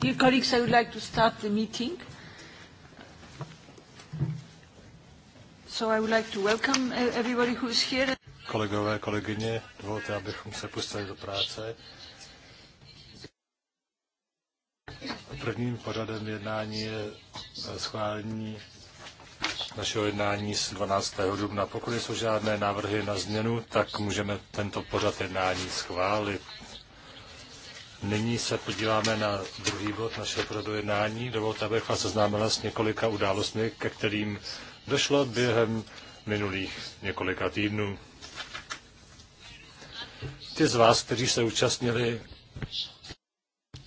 Dear colleagues, I would like to start the meeting. So I would like to welcome e- everybody who is here. Kolegové, kolegyně, dovolte, abychom se pustili do práce. Prvním pořadem jednání je e, schválení našeho jednání z 12. dubna. Pokud jsou žádné návrhy na změnu, tak můžeme tento pořad jednání schválit. Nyní se podíváme na druhý bod našeho pořadu jednání. Dovolte, abych vás seznámila s několika událostmi, ke kterým došlo během minulých několika týdnů. Ti z vás, kteří se účastnili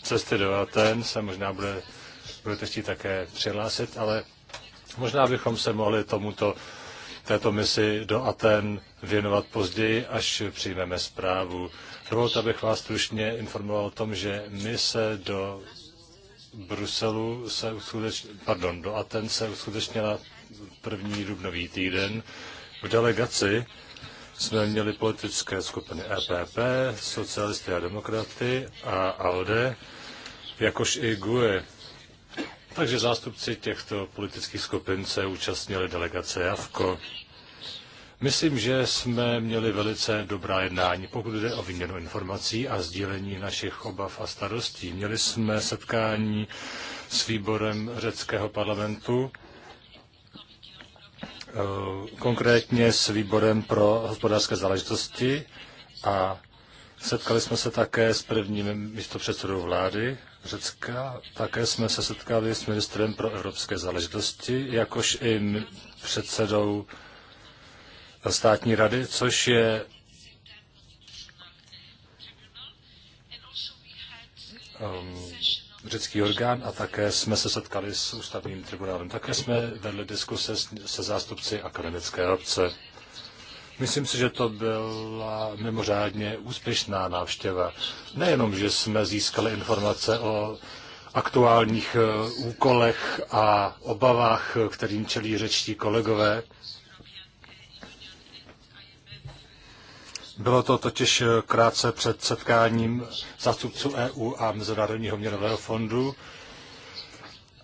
cesty do Aten, se možná bude, budete chtít také přihlásit, ale možná bychom se mohli tomuto, této misi do Aten věnovat později, až přijmeme zprávu. Dovolte, abych vás stručně informoval o tom, že my se do Bruselu se uskutečnila, pardon, do Aten se uskutečnila první dubnový týden. V delegaci jsme měli politické skupiny EPP, socialisty a demokraty a ALDE, jakož i GUE. Takže zástupci těchto politických skupin se účastnili delegace JAVKO. Myslím, že jsme měli velice dobrá jednání, pokud jde o výměnu informací a sdílení našich obav a starostí. Měli jsme setkání s výborem řeckého parlamentu, eh, konkrétně s výborem pro hospodářské záležitosti a setkali jsme se také s prvním místopředsedou vlády Řecka, také jsme se setkali s ministrem pro evropské záležitosti, jakož i předsedou státní rady, což je um, řecký orgán a také jsme se setkali s ústavním tribunálem. Také jsme vedli diskuse se zástupci akademické obce. Myslím si, že to byla mimořádně úspěšná návštěva. Nejenom, že jsme získali informace o aktuálních eh, úkolech a obavách, kterým čelí řečtí kolegové, Bylo to totiž eh, krátce před setkáním zástupců EU a Mezinárodního měnového fondu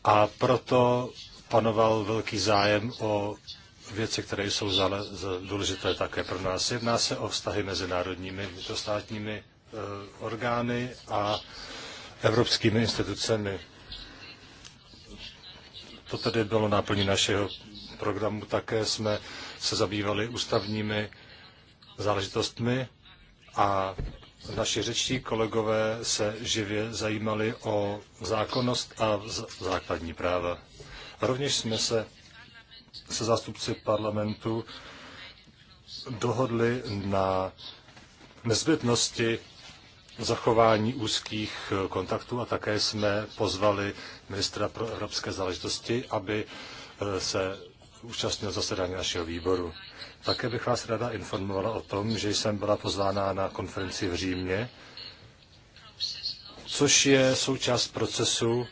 a proto panoval velký zájem o věci, které jsou důležité také pro nás. Jedná se o vztahy mezinárodními vnitrostátními eh, orgány a evropskými institucemi. To tedy bylo náplní našeho programu. Také jsme se zabývali ústavními záležitostmi a naši řečtí kolegové se živě zajímali o zákonnost a základní práva. Rovněž jsme se se zástupci parlamentu dohodli na nezbytnosti zachování úzkých kontaktů a také jsme pozvali ministra pro evropské záležitosti, aby eh, se účastnil zasedání našeho výboru. Také bych vás ráda informovala o tom, že jsem byla pozvána na konferenci v Římě, což je součást procesu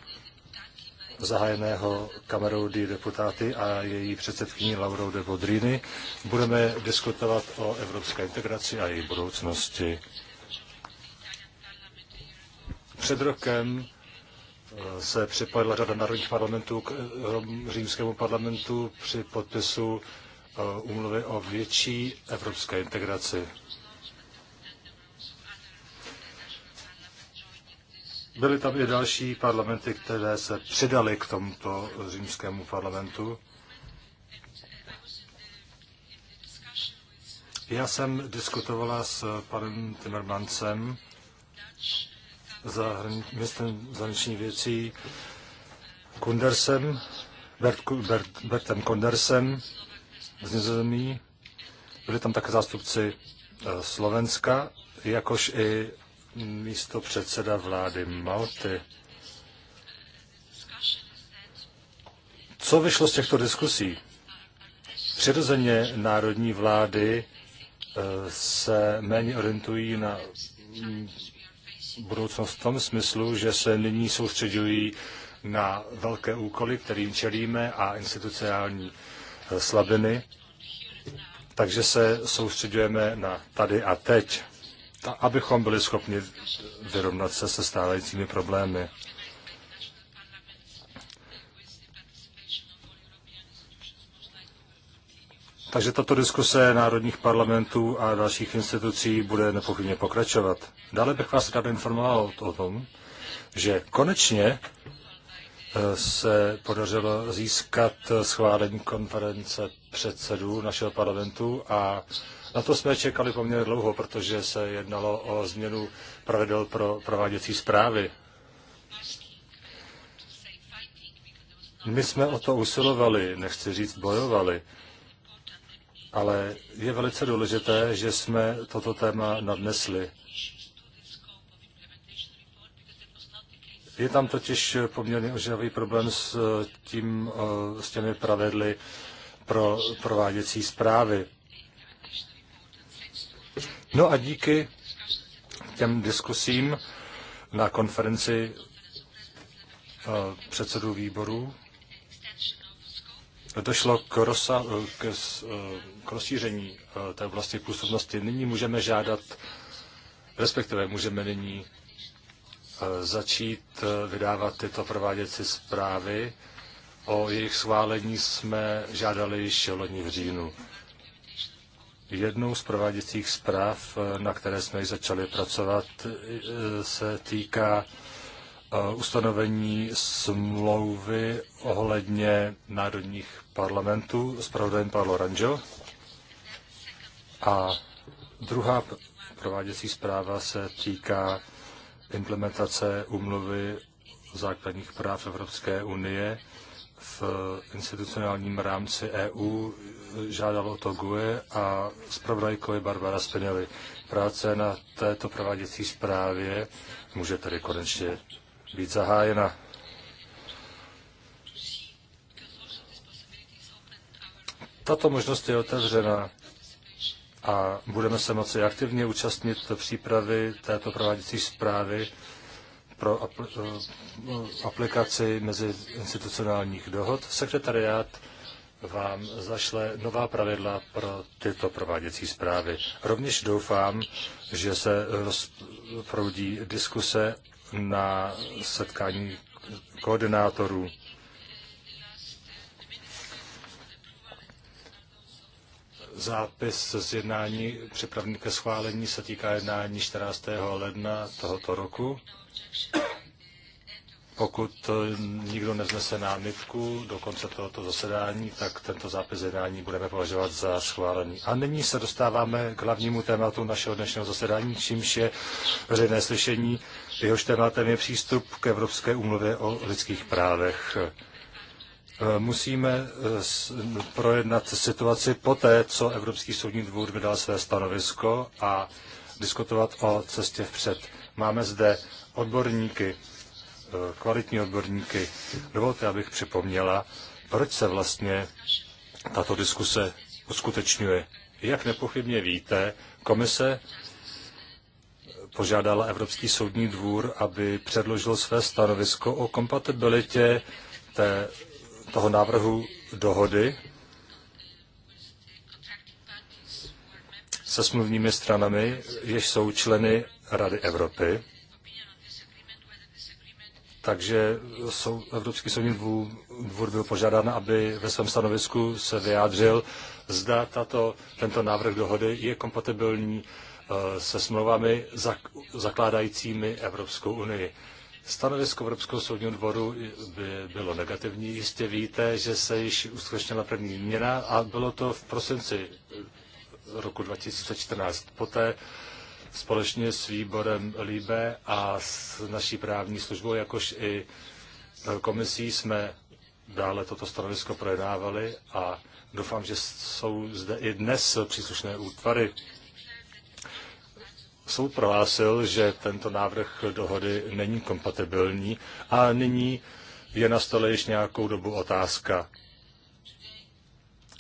zahájeného kamerou di deputáty a její předsedkyní Laurou de Bodrini. Budeme diskutovat o evropské integraci a její budoucnosti. Před rokem eh, se připojila řada národních parlamentů k eh, římskému parlamentu při podpisu Eh, úmluvy o větší evropské integraci. Byly tam i další parlamenty, které se přidaly k tomuto římskému parlamentu. Já jsem diskutovala s panem Timmermansem, ministrem zahraničních věcí Kundersem, Bert, Bert, Bertem Kundersem, z Nizozemí. Byli tam také zástupci eh, Slovenska, jakož i místo předseda vlády Malty. Co vyšlo z těchto diskusí? Přirozeně národní vlády eh, se méně orientují na mm, budoucnost v tom smyslu, že se nyní soustředují na velké úkoly, kterým čelíme a institucionální slabiny, takže se soustředujeme na tady a teď, abychom byli schopni vyrovnat se se stávajícími problémy. Takže tato diskuse národních parlamentů a dalších institucí bude nepochybně pokračovat. Dále bych vás rád informoval o tom, že konečně se podařilo získat schválení konference předsedů našeho parlamentu a na to jsme čekali poměrně dlouho, protože se jednalo o změnu pravidel pro prováděcí zprávy. My jsme o to usilovali, nechci říct bojovali, ale je velice důležité, že jsme toto téma nadnesli. Je tam totiž poměrně ožavý problém s, eh, tím, eh, s těmi pravidly pro prováděcí zprávy. No a díky těm diskusím na konferenci eh, předsedů výborů došlo k, rozsa, k, k rozšíření té vlastní působnosti. Nyní můžeme žádat, respektive můžeme nyní Eh, začít eh, vydávat tyto prováděcí zprávy. O jejich schválení jsme žádali již loni v říjnu. Jednou z prováděcích zpráv, eh, na které jsme již začali pracovat, se týká ustanovení smlouvy ohledně národních parlamentů s pravdem Paolo Ranjo. A druhá prováděcí zpráva se týká implementace úmluvy základních práv Evropské unie v institucionálním rámci EU žádalo o to GUE a zpravodajko je Barbara Spinelli. Práce na této prováděcí zprávě může tedy konečně být zahájena. Tato možnost je otevřena a budeme se moci aktivně účastnit přípravy této prováděcí zprávy pro eh, aplikaci institucionálních dohod. Sekretariát vám zašle nová pravidla pro tyto prováděcí zprávy. Rovněž doufám, že se rozproudí diskuse na setkání koordinátorů. Zápis z jednání připravený ke schválení se týká jednání 14. ledna tohoto roku. Pokud nikdo neznese námitku do konce tohoto zasedání, tak tento zápis jednání budeme považovat za schválený. A nyní se dostáváme k hlavnímu tématu našeho dnešního zasedání, čímž je veřejné slyšení. Jehož tématem je přístup k Evropské úmluvě o lidských právech. Eh, musíme eh, projednat situaci poté, co Evropský soudní dvůr vydal své stanovisko a diskutovat o cestě vpřed. Máme zde odborníky, eh, kvalitní odborníky. Dovolte, abych připomněla, proč se vlastně tato diskuse uskutečňuje. Jak nepochybně víte, komise požádala Evropský soudní dvůr, aby předložil své stanovisko o kompatibilitě té toho návrhu dohody se smluvními stranami, jež jsou členy Rady Evropy. Takže sou, Evropský soudní dvůr, byl požádán, aby ve svém stanovisku se vyjádřil, zda tato, tento návrh dohody je kompatibilní eh, se smlouvami zak, zakládajícími Evropskou unii. Stanovisko Evropského soudního dvoru by bylo negativní. Jistě víte, že se již uskutečnila první měna a bylo to v prosinci roku 2014. Poté společně s výborem Líbe a s naší právní službou, jakož i komisí jsme dále toto stanovisko projednávali a doufám, že jsou zde i dnes příslušné útvary soud prohlásil, že tento návrh dohody není kompatibilní a nyní je na stole již nějakou dobu otázka,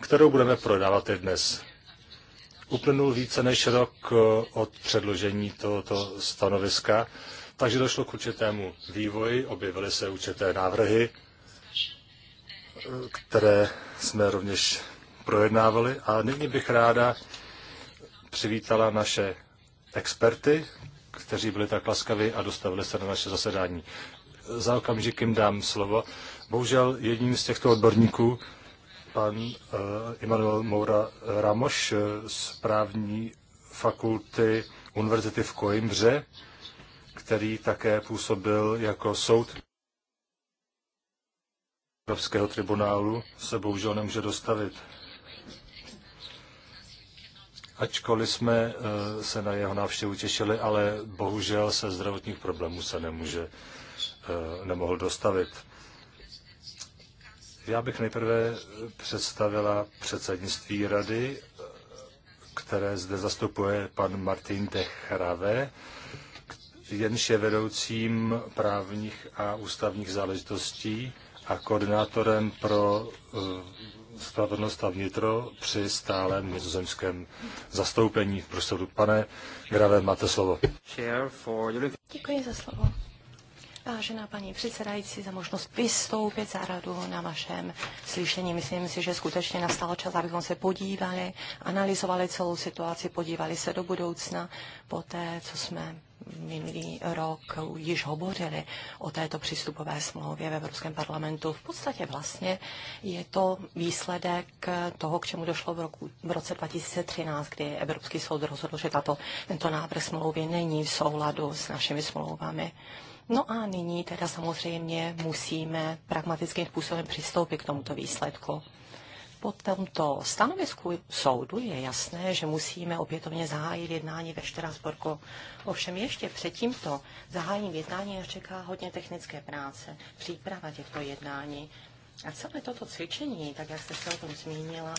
kterou budeme prodávat i dnes. Uplynul více než rok eh, od předložení tohoto stanoviska, takže došlo k určitému vývoji, objevily se určité návrhy, eh, které jsme rovněž projednávali a nyní bych ráda přivítala naše experty, kteří byli tak laskaví a dostavili se na naše zasedání. Za okamžik jim dám slovo. Bohužel jedním z těchto odborníků, pan uh, Immanuel Moura Ramoš eh, z právní fakulty Univerzity v Coimbře, který také působil jako soud Evropského tribunálu, se bohužel nemůže dostavit ačkoliv jsme eh, se na jeho návštěvu těšili, ale bohužel se zdravotních problémů se nemůže, eh, nemohl dostavit. Já bych nejprve představila předsednictví rady, které zde zastupuje pan Martin Techrave, jenž je vedoucím právních a ústavních záležitostí a koordinátorem pro eh, spravedlnost a vnitro při stálem nizozemském zastoupení v prostoru. Pane Grave, máte slovo. Děkuji za slovo. Vážená paní předsedající, za možnost vystoupit za radu na vašem slyšení. Myslím si, že skutečně nastal čas, abychom se podívali, analyzovali celou situaci, podívali se do budoucna po té, co jsme minulý rok již hovořili o této přístupové smlouvě v Evropském parlamentu. V podstatě vlastně je to výsledek toho, k čemu došlo v, roku, v roce 2013, kdy Evropský soud rozhodl, že tato, tento návrh smlouvy není v souladu s našimi smlouvami. No a nyní teda samozřejmě musíme pragmatickým způsobem přistoupit k tomuto výsledku. Po tomto stanovisku soudu je jasné, že musíme opětovně zahájit jednání ve Štrasburku. Ovšem ještě před tímto zahájením jednání nás čeká hodně technické práce, příprava těchto jednání. A celé toto cvičení, tak jak jste se o tom zmínila,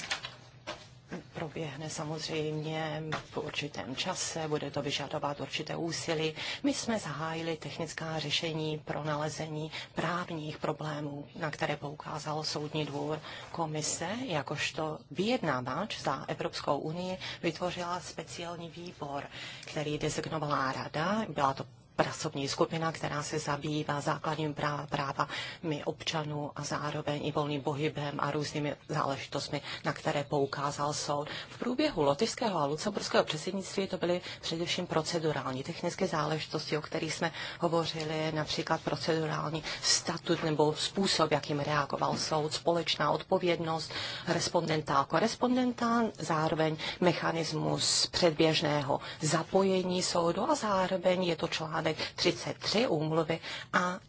proběhne samozřejmě v určitém čase, bude to vyžadovat určité úsilí. My jsme zahájili technická řešení pro nalezení právních problémů, na které poukázal Soudní dvůr. Komise, jakožto vyjednávač za Evropskou unii, vytvořila speciální výbor, který designovala rada. Byla to pracovní skupina, která se zabývá základním práv, právami občanů a zároveň i volným pohybem a různými záležitostmi, na které poukázal soud. V průběhu lotyšského a lucemburského předsednictví to byly především procedurální technické záležitosti, o kterých jsme hovořili, například procedurální statut nebo způsob, jakým reagoval soud, společná odpovědnost respondenta a korespondenta, zároveň mechanismus předběžného zapojení soudu a zároveň je to článek článek 33 úmluvy a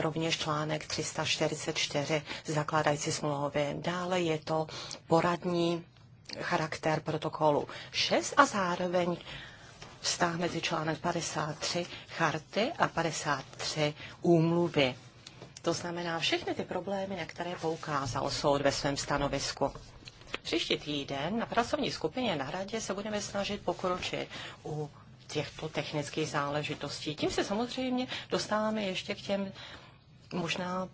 rovněž článek 344 zakládající smlouvy. Dále je to poradní charakter protokolu 6 a zároveň vztah mezi článek 53 charty a 53 úmluvy. To znamená, všechny ty problémy, na které poukázal soud ve svém stanovisku. Příští týden na pracovní skupině na radě se budeme snažit pokročit u těchto technických záležitostí. Tím se samozřejmě dostáváme ještě k těm možná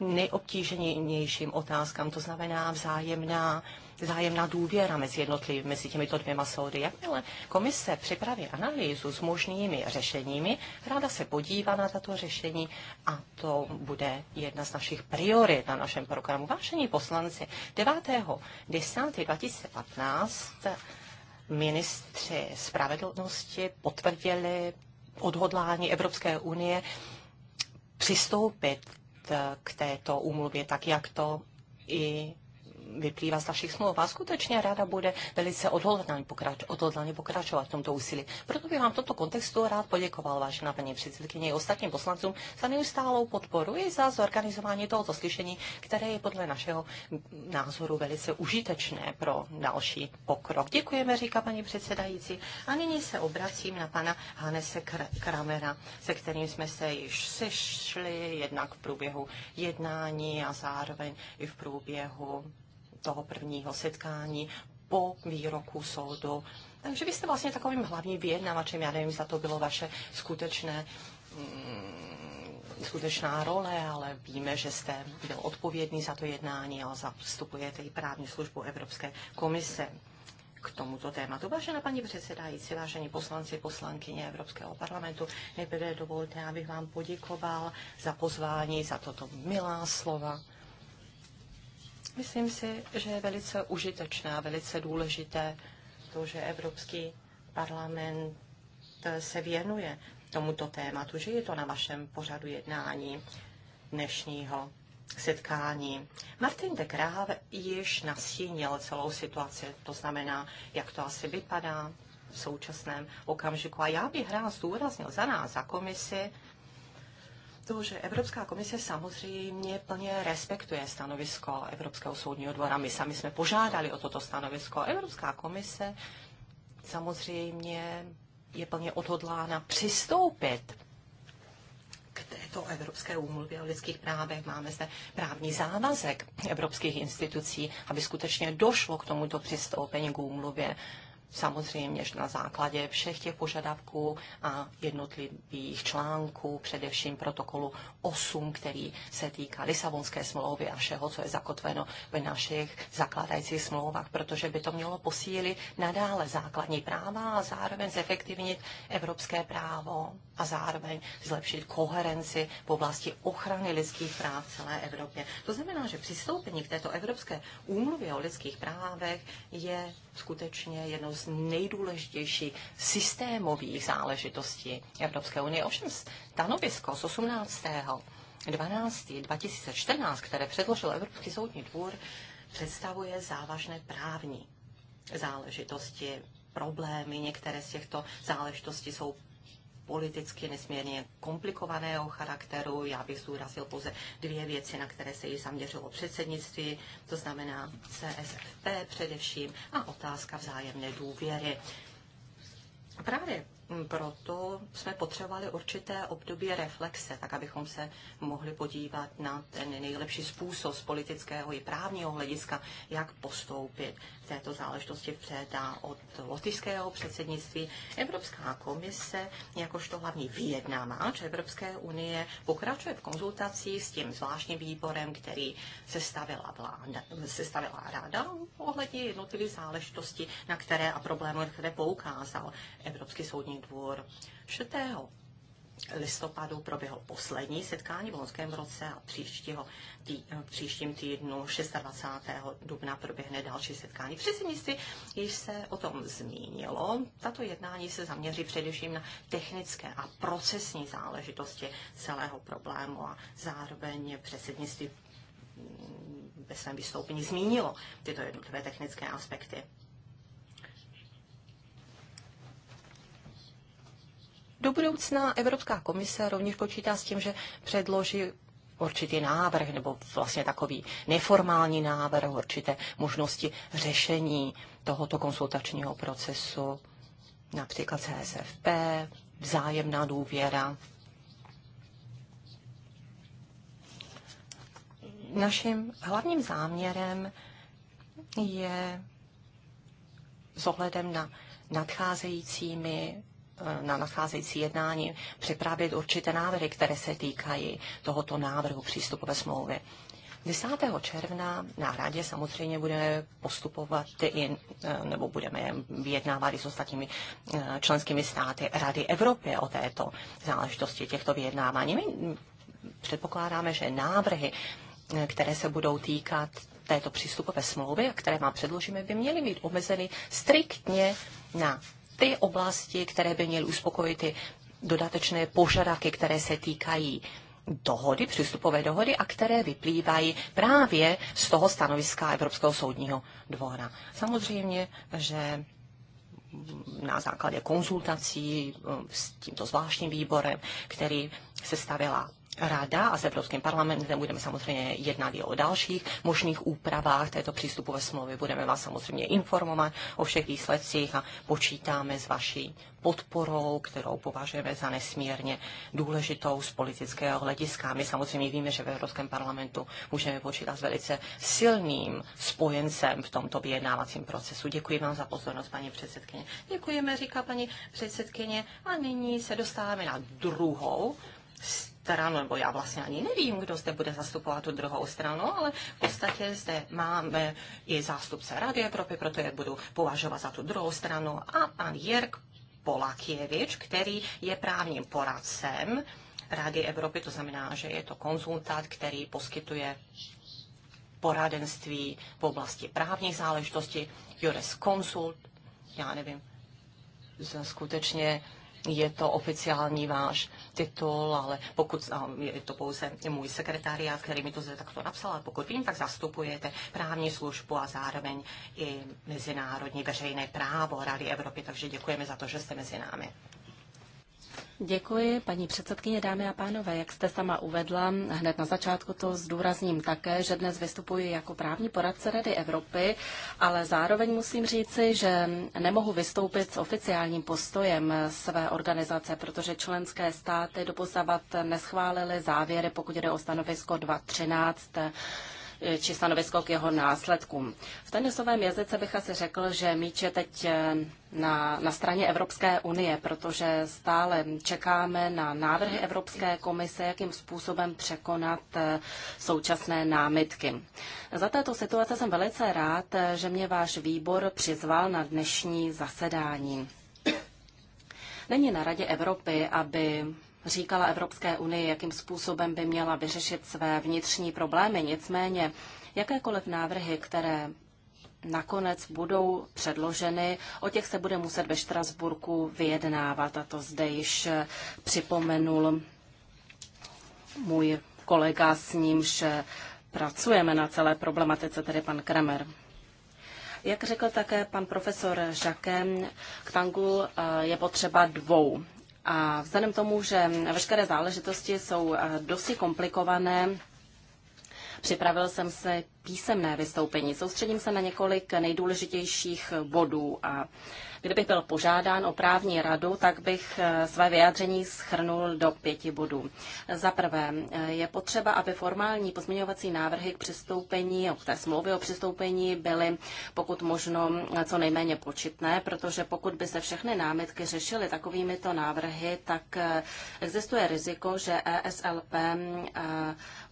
nejobtíženějším otázkám, to znamená vzájemná, vzájemná důvěra mezi jednotlivými, mezi těmito dvěma soudy. Jakmile komise připraví analýzu s možnými řešeními, ráda se podívá na tato řešení a to bude jedna z našich priorit na našem programu. Vážení poslanci, 9. 10. 2015 ministři spravedlnosti potvrdili odhodlání Evropské unie přistoupit k této úmluvě, tak jak to i vyplývá z našich smluv. A skutečně ráda bude velice odhodlaně pokrač, pokračovat v tomto úsilí. Proto bych vám v tomto kontextu rád poděkoval, vážená paní předsedkyně i ostatním poslancům, za neustálou podporu i za zorganizování tohoto slyšení, které je podle našeho názoru velice užitečné pro další pokrok. Děkujeme, říká paní předsedající. A nyní se obracím na pana Hanese Kramera, se kterým jsme se již sešli, jednak v průběhu jednání a zároveň i v průběhu toho prvního setkání po výroku soudu. Takže vy jste vlastně takovým hlavním vyjednavačem, já nevím, zda to bylo vaše skutečné mm, skutečná role, ale víme, že jste byl odpovědný za to jednání a zastupujete i právní službu Evropské komise k tomuto tématu. Vážená paní předsedající, vážení poslanci, poslankyně Evropského parlamentu, nejprve dovolte, abych vám poděkoval za pozvání, za toto milá slova Myslím si, že je velice a velice důležité to, že Evropský parlament se věnuje tomuto tématu, že je to na vašem pořadu jednání dnešního setkání. Martin de Graaf již nastínil celou situaci, to znamená, jak to asi vypadá v současném okamžiku. A já bych rád zdůraznil za nás, za komisi, to, že Evropská komise samozřejmě plně respektuje stanovisko Evropského soudního dvora. My sami jsme požádali o toto stanovisko. Evropská komise samozřejmě je plně odhodlána přistoupit k této Evropské úmluvě o lidských právech. Máme zde právní závazek evropských institucí, aby skutečně došlo k tomuto přistoupení k úmluvě samozřejmě na základě všech těch požadavků a jednotlivých článků, především protokolu 8, který se týká Lisabonské smlouvy a všeho, co je zakotveno ve našich zakládajících smlouvách, protože by to mělo posílit nadále základní práva a zároveň zefektivnit evropské právo a zároveň zlepšit koherenci v oblasti ochrany lidských práv v celé Evropě. To znamená, že přistoupení k této Evropské úmluvě o lidských právech je skutečně jednou z nejdůležitějších systémových záležitostí Evropské unie. Ovšem stanovisko z 18. 12. 2014, které předložil Evropský soudní dvůr, představuje závažné právní záležitosti problémy. Některé z těchto záležitostí jsou politicky nesmírně komplikovaného charakteru. Já bych zúrazil pouze dvě věci, na které se již zaměřilo předsednictví, to znamená CSFP především a otázka vzájemné důvěry. Právě proto jsme potřebovali určité období reflexe, tak abychom se mohli podívat na ten nejlepší způsob z politického i právního hlediska, jak postoupit v této záležitosti vpřed a od lotyšského předsednictví Evropská komise jakožto hlavní vyjednávač Evropské unie pokračuje v konzultacích s tím zvláštním výborem, který sestavila, vláda, sestavila ráda ohledně jednotlivých záležitostí, na které a problémy, které poukázal Evropský soudní dvůr. 4. listopadu proběhlo poslední setkání v loňském roce a příštího tý, v eh, příštím týdnu 26. dubna proběhne další setkání. Předsednictví již se o tom zmínilo. Tato jednání se zaměří především na technické a procesní záležitosti celého problému a zároveň předsednictví mm, ve svém vystoupení zmínilo tyto jednotlivé technické aspekty. Do budoucna Evropská komise rovněž počítá s tím, že předloží určitý návrh nebo vlastně takový neformální návrh, určité možnosti řešení tohoto konsultačního procesu, například CSFP, vzájemná důvěra. Naším hlavním záměrem je s ohledem na nadcházejícími Eh, na nadcházející jednání připravit určité návrhy, které se týkají tohoto návrhu přístupové smlouvy. 10. června na radě samozřejmě budeme postupovat i, eh, nebo budeme vyjednávat i s ostatními eh, členskými státy Rady Evropy o této záležitosti těchto vyjednávání. My předpokládáme, že návrhy, které se budou týkat této přístupové smlouvy, které vám předložíme, by měly být omezeny striktně na ty oblasti, které by měly uspokojit ty dodatečné požadavky, které se týkají dohody, přístupové dohody a které vyplývají právě z toho stanoviska Evropského soudního dvora. Samozřejmě, že na základě konzultací eh, s tímto zvláštním výborem, který se stavila Rada a s Evropským parlamentem budeme samozřejmě jednat i o dalších možných úpravách této přístupové smlouvy. Budeme vás samozřejmě informovat o všech výsledcích a počítáme s vaší podporou, kterou považujeme za nesmírně důležitou z politického hlediska. My samozřejmě víme, že v Evropském parlamentu můžeme počítat s velice silným spojencem v tomto vyjednávacím procesu. Děkuji vám za pozornost, paní předsedkyně. Děkujeme, říká paní předsedkyně. A nyní se dostáváme na druhou stranu, nebo já vlastně ani nevím, kdo zde bude zastupovat tu druhou stranu, ale v podstatě zde máme i zástupce Rady Evropy, proto je budu považovat za tu druhou stranu a pan Jirk Polakjevič, který je právním poradcem Rady Evropy, to znamená, že je to konzultant, který poskytuje poradenství v oblasti právních záležitostí, Jures konsult, já nevím, skutečně je to oficiální váš titul, ale pokud je to pouze můj sekretariát, který mi to zde takto napsal, a pokud vím, tak zastupujete právní službu a zároveň i mezinárodní veřejné právo Rady Evropy, takže děkujeme za to, že jste mezi námi. Děkuji, paní předsedkyně, dámy a pánové. Jak jste sama uvedla, hned na začátku to zdůrazním také, že dnes vystupuji jako právní poradce Rady Evropy, ale zároveň musím říci, že nemohu vystoupit s oficiálním postojem své organizace, protože členské státy doposavat neschválily závěry, pokud jde o stanovisko 213 či stanovisko k jeho následkům. V tenisovém jazyce bych asi řekl, že míč je teď eh, na, na straně Evropské unie, protože stále čekáme na návrhy Evropské komise, jakým způsobem překonat eh, současné námitky. Za této situace jsem velice rád, eh, že mě váš výbor přizval na dnešní zasedání. Není na Radě Evropy, aby říkala Evropské unii, jakým způsobem by měla vyřešit své vnitřní problémy. Nicméně jakékoliv návrhy, které nakonec budou předloženy. O těch se bude muset ve Štrasburku vyjednávat a to zde již připomenul můj kolega, s nímž pracujeme na celé problematice, tedy pan Kramer. Jak řekl také pan profesor Žakem, k tangu eh, je potřeba dvou a vzhledem k tomu, že veškeré záležitosti jsou eh, dosti komplikované, Připravil jsem se písemné vystoupení. Soustředím se na několik nejdůležitějších bodů a Kdybych byl požádán o právní radu, tak bych eh, své vyjádření schrnul do pěti bodů. Za prvé, eh, je potřeba, aby formální pozměňovací návrhy k přistoupení, k té smlouvy o přistoupení byly pokud možno eh, co nejméně početné, protože pokud by se všechny námitky řešily takovýmito návrhy, tak existuje riziko, že ESLP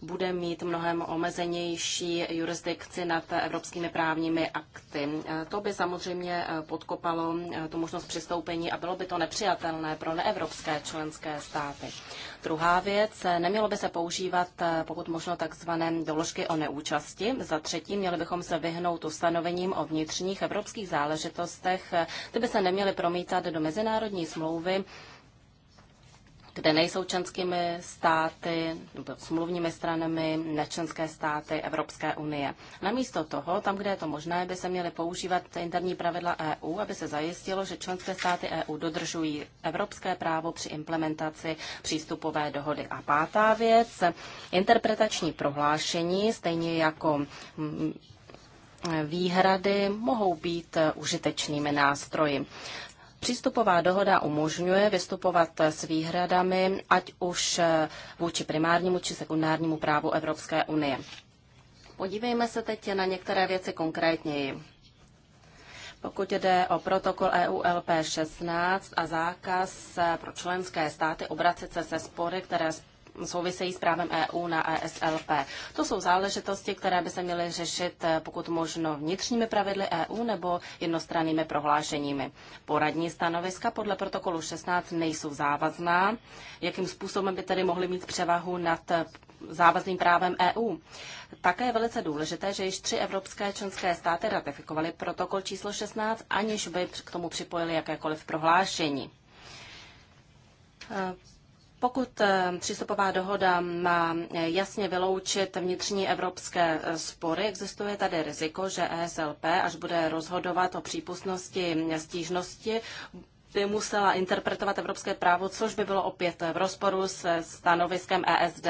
bude mít mnohem omezenější jurisdikci nad evropskými právními akty. To by samozřejmě podkopalo Eh, tu možnost přistoupení a bylo by to nepřijatelné pro neevropské členské státy. Druhá věc, eh, nemělo by se používat eh, pokud možno takzvané doložky o neúčasti. Za třetí, měli bychom se vyhnout ustanovením o vnitřních evropských záležitostech. Ty by se neměly promítat do mezinárodní smlouvy kde nejsou členskými státy nebo smluvními stranami nečlenské státy Evropské unie. Namísto toho, tam, kde je to možné, by se měly používat interní pravidla EU, aby se zajistilo, že členské státy EU dodržují evropské právo při implementaci přístupové dohody. A pátá věc, interpretační prohlášení, stejně jako mm, výhrady mohou být užitečnými nástroji. Přístupová dohoda umožňuje vystupovat s výhradami, ať už vůči primárnímu či sekundárnímu právu Evropské unie. Podívejme se teď na některé věci konkrétněji. Pokud jde o protokol EU LP 16 a zákaz pro členské státy obracet se se spory, které souvisejí s právem EU na ESLP. To jsou záležitosti, které by se měly řešit eh, pokud možno vnitřními pravidly EU nebo jednostrannými prohlášeními. Poradní stanoviska podle protokolu 16 nejsou závazná. Jakým způsobem by tedy mohly mít převahu nad eh, závazným právem EU. Také je velice důležité, že již tři evropské členské státy ratifikovaly protokol číslo 16, aniž by k tomu připojili jakékoliv prohlášení. Eh, pokud eh, přístupová dohoda má eh, jasně vyloučit vnitřní evropské eh, spory, existuje tady riziko, že ESLP, až bude rozhodovat o přípustnosti stížnosti, by musela interpretovat evropské právo, což by bylo opět v rozporu se stanoviskem ESD.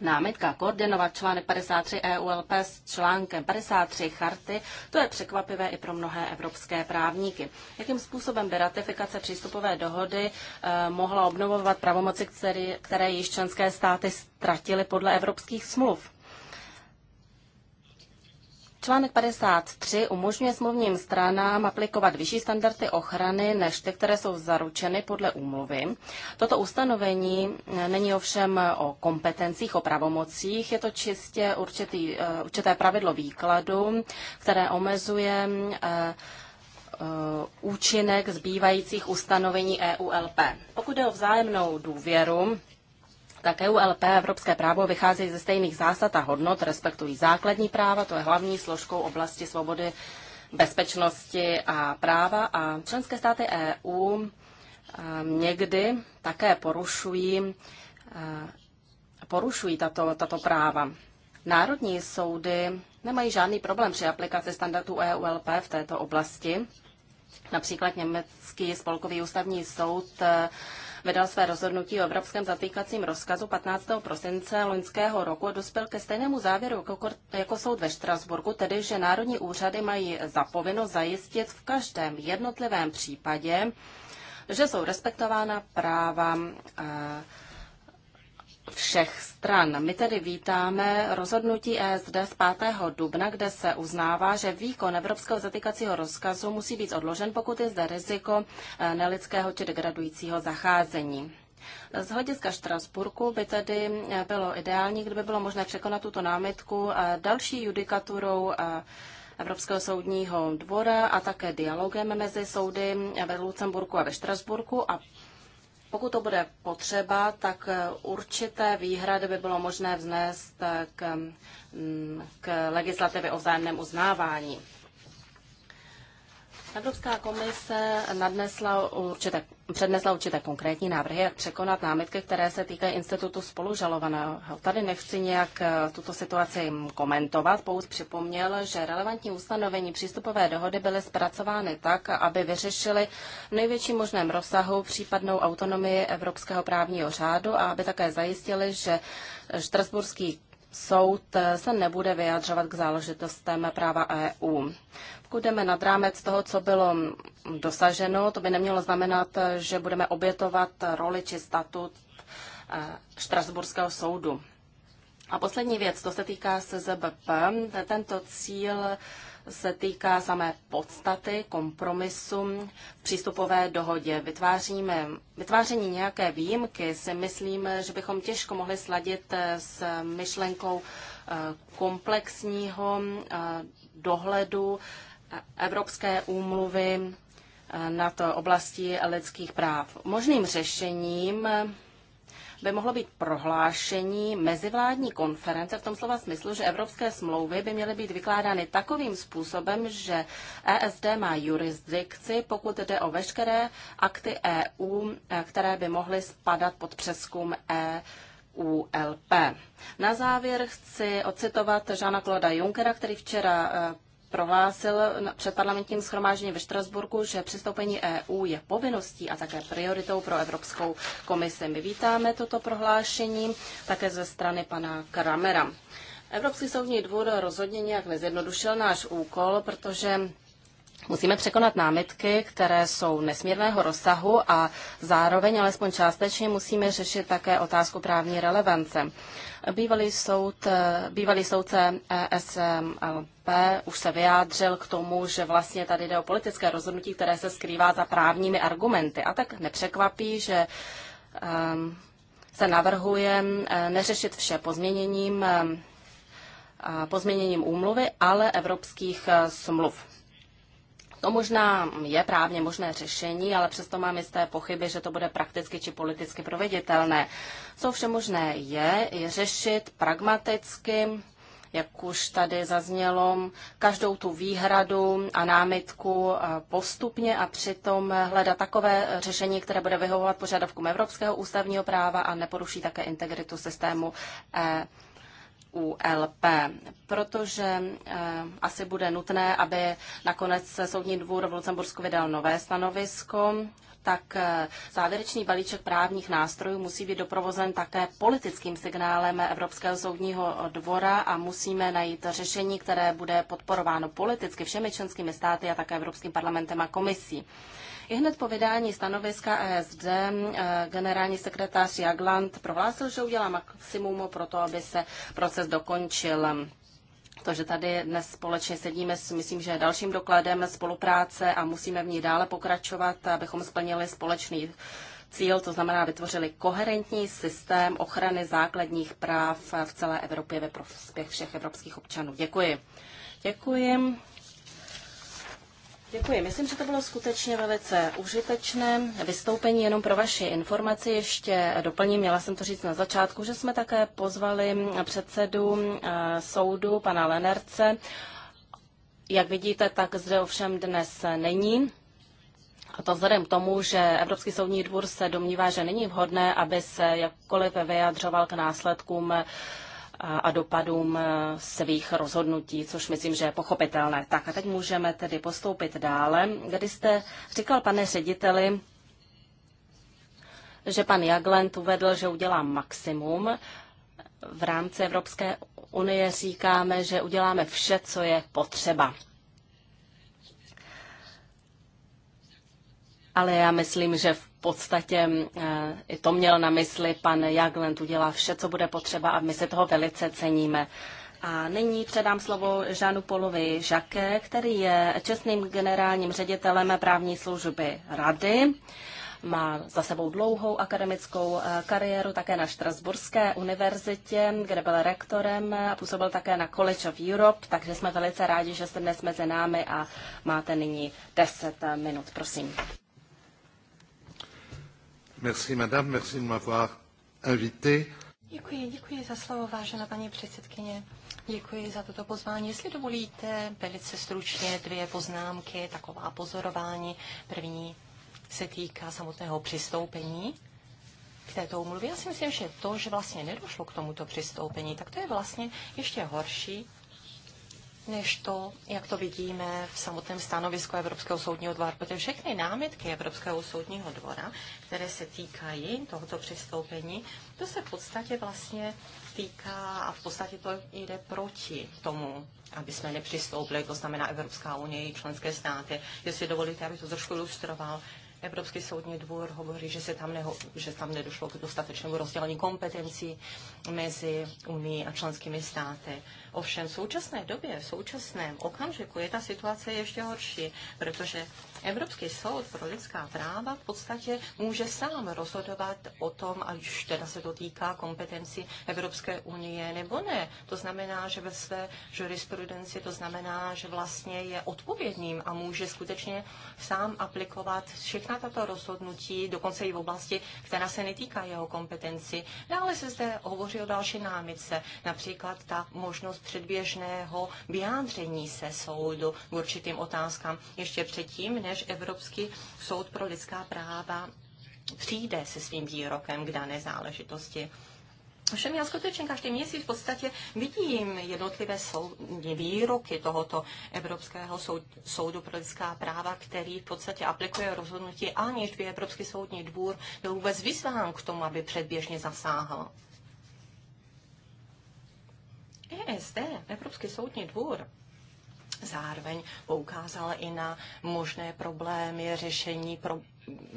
Námitka koordinovat článek 53 EULP s článkem 53 charty, to je překvapivé i pro mnohé evropské právníky. Jakým způsobem by ratifikace přístupové dohody eh, mohla obnovovat pravomoci, které, které již členské státy ztratily podle evropských smluv? Článek 53 umožňuje smluvním stranám aplikovat vyšší standardy ochrany než ty, které jsou zaručeny podle úmluvy. Toto ustanovení není ovšem o kompetencích, o pravomocích, je to čistě určitý, eh, určité pravidlo výkladu, které omezuje eh, účinek zbývajících ustanovení EULP. Pokud jde o vzájemnou důvěru, tak EULP a evropské právo vychází ze stejných zásad a hodnot, respektují základní práva, to je hlavní složkou oblasti svobody, bezpečnosti a práva a členské státy EU někdy také porušují, porušují tato, tato práva. Národní soudy nemají žádný problém při aplikaci standardů EULP v této oblasti. Například Německý spolkový ústavní soud vydal své rozhodnutí o evropském zatýkacím rozkazu 15. prosince loňského roku a dospěl ke stejnému závěru jako, jako soud ve Štrasburgu, tedy že národní úřady mají zapoveno zajistit v každém jednotlivém případě, že jsou respektována práva Uh, všech stran. My tedy vítáme rozhodnutí ESD z 5. dubna, kde se uznává, že výkon evropského zatýkacího rozkazu musí být odložen, pokud je zde riziko eh, nelidského či degradujícího zacházení. Z hlediska Štrasburku by tedy eh, bylo ideální, kdyby bylo možné překonat tuto námitku eh, další judikaturou Evropského soudního dvora a také dialogem mezi soudy ve Lucemburku a ve Štrasburku a pokud to bude potřeba, tak eh, určité výhrady by bylo možné vznést eh, k, mm, k legislativě o vzájemném uznávání. Evropská komise nadnesla určité, přednesla určité konkrétní návrhy, jak překonat námitky, které se týkají institutu spolužalovaného. Tady nechci nějak eh, tuto situaci komentovat, pouze připomněl, že relevantní ustanovení přístupové dohody byly zpracovány tak, aby vyřešili v největším možném rozsahu případnou autonomii evropského právního řádu a aby také zajistili, že Štrasburský soud eh, se nebude vyjadřovat k záležitostem práva EU. Pokud jdeme nad rámec toho, co bylo dosaženo, to by nemělo znamenat, eh, že budeme obětovat roli či statut eh, Štrasburského soudu. A poslední věc, to se týká SZBP. Tento cíl se týká samé podstaty kompromisu v přístupové dohodě. Vytváříme, vytváření nějaké výjimky si myslím, že bychom těžko mohli sladit eh, s myšlenkou eh, komplexního eh, dohledu Evropské úmluvy nad oblastí lidských práv. Možným řešením by mohlo být prohlášení mezivládní konference v tom slova smyslu, že evropské smlouvy by měly být vykládány takovým způsobem, že ESD má jurisdikci, pokud jde o veškeré akty EU, eh, které by mohly spadat pod přeskum EULP. ULP. Na závěr chci ocitovat Žana Kloda Junckera, který včera eh, prohlásil před parlamentním schromážením ve Štrasburku, že přistoupení EU je povinností a také prioritou pro Evropskou komisi. My vítáme toto prohlášení také ze strany pana Kramera. Evropský soudní dvůr rozhodně nějak nezjednodušil náš úkol, protože Musíme překonat námitky, které jsou nesmírného rozsahu a zároveň alespoň částečně musíme řešit také otázku právní relevance. Bývalý, soud, bývalý soudce e SML už se vyjádřil k tomu, že vlastně tady jde o politické rozhodnutí, které se skrývá za právními argumenty. A tak nepřekvapí, že ehm, se navrhuje ehm, neřešit vše pozměněním, ehm, pozměněním úmluvy, ale evropských e, smluv. To možná je právně možné řešení, ale přesto mám jisté pochyby, že to bude prakticky či politicky proveditelné. Co vše možné je, je řešit pragmaticky jak už tady zaznělo, každou tu výhradu a námitku eh, postupně a přitom hledat takové řešení, které bude vyhovovat požadavkům Evropského ústavního práva a neporuší také integritu systému e ULP, protože eh, asi bude nutné, aby nakonec Soudní dvůr v Lucembursku vydal nové stanovisko tak eh, závěrečný balíček právních nástrojů musí být doprovozen také politickým signálem Evropského soudního eh, dvora a musíme najít řešení, které bude podporováno politicky všemi členskými státy a také Evropským parlamentem a komisí. I hned po vydání stanoviska ESD eh, generální sekretář Jagland prohlásil, že udělá maximum pro to, aby se proces dokončil. To, že tady dnes společně sedíme, s, myslím, že dalším dokladem spolupráce a musíme v ní dále pokračovat, abychom splnili společný cíl, to znamená vytvořili koherentní systém ochrany základních práv v celé Evropě ve prospěch všech evropských občanů. Děkuji. Děkuji. Děkuji. Myslím, že to bylo skutečně velice užitečné vystoupení. Jenom pro vaši informaci ještě doplním, měla jsem to říct na začátku, že jsme také pozvali předsedu eh, soudu, pana Lenerce. Jak vidíte, tak zde ovšem dnes není. A to vzhledem k tomu, že Evropský soudní dvůr se domnívá, že není vhodné, aby se jakkoliv vyjadřoval k následkům a dopadům e, svých rozhodnutí, což myslím, že je pochopitelné. Tak a teď můžeme tedy postoupit dále. Kdy jste říkal, pane řediteli, že pan Jaglen uvedl, že udělá maximum. V rámci Evropské unie říkáme, že uděláme vše, co je potřeba. Ale já myslím, že v podstatě eh, i to měl na mysli pan Jagland, udělá vše, co bude potřeba a my se toho velice ceníme. A nyní předám slovo Žánu Polovi Žaké, který je čestným generálním ředitelem právní služby Rady. Má za sebou dlouhou akademickou eh, kariéru také na Štrasburské univerzitě, kde byl rektorem a působil také na College of Europe, takže jsme velice rádi, že jste dnes mezi námi a máte nyní 10 minut, prosím. Merci, madame, merci de m'avoir invité. Děkuji, děkuji za slovo, vážená paní předsedkyně. Děkuji za toto pozvání. Jestli dovolíte, velice stručně dvě poznámky, taková pozorování. První se týká samotného přistoupení k této umluvě. Já si myslím, že to, že vlastně nedošlo k tomuto přistoupení, tak to je vlastně ještě horší, než to, jak to vidíme v samotném stanovisku Evropského soudního dvora, protože všechny námitky Evropského soudního dvora, které se týkají tohoto přistoupení, to se v podstatě vlastně týká a v podstatě to jde proti tomu, aby jsme nepřistoupili, to znamená Evropská unie i členské státy. Jestli dovolíte, aby to trošku ilustroval, Evropský soudní dvůr hovoří, že, se tam, neho, že tam nedošlo k dostatečnému rozdělení kompetencí mezi Unii a členskými státy. Ovšem v současné době, v současném okamžiku je ta situace ještě horší, protože Evropský soud pro lidská práva v podstatě může sám rozhodovat o tom, ať už teda se to týká kompetenci Evropské unie nebo ne. To znamená, že ve své jurisprudenci to znamená, že vlastně je odpovědným a může skutečně sám aplikovat všechna tato rozhodnutí, dokonce i v oblasti, která se netýká jeho kompetenci. Dále se zde hovoří o další námice, například ta možnost předběžného vyjádření se soudu k určitým otázkám ještě předtím, než než Evropský soud pro lidská práva přijde se svým výrokem k dané záležitosti. Všem já skutečně každý měsíc v podstatě vidím jednotlivé soudní výroky tohoto Evropského soud, soudu pro lidská práva, který v podstatě aplikuje rozhodnutí, aniž by Evropský soudní dvůr byl vůbec vyzván k tomu, aby předběžně zasáhl. ESD, Evropský soudní dvůr, Zároveň poukázal i na možné problémy řešení pro,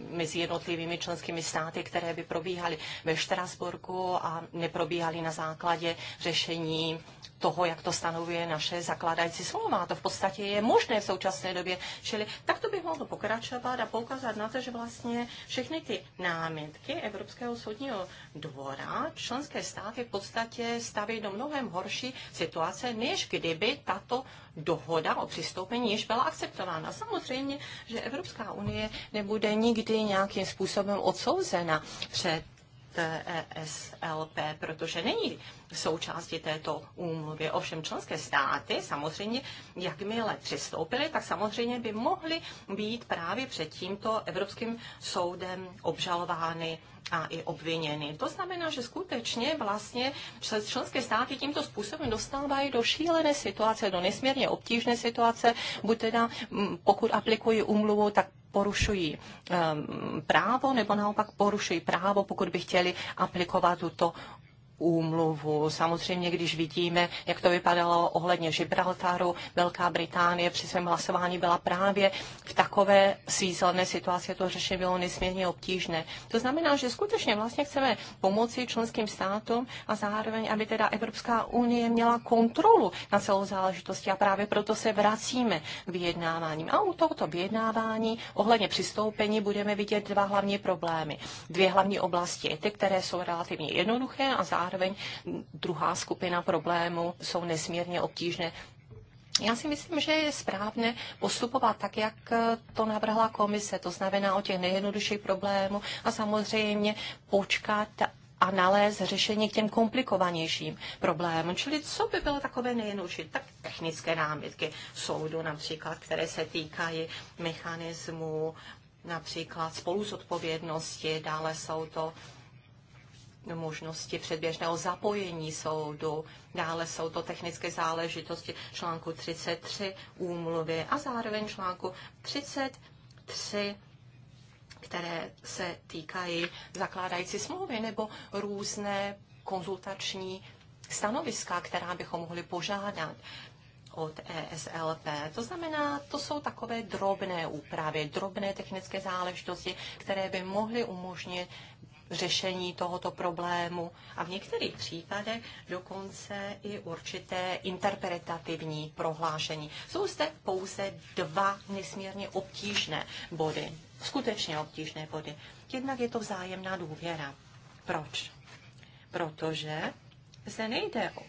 mezi jednotlivými členskými státy, které by probíhaly ve Štrasburku a neprobíhaly na základě řešení toho, jak to stanovuje naše zakládající Smlouva To v podstatě je možné v současné době. Čili tak to bych mohl pokračovat a poukázat na to, že vlastně všechny ty námitky Evropského soudního dvora členské státy v podstatě staví do mnohem horší situace, než kdyby tato dohoda o přistoupení již byla akceptována. Samozřejmě, že Evropská unie nebude nikdy nějakým způsobem odsouzena před TSLP, e protože není součástí této úmluvy. Ovšem členské státy samozřejmě, jakmile přistoupily, tak samozřejmě by mohly být právě před tímto Evropským soudem obžalovány a i obviněny. To znamená, že skutečně vlastně členské státy tímto způsobem dostávají do šílené situace, do nesmírně obtížné situace, buď teda mm, pokud aplikují umluvu, tak porušují ehm, právo, nebo naopak porušují právo, pokud by chtěli aplikovat tuto úmluvu. Samozřejmě, když vidíme, jak to vypadalo ohledně Gibraltaru, Velká Británie při svém hlasování byla právě v takové svízelné situaci, to řešení bylo nesmírně obtížné. To znamená, že skutečně vlastně chceme pomoci členským státům a zároveň, aby teda Evropská unie měla kontrolu na celou záležitosti a právě proto se vracíme k vyjednáváním. A u tohoto vyjednávání ohledně přistoupení budeme vidět dva hlavní problémy, dvě hlavní oblasti, ty, které jsou relativně jednoduché a zároveň zároveň druhá skupina problémů jsou nesmírně obtížné. Já si myslím, že je správné postupovat tak, jak to navrhla komise, to znamená o těch nejjednodušších problémů a samozřejmě počkat a nalézt řešení k těm komplikovanějším problémům. Čili co by bylo takové nejjednodušší? Tak technické námitky soudu například, které se týkají mechanismu například spoluzodpovědnosti, dále jsou to možnosti předběžného zapojení soudu. Dále jsou to technické záležitosti článku 33 úmluvy a zároveň článku 33 které se týkají zakládající smlouvy nebo různé konzultační stanoviska, která bychom mohli požádat od ESLP. To znamená, to jsou takové drobné úpravy, drobné technické záležitosti, které by mohly umožnit řešení tohoto problému a v některých případech dokonce i určité interpretativní prohlášení. Jsou zde pouze dva nesmírně obtížné body, skutečně obtížné body. Jednak je to vzájemná důvěra. Proč? Protože se nejde o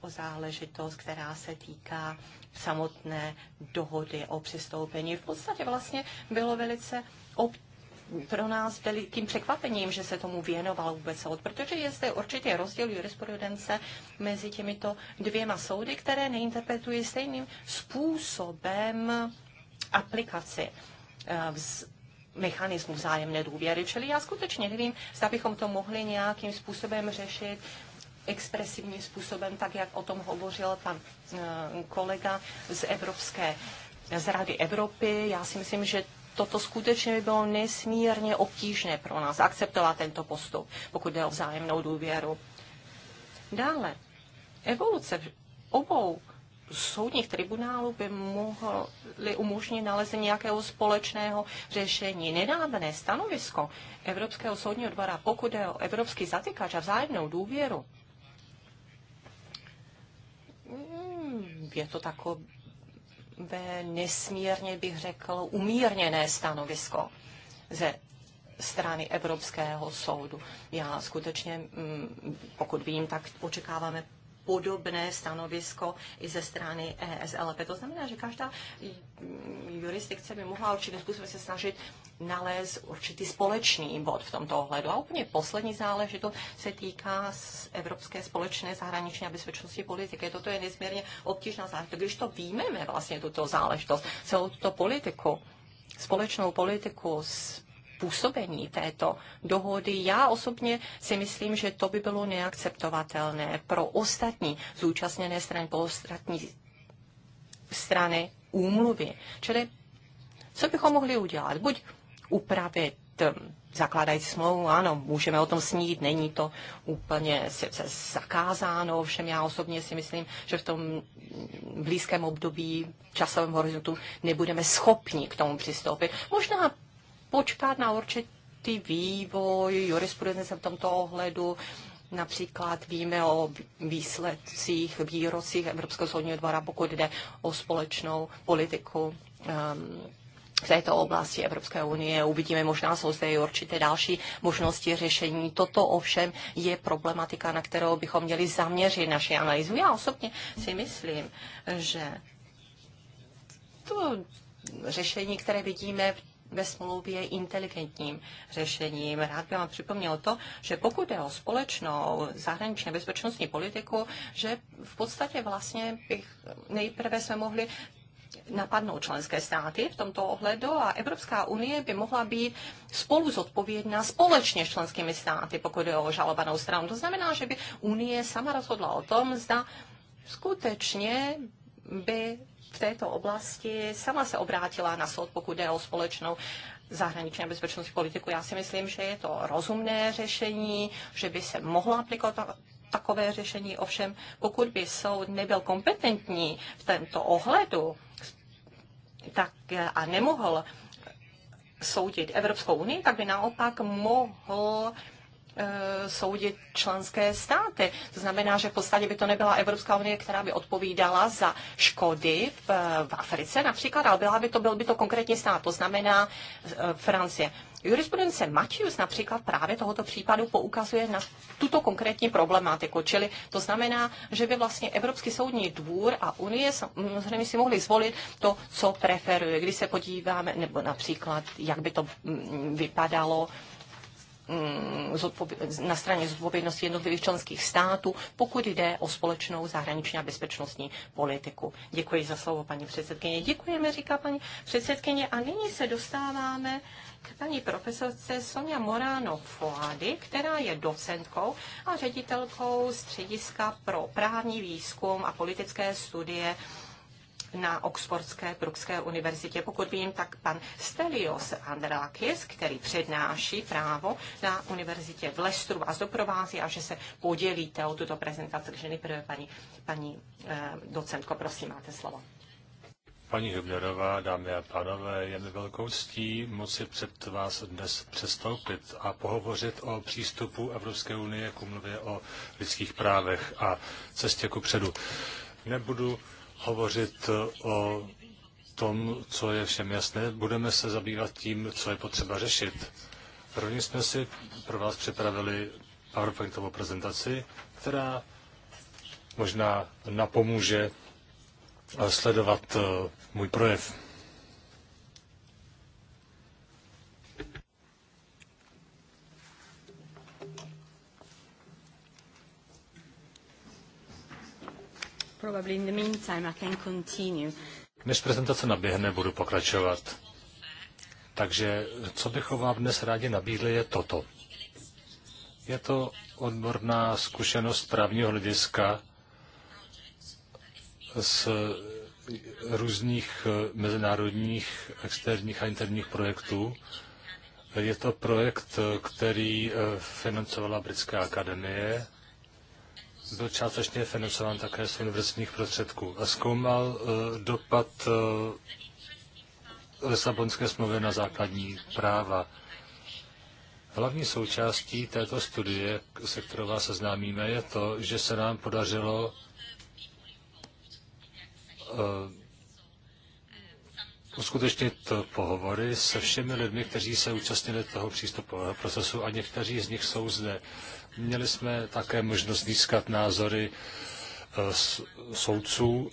o záležitost, která se týká samotné dohody o přistoupení. V podstatě vlastně bylo velice obtížné pro nás byli tím překvapením, že se tomu věnoval vůbec soud, protože je zde určitě rozdíl jurisprudence mezi těmito dvěma soudy, které neinterpretují stejným způsobem aplikaci eh, mechanismu vzájemné důvěry. Čili já skutečně nevím, zda bychom to mohli nějakým způsobem řešit expresivním způsobem, tak jak o tom hovořil pan eh, kolega z Evropské z Rady Evropy. Já si myslím, že toto skutečně by bylo nesmírně obtížné pro nás akceptovat tento postup, pokud jde o vzájemnou důvěru. Dále, evoluce obou soudních tribunálů by mohly umožnit nalezení nějakého společného řešení. Nedávné stanovisko Evropského soudního dvora, pokud je o evropský zatykač a vzájemnou důvěru, hmm, je to takové nesmírně bych řekl umírněné stanovisko ze strany Evropského soudu. Já skutečně, mm, pokud vím, tak očekáváme podobné stanovisko i ze strany ESLP. To znamená, že každá jurisdikce by mohla určitým způsobem se snažit nalézt určitý společný bod v tomto ohledu. A úplně poslední záležitost se týká z evropské společné zahraniční a bezpečnostní politiky. Toto je nezměrně obtížná záležitost. Když to víme, vlastně tuto záležitost, celou tuto politiku, společnou politiku, s působení této dohody. Já osobně si myslím, že to by bylo neakceptovatelné pro ostatní zúčastněné strany, pro ostatní strany úmluvy. Čili co bychom mohli udělat? Buď upravit um, zakládající smlouvu, ano, můžeme o tom snít, není to úplně sice zakázáno, ovšem já osobně si myslím, že v tom blízkém období, časovém horizontu nebudeme schopni k tomu přistoupit. Možná počkat na určitý vývoj jurisprudence v tomto ohledu. Například víme o výsledcích, výrocích Evropského soudního dvora, pokud jde o společnou politiku um, v této oblasti Evropské unie. Uvidíme, možná jsou zde i určité další možnosti řešení. Toto ovšem je problematika, na kterou bychom měli zaměřit naši analýzu. Já osobně si myslím, že to řešení, které vidíme v ve smlouvě inteligentním řešením. Rád bych vám připomněl to, že pokud je o společnou zahraničně bezpečnostní politiku, že v podstatě vlastně bych nejprve jsme mohli napadnou členské státy v tomto ohledu a Evropská unie by mohla být spolu zodpovědná společně s členskými státy, pokud je o žalobanou stranu. To znamená, že by unie sama rozhodla o tom, zda skutečně by v této oblasti sama se obrátila na soud, pokud jde o společnou zahraniční a bezpečnostní politiku. Já si myslím, že je to rozumné řešení, že by se mohla aplikovat takové řešení. Ovšem, pokud by soud nebyl kompetentní v tento ohledu tak eh, a nemohl soudit Evropskou unii, tak by naopak mohl uh, Eh, soudit členské státy. To znamená, že v podstatě by to nebyla Evropská unie, která by odpovídala za škody v, v Africe například, ale byla by to, byl by to konkrétní stát, to znamená eh, Francie. Jurisprudence Matthews například právě tohoto případu poukazuje na tuto konkrétní problematiku, čili to znamená, že by vlastně Evropský soudní dvůr a Unie samozřejmě si mohli zvolit to, co preferuje. Když se podíváme, nebo například, jak by to mm, vypadalo Mm, na straně zodpovědnosti jednotlivých členských států, pokud jde o společnou zahraniční a bezpečnostní politiku. Děkuji za slovo, paní předsedkyně. Děkujeme, říká paní předsedkyně. A nyní se dostáváme k paní profesorce Sonja Morano Foady, která je docentkou a ředitelkou Střediska pro právní výzkum a politické studie na Oxfordské Brookské univerzitě. Pokud vím, tak pan Stelios Andrakis, který přednáší právo na univerzitě v Lestru, vás doprovází a že se podělíte o tuto prezentaci. Takže nejprve paní, paní eh, docentko, prosím, máte slovo. Paní Hübnerová, dámy a pánové, je mi velkou ctí moci před vás dnes přestoupit a pohovořit o přístupu Evropské unie k umluvě o lidských právech a cestě ku předu. Nebudu hovořit eh, o tom, co je všem jasné. Budeme se zabývat tím, co je potřeba řešit. Rovněž jsme si pro vás připravili PowerPointovou prezentaci, která možná napomůže eh, sledovat eh, můj projev. Než prezentace naběhne, budu pokračovat. Takže co bychom vám dnes rádi nabídli, je toto. Je to odborná zkušenost právního hlediska z různých eh, mezinárodních externích a interních projektů. Je to projekt, eh, který eh, financovala Britská akademie byl částečně financován také z univerzitních prostředků a zkoumal eh, dopad eh, Lisabonské smlouvy na základní práva. Hlavní součástí této studie, se kterou vás seznámíme, je to, že se nám podařilo eh, uskutečnit pohovory se všemi lidmi, kteří se účastnili toho přístupového procesu a někteří z nich jsou zde. Měli jsme také možnost získat názory eh, soudců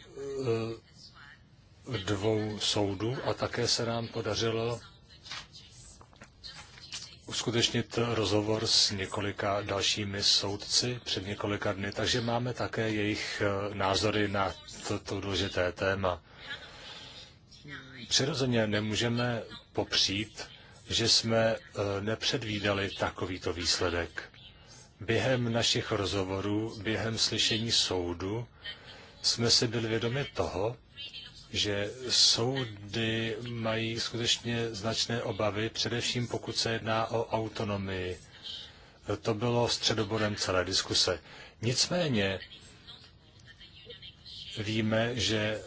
eh, dvou soudů a také se nám podařilo uskutečnit rozhovor s několika dalšími soudci před několika dny, takže máme také jejich eh, názory na toto důležité téma. Přirozeně nemůžeme popřít, že jsme nepředvídali takovýto výsledek. Během našich rozhovorů, během slyšení soudu, jsme si byli vědomi toho, že soudy mají skutečně značné obavy, především pokud se jedná o autonomii. To bylo středoborem celé diskuse. Nicméně víme, že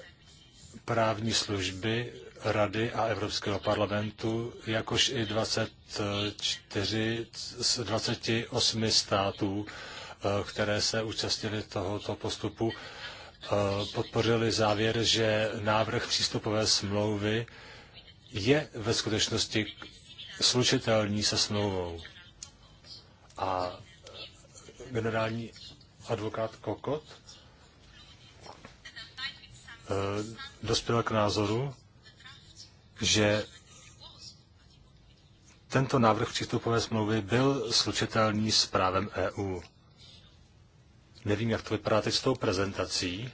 právní služby Rady a Evropského parlamentu, jakož i 24 z 28 států, eh, které se účastnili tohoto postupu, eh, podpořili závěr, že návrh přístupové smlouvy je ve skutečnosti slučitelný se smlouvou. A generální advokát Kokot eh, dospěl k názoru, že tento návrh přístupové smlouvy byl slučitelný s právem EU. Nevím, jak to vypadá teď s tou prezentací.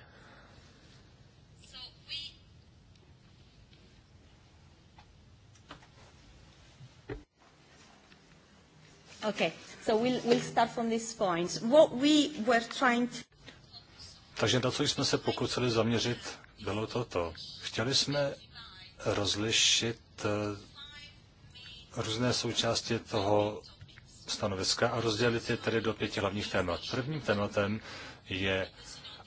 Okay, so we'll, we'll start from this point. What we were trying to... Takže na co jsme se pokusili zaměřit, bylo toto. Chtěli jsme rozlišit eh, různé součásti toho stanoviska a rozdělit je tedy do pěti hlavních témat. Prvním tématem je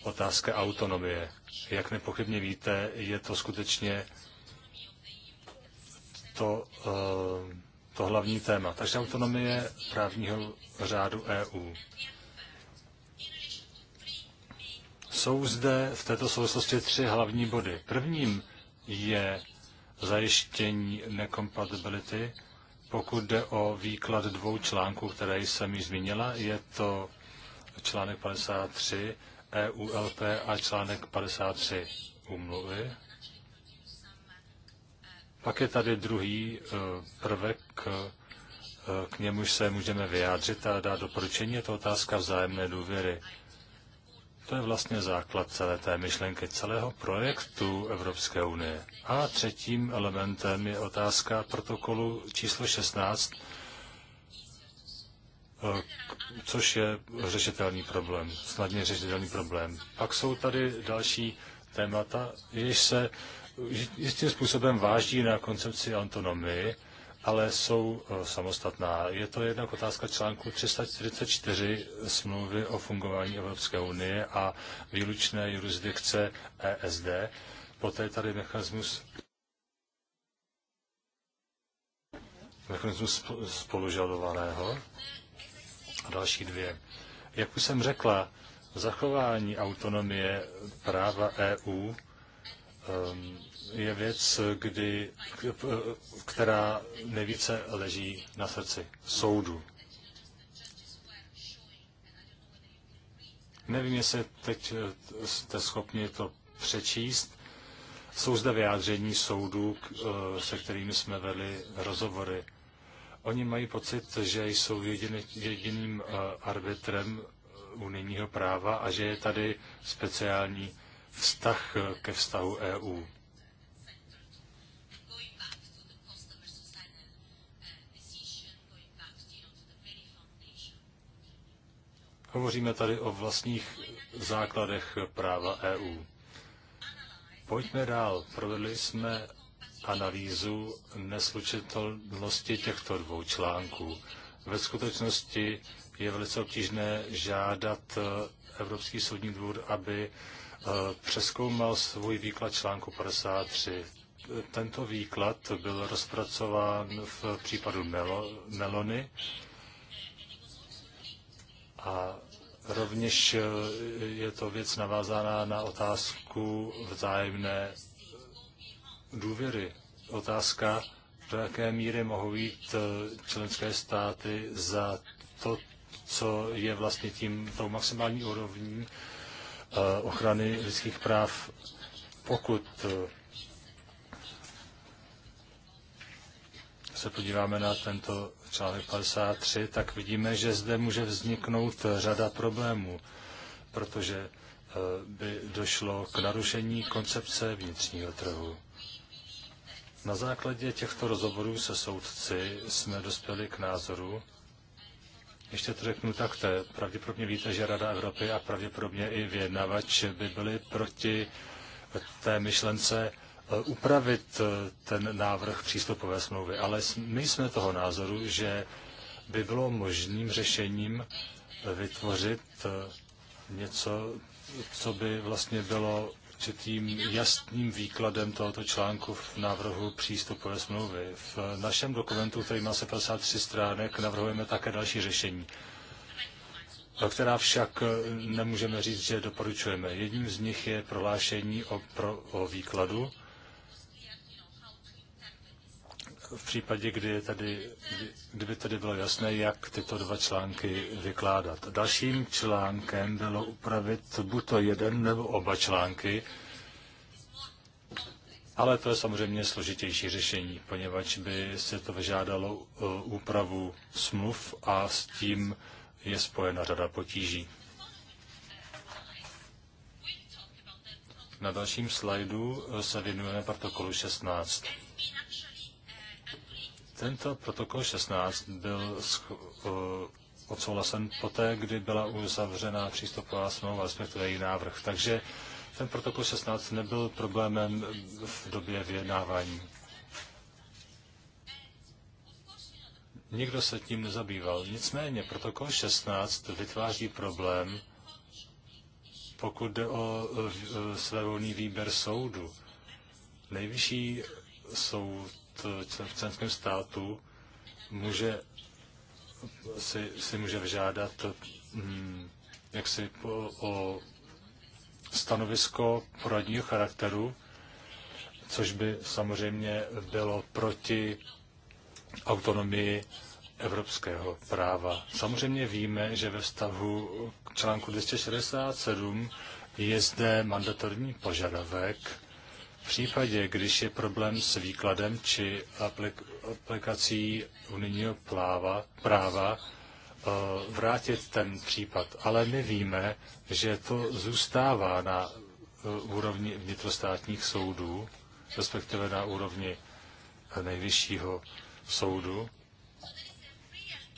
otázka autonomie. Jak nepochybně víte, je to skutečně to, eh, to hlavní téma. Takže autonomie právního řádu EU. Jsou zde v této souvislosti tři hlavní body. Prvním je zajištění nekompatibility. Pokud jde o výklad dvou článků, které jsem již zmínila, je to článek 53 EULP a článek 53 umluvy. Pak je tady druhý e, prvek, e, k němuž se můžeme vyjádřit a dát doporučení, je to otázka vzájemné důvěry. To je vlastně základ celé té myšlenky, celého projektu Evropské unie. A třetím elementem je otázka protokolu číslo 16, eh, což je řešitelný problém, snadně řešitelný problém. Pak jsou tady další témata, jež se jistým způsobem váží na koncepci autonomii, ale jsou eh, samostatná. Je to jednak otázka článku 344 smlouvy o fungování Evropské unie a výlučné jurisdikce ESD. Poté tady mechanismus mechanismus spolužadovaného a další dvě. Jak už jsem řekla, zachování autonomie práva EU um, ehm, je věc, kdy, která nejvíce leží na srdci soudu. Nevím, jestli teď jste schopni to přečíst. Jsou zde vyjádření soudů, se kterými jsme vedli rozhovory. Oni mají pocit, že jsou jediný, jediným eh, arbitrem unijního práva a že je tady speciální vztah eh, ke vztahu EU. Hovoříme tady o vlastních základech práva EU. Pojďme dál. Provedli jsme analýzu neslučitelnosti těchto dvou článků. Ve skutečnosti je velice obtížné žádat eh, Evropský soudní dvůr, aby eh, přeskoumal svůj výklad článku 53. Tento výklad byl rozpracován v případu Melo, Melony a Rovněž eh, je to věc navázaná na otázku vzájemné důvěry. Otázka, do jaké míry mohou jít eh, členské státy za to, co je vlastně tím tou maximální úrovní eh, ochrany lidských práv, pokud se podíváme na tento článek 53, tak vidíme, že zde může vzniknout řada problémů, protože eh, by došlo k narušení koncepce vnitřního trhu. Na základě těchto rozhovorů se soudci jsme dospěli k názoru, ještě to řeknu takto, pravděpodobně víte, že Rada Evropy a pravděpodobně i vyjednavač by byli proti té myšlence Eh, upravit eh, ten návrh přístupové smlouvy, ale my jsme toho názoru, že by bylo možným řešením eh, vytvořit něco, co by vlastně bylo určitým jasným výkladem tohoto článku v návrhu přístupové smlouvy. V našem dokumentu, který má 53 stránek, navrhujeme také další řešení, která však nemůžeme říct, že doporučujeme. Jedním z nich je prohlášení o, pro, o výkladu, v případě, kdy je tady, kdyby tady bylo jasné, jak tyto dva články vykládat. Dalším článkem bylo upravit buď to jeden nebo oba články, ale to je samozřejmě složitější řešení, poněvadž by se to vyžádalo eh, úpravu smluv a s tím je spojena řada potíží. Na dalším slajdu eh, se věnujeme protokolu 16. Tento protokol 16 byl odsouhlasen poté, kdy byla uzavřena přístupová smlouva, respektive její návrh. Takže ten protokol 16 nebyl problémem v době vyjednávání. Nikdo se tím nezabýval. Nicméně protokol 16 vytváří problém, pokud jde o e, svévolný výběr soudu. Nejvyšší soud v členském státu může si, si může vyžádat hm, jak si po, o stanovisko poradního charakteru, což by samozřejmě bylo proti autonomii evropského práva. Samozřejmě víme, že ve vztahu k článku 267 je zde mandatorní požadavek v případě, když je problém s výkladem či aplikací unijního pláva, práva, eh, vrátit ten případ. Ale my víme, že to zůstává na eh, úrovni vnitrostátních soudů, respektive na úrovni eh, nejvyššího soudu.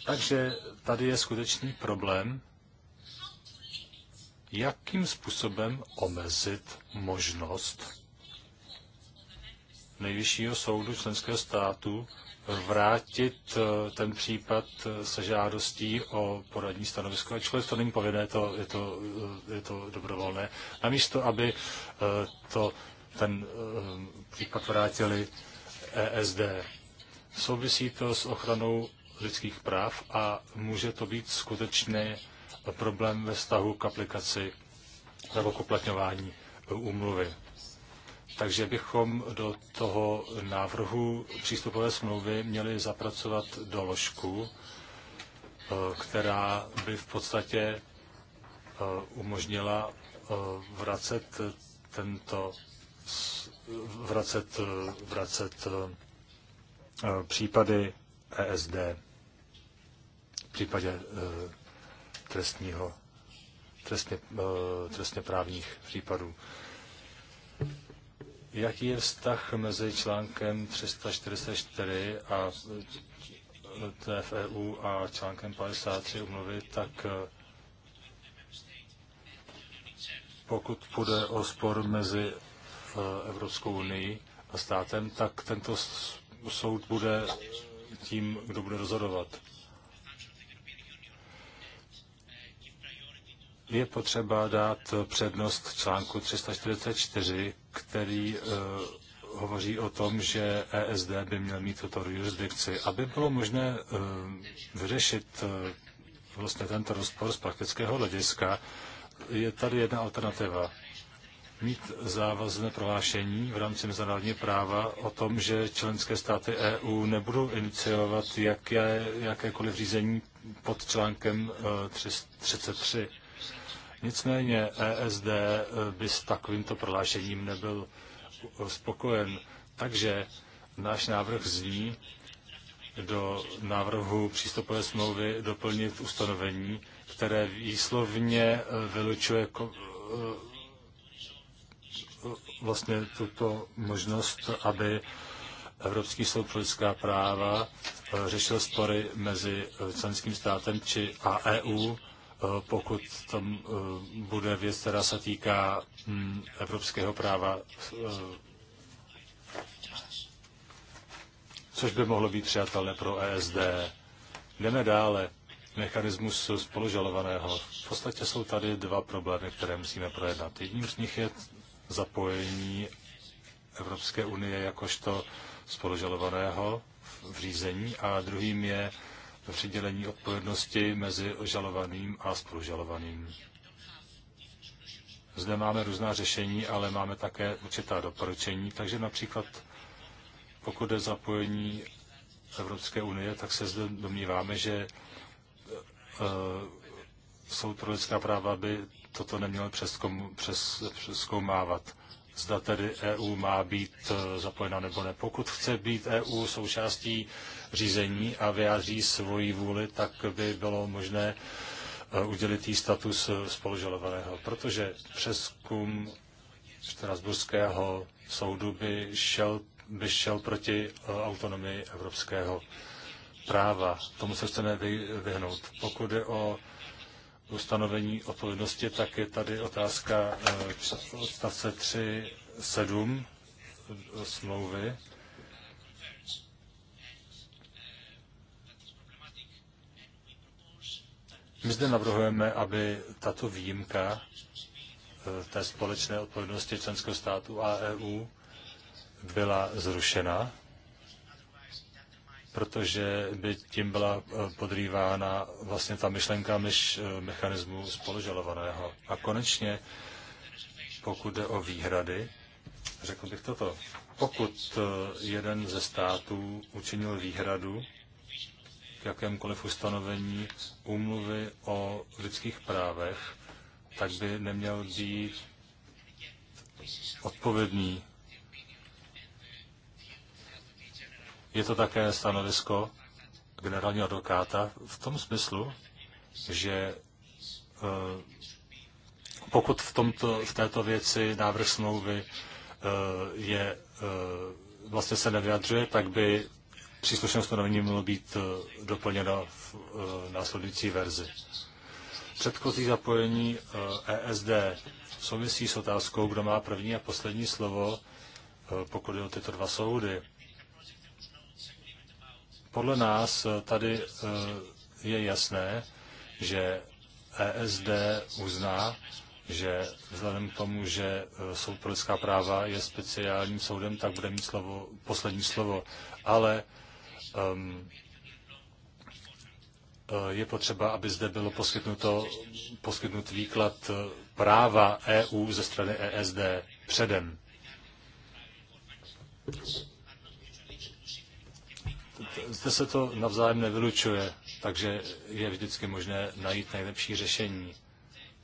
Takže tady je skutečný problém, jakým způsobem omezit možnost nejvyššího soudu členského státu vrátit eh, ten případ eh, se žádostí o poradní stanovisko, ačkoliv to není povinné, to, je, to, eh, je to dobrovolné. Namísto, aby to, ten případ vrátili ESD. Souvisí to s ochranou lidských práv a může to být skutečný problém ve vztahu k aplikaci nebo k uplatňování úmluvy. Takže bychom do toho návrhu přístupové smlouvy měli zapracovat doložku, eh, která by v podstatě eh, umožnila eh, vracet tento vracet, vracet případy ESD v případě trestního, trestně, trestně právních případů. Jaký je vztah mezi článkem 344 a TFEU a článkem 53 umluvy, tak eh, pokud půjde o spor mezi eh, Evropskou unii a státem, tak tento soud bude tím, kdo bude rozhodovat. Je potřeba dát přednost článku 344 který eh, hovoří o tom, že ESD by měl mít tuto jurisdikci. Aby bylo možné eh, vyřešit eh, vlastně tento rozpor z praktického hlediska, je tady jedna alternativa. Mít závazné prohlášení v rámci mezinárodního práva o tom, že členské státy EU nebudou iniciovat jaké, jakékoliv řízení pod článkem 33. Nicméně ESD eh, by s takovýmto prohlášením nebyl spokojen. Takže náš návrh zní do návrhu přístupové smlouvy doplnit ustanovení, které výslovně eh, vylučuje eh, vlastně tuto možnost, aby Evropský soud pro lidská práva řešil spory mezi členským státem či a EU Eh, pokud tam eh, bude věc, která se týká hm, evropského práva, eh, což by mohlo být přijatelné pro ESD. Jdeme dále. Mechanismus spolužalovaného. V podstatě jsou tady dva problémy, které musíme projednat. Jedním z nich je zapojení Evropské unie jakožto spolužalovaného v řízení a druhým je přidělení odpovědnosti mezi žalovaným a spolužalovaným. Zde máme různá řešení, ale máme také určitá doporučení, takže například pokud je zapojení Evropské unie, tak se zde domníváme, že e, soud pro lidská práva by toto nemělo přeskoumávat zda tedy EU má být eh, zapojena nebo ne. Pokud chce být EU součástí řízení a vyjádří svoji vůli, tak by bylo možné eh, udělit jí status eh, spolužalovaného, protože přeskum Štrasburského soudu by šel, by šel proti autonomii evropského práva. Tomu se chceme vyhnout. Pokud je o ustanovení odpovědnosti, tak je tady otázka eh, odstavce 3.7 eh, smlouvy. My zde navrhujeme, aby tato výjimka eh, té společné odpovědnosti členského státu a EU byla zrušena protože by tím byla eh, podrývána vlastně ta myšlenka myš eh, mechanismu spoložalovaného. A konečně, pokud jde o výhrady, řekl bych toto. Pokud eh, jeden ze států učinil výhradu k jakémkoliv ustanovení úmluvy o lidských právech, tak by neměl být odpovědný Je to také stanovisko generálního advokáta v tom smyslu, že eh, pokud v, tomto, v této věci návrh smlouvy eh, je, eh, vlastně se nevyjadřuje, tak by příslušné ustanovení mělo být doplněno v následující verzi. Předchozí zapojení ESD e souvisí s otázkou, kdo má první a poslední slovo, pokud je o tyto dva soudy. Podle nás eh, tady eh, je jasné, že ESD uzná, že vzhledem k tomu, že eh, soud pro lidská práva je speciálním soudem, tak bude mít slovo, poslední slovo. Ale um, je potřeba, aby zde bylo poskytnuto, poskytnut výklad práva EU ze strany ESD předem zde se to navzájem nevylučuje, takže je vždycky možné najít nejlepší řešení.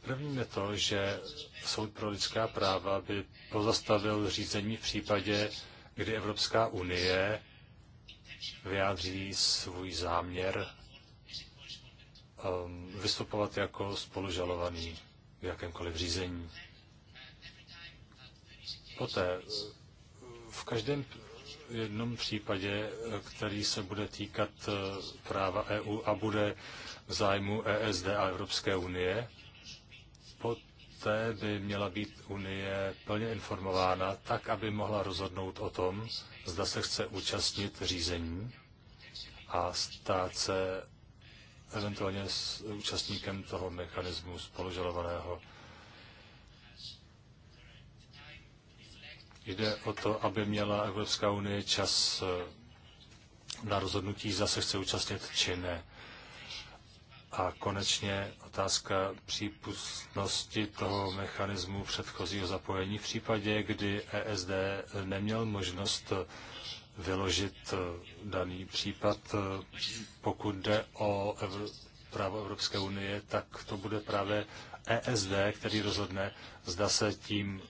První je to, že Soud pro lidská práva by pozastavil řízení v případě, kdy Evropská unie vyjádří svůj záměr um, vystupovat jako spolužalovaný v jakémkoliv řízení. Poté v každém jednom případě, eh, který se bude týkat eh, práva EU a bude v zájmu ESD a Evropské unie. Poté by měla být Unie plně informována tak, aby mohla rozhodnout o tom, zda se chce účastnit řízení a stát se eventuálně s účastníkem toho mechanismu spolužalovaného Jde o to, aby měla Evropská unie čas eh, na rozhodnutí, se chce účastnit či ne. A konečně otázka přípustnosti toho mechanismu předchozího zapojení v případě, kdy ESD neměl možnost eh, vyložit eh, daný případ. Pokud jde o právo Evropské unie, tak to bude právě ESD, který rozhodne, zda se tím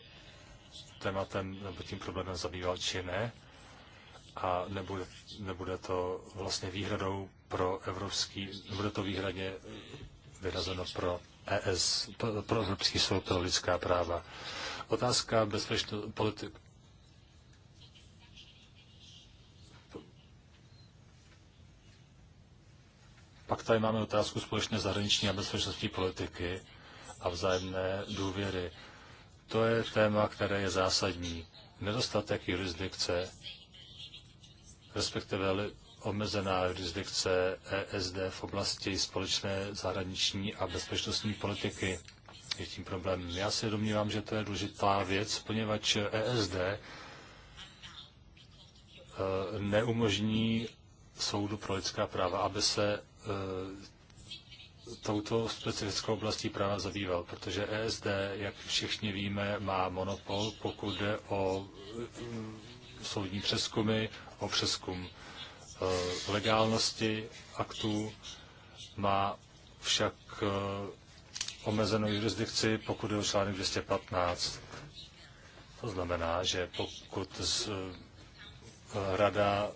tématem nebo tím problémem zabýval, či ne. A nebude, nebude to vlastně výhradou pro evropský, nebude to výhradně vyrazeno pro ES, pro Evropský soud pro lidská práva. Otázka bezpečnost politik, Pak tady máme otázku společné zahraniční a bezpečnostní politiky a vzájemné důvěry. To je téma, které je zásadní. Nedostatek jurisdikce, respektive omezená jurisdikce ESD v oblasti společné zahraniční a bezpečnostní politiky je tím problémem. Já si domnívám, že to je důležitá věc, poněvadž ESD eh, neumožní soudu pro lidská práva, aby se eh, touto specifickou oblastí práva zabýval, protože ESD, jak všichni víme, má monopol, pokud jde o mm, soudní přeskumy, o přeskum eh, legálnosti aktů, má však eh, omezenou jurisdikci, pokud je o článek 215. To znamená, že pokud eh, Rada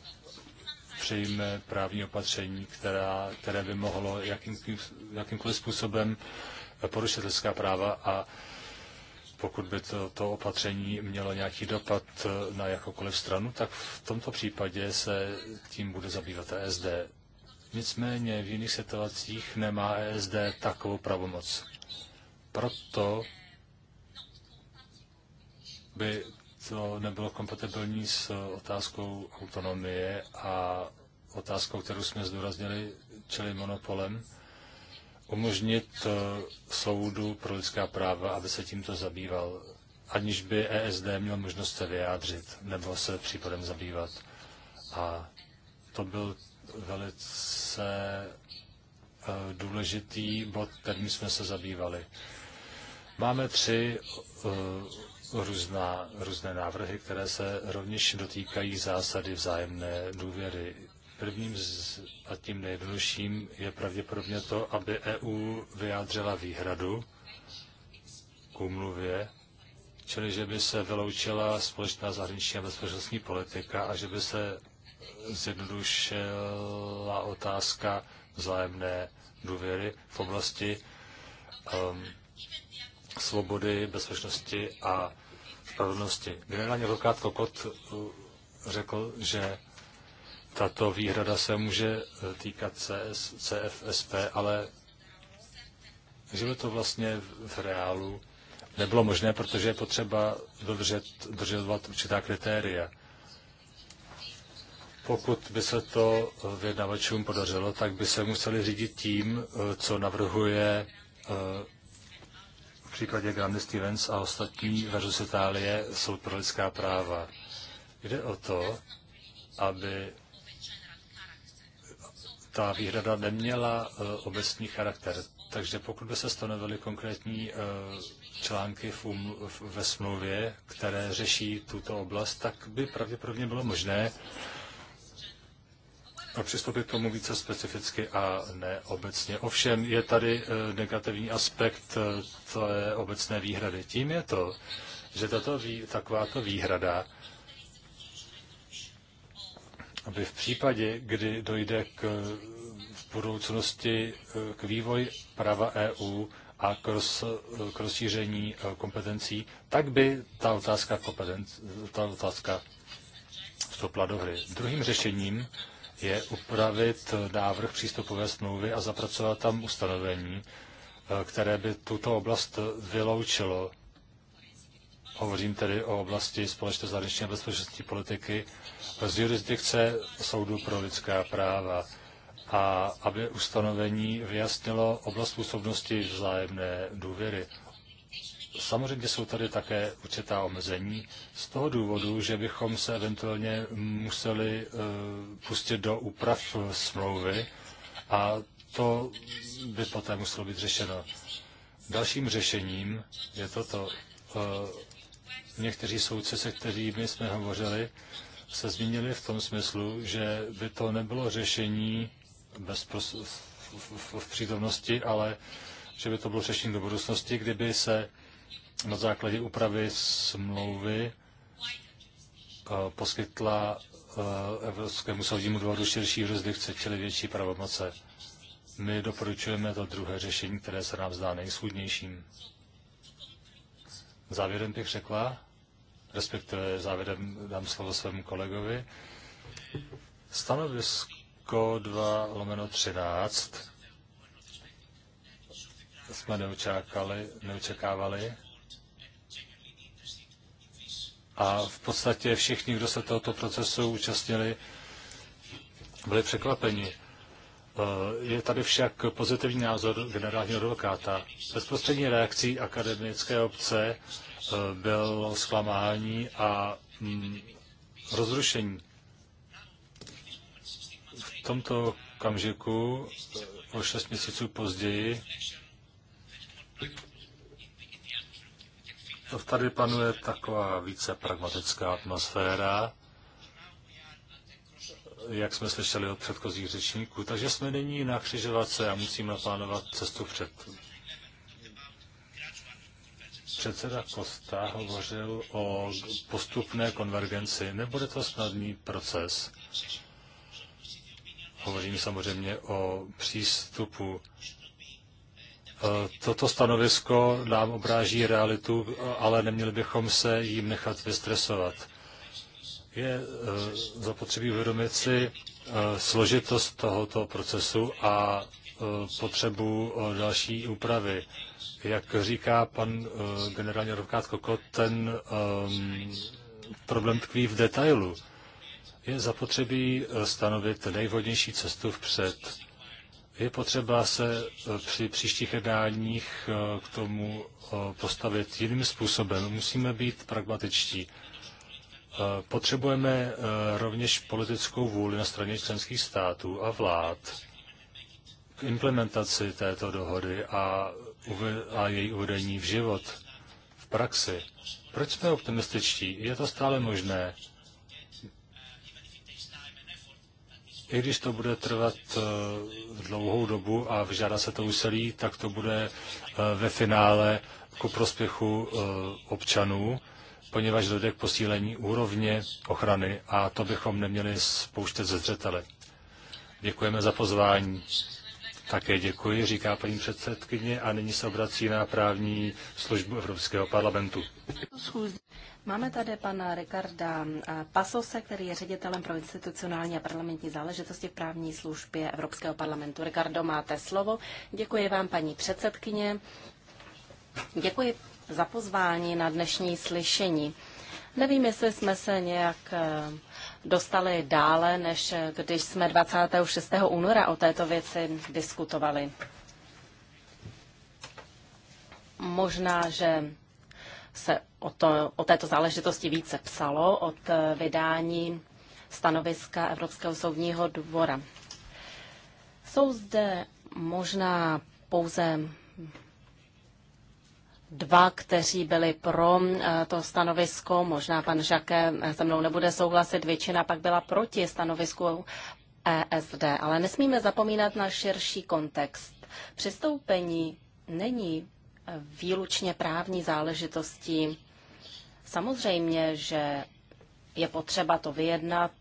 přijme právní opatření, která, které by mohlo jakým, jakýmkoliv způsobem porušit lidská práva a pokud by to, to opatření mělo nějaký dopad na jakoukoliv stranu, tak v tomto případě se tím bude zabývat ESD. Nicméně v jiných situacích nemá ESD takovou pravomoc. Proto by to nebylo kompatibilní s otázkou autonomie a otázkou, kterou jsme zdůraznili, čili monopolem, umožnit eh, soudu pro lidská práva, aby se tímto zabýval, aniž by ESD měl možnost se vyjádřit nebo se případem zabývat. A to byl velice eh, důležitý bod, kterým jsme se zabývali. Máme tři eh, různá, různé návrhy, které se rovněž dotýkají zásady vzájemné důvěry. Prvním z, a tím nejjednodušším je pravděpodobně to, aby EU vyjádřila výhradu k úmluvě, čili že by se vyloučila společná zahraniční a bezpečnostní politika a že by se zjednodušila otázka vzájemné důvěry v oblasti um, svobody, bezpečnosti a spravedlnosti. Generální advokát Kokot eh, řekl, že tato výhrada se může eh, týkat CS, CFSP, ale že by to vlastně v reálu nebylo možné, protože je potřeba dodržet, dodržovat určitá kritéria. Pokud by se to eh, vyjednavačům podařilo, tak by se museli řídit tím, co navrhuje případě Grammy Stevens a ostatní veřu z Itálie jsou pro lidská práva. Jde o to, aby ta výhrada neměla eh, obecný charakter. Takže pokud by se stanovily konkrétní eh, články v um, ve smlouvě, které řeší tuto oblast, tak by pravděpodobně bylo možné přistoupit k tomu více specificky a ne obecně. Ovšem je tady eh, negativní aspekt eh, té obecné výhrady. Tím je to, že tato vý, takováto výhrada aby v případě, kdy dojde k, v budoucnosti eh, k vývoji práva EU a k, roz, k rozšíření kompetencí, tak by ta otázka, kompetenc, ta otázka vstoupila do hry. Druhým řešením je upravit návrh přístupové smlouvy a zapracovat tam ustanovení, eh, které by tuto oblast vyloučilo. Hovořím tedy o oblasti společné zahraniční a bezpečnostní politiky z jurisdikce Soudu pro lidská práva a aby ustanovení vyjasnilo oblast působnosti vzájemné důvěry. Samozřejmě jsou tady také určitá omezení z toho důvodu, že bychom se eventuálně museli eh, pustit do úprav eh, smlouvy a to by poté muselo být řešeno. Dalším řešením je toto. Eh, někteří soudci, se kterými jsme hovořili, se zmínili v tom smyslu, že by to nebylo řešení v, v, v, v přítomnosti, ale že by to bylo řešení do budoucnosti, kdyby se na základě úpravy smlouvy eh, poskytla eh, Evropskému soudnímu dvoru širší jurisdikce, čili větší pravomoce. My doporučujeme to druhé řešení, které se nám zdá nejschůdnějším. Závěrem bych řekla, respektive závěrem dám slovo svému kolegovi, stanovisko 2 lomeno 13 jsme neočekávali, neočekávali a v podstatě všichni, kdo se tohoto procesu účastnili, byli překvapeni. E, je tady však pozitivní názor generálního advokáta. Bezprostřední reakcí akademické obce e, bylo zklamání a mm, rozrušení. V tomto okamžiku, o šest měsíců později, tady panuje taková více pragmatická atmosféra, jak jsme slyšeli od předchozích řečníků. Takže jsme nyní na křižovatce a musíme plánovat cestu před. Předseda Kosta hovořil o postupné konvergenci. Nebude to snadný proces. Hovořím samozřejmě o přístupu Eh, toto stanovisko nám obráží realitu, eh, ale neměli bychom se jim nechat vystresovat. Je eh, zapotřebí uvědomit si složitost tohoto procesu a potřebu další úpravy. Jak říká pan generální advokát Kokot, ten ehm, problém tkví v detailu. Je zapotřebí stanovit nejvhodnější cestu vpřed. Je potřeba se eh, při příštích jednáních eh, k tomu eh, postavit jiným způsobem. Musíme být pragmatičtí. Potřebujeme rovněž politickou vůli na straně členských států a vlád k implementaci této dohody a, a její uvedení v život, v praxi. Proč jsme optimističtí? Je to stále možné. I když to bude trvat eh, dlouhou dobu a vyžádá se to úsilí, tak to bude eh, ve finále ku prospěchu eh, občanů, poněvadž dojde k posílení úrovně ochrany a to bychom neměli spouštět ze zřetele. Děkujeme za pozvání. Také děkuji, říká paní předsedkyně a nyní se obrací na právní službu Evropského parlamentu. Máme tady pana Ricarda eh, Pasose, který je ředitelem pro institucionální a parlamentní záležitosti v právní službě Evropského parlamentu. Ricardo, máte slovo. Děkuji vám, paní předsedkyně. Děkuji za pozvání na dnešní slyšení. Nevím, jestli jsme se nějak eh, dostali dále, než když jsme 26. února o této věci diskutovali. Možná, že se o, to, o této záležitosti více psalo od vydání stanoviska Evropského soudního dvora. Jsou zde možná pouze dva, kteří byli pro eh, to stanovisko, možná pan Žaké eh, se mnou nebude souhlasit, většina pak byla proti stanovisku ESD, ale nesmíme zapomínat na širší kontext. Přistoupení není eh, výlučně právní záležitostí. Samozřejmě, že je potřeba to vyjednat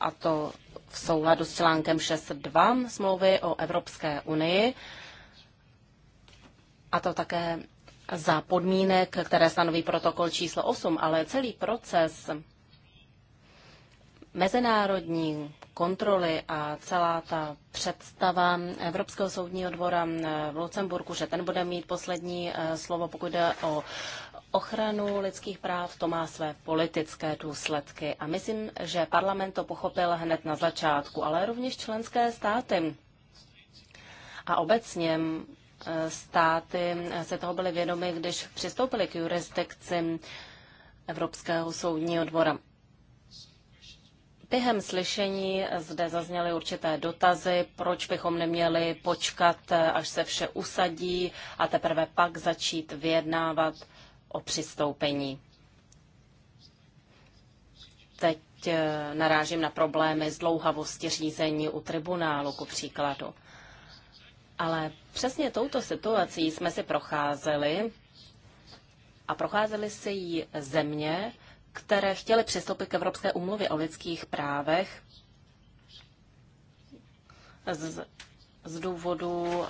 a to v souladu s článkem 6.2 smlouvy o Evropské unii. A to také za podmínek, které stanoví protokol číslo 8, ale celý proces mezinárodní kontroly a celá ta představa Evropského soudního dvora v Lucemburku, že ten bude mít poslední eh, slovo, pokud jde o ochranu lidských práv, to má své politické důsledky. A myslím, že parlament to pochopil hned na začátku, ale rovněž členské státy. A obecně státy se toho byly vědomy, když přistoupili k jurisdikci Evropského soudního dvora. Během slyšení zde zazněly určité dotazy, proč bychom neměli počkat, až se vše usadí a teprve pak začít vyjednávat o přistoupení. Teď eh, narážím na problémy zdlouhavosti řízení u tribunálu, ku příkladu. Ale přesně touto situací jsme si procházeli a procházeli si ji země, které chtěly přistoupit k Evropské umluvě o lidských právech z, z důvodu eh,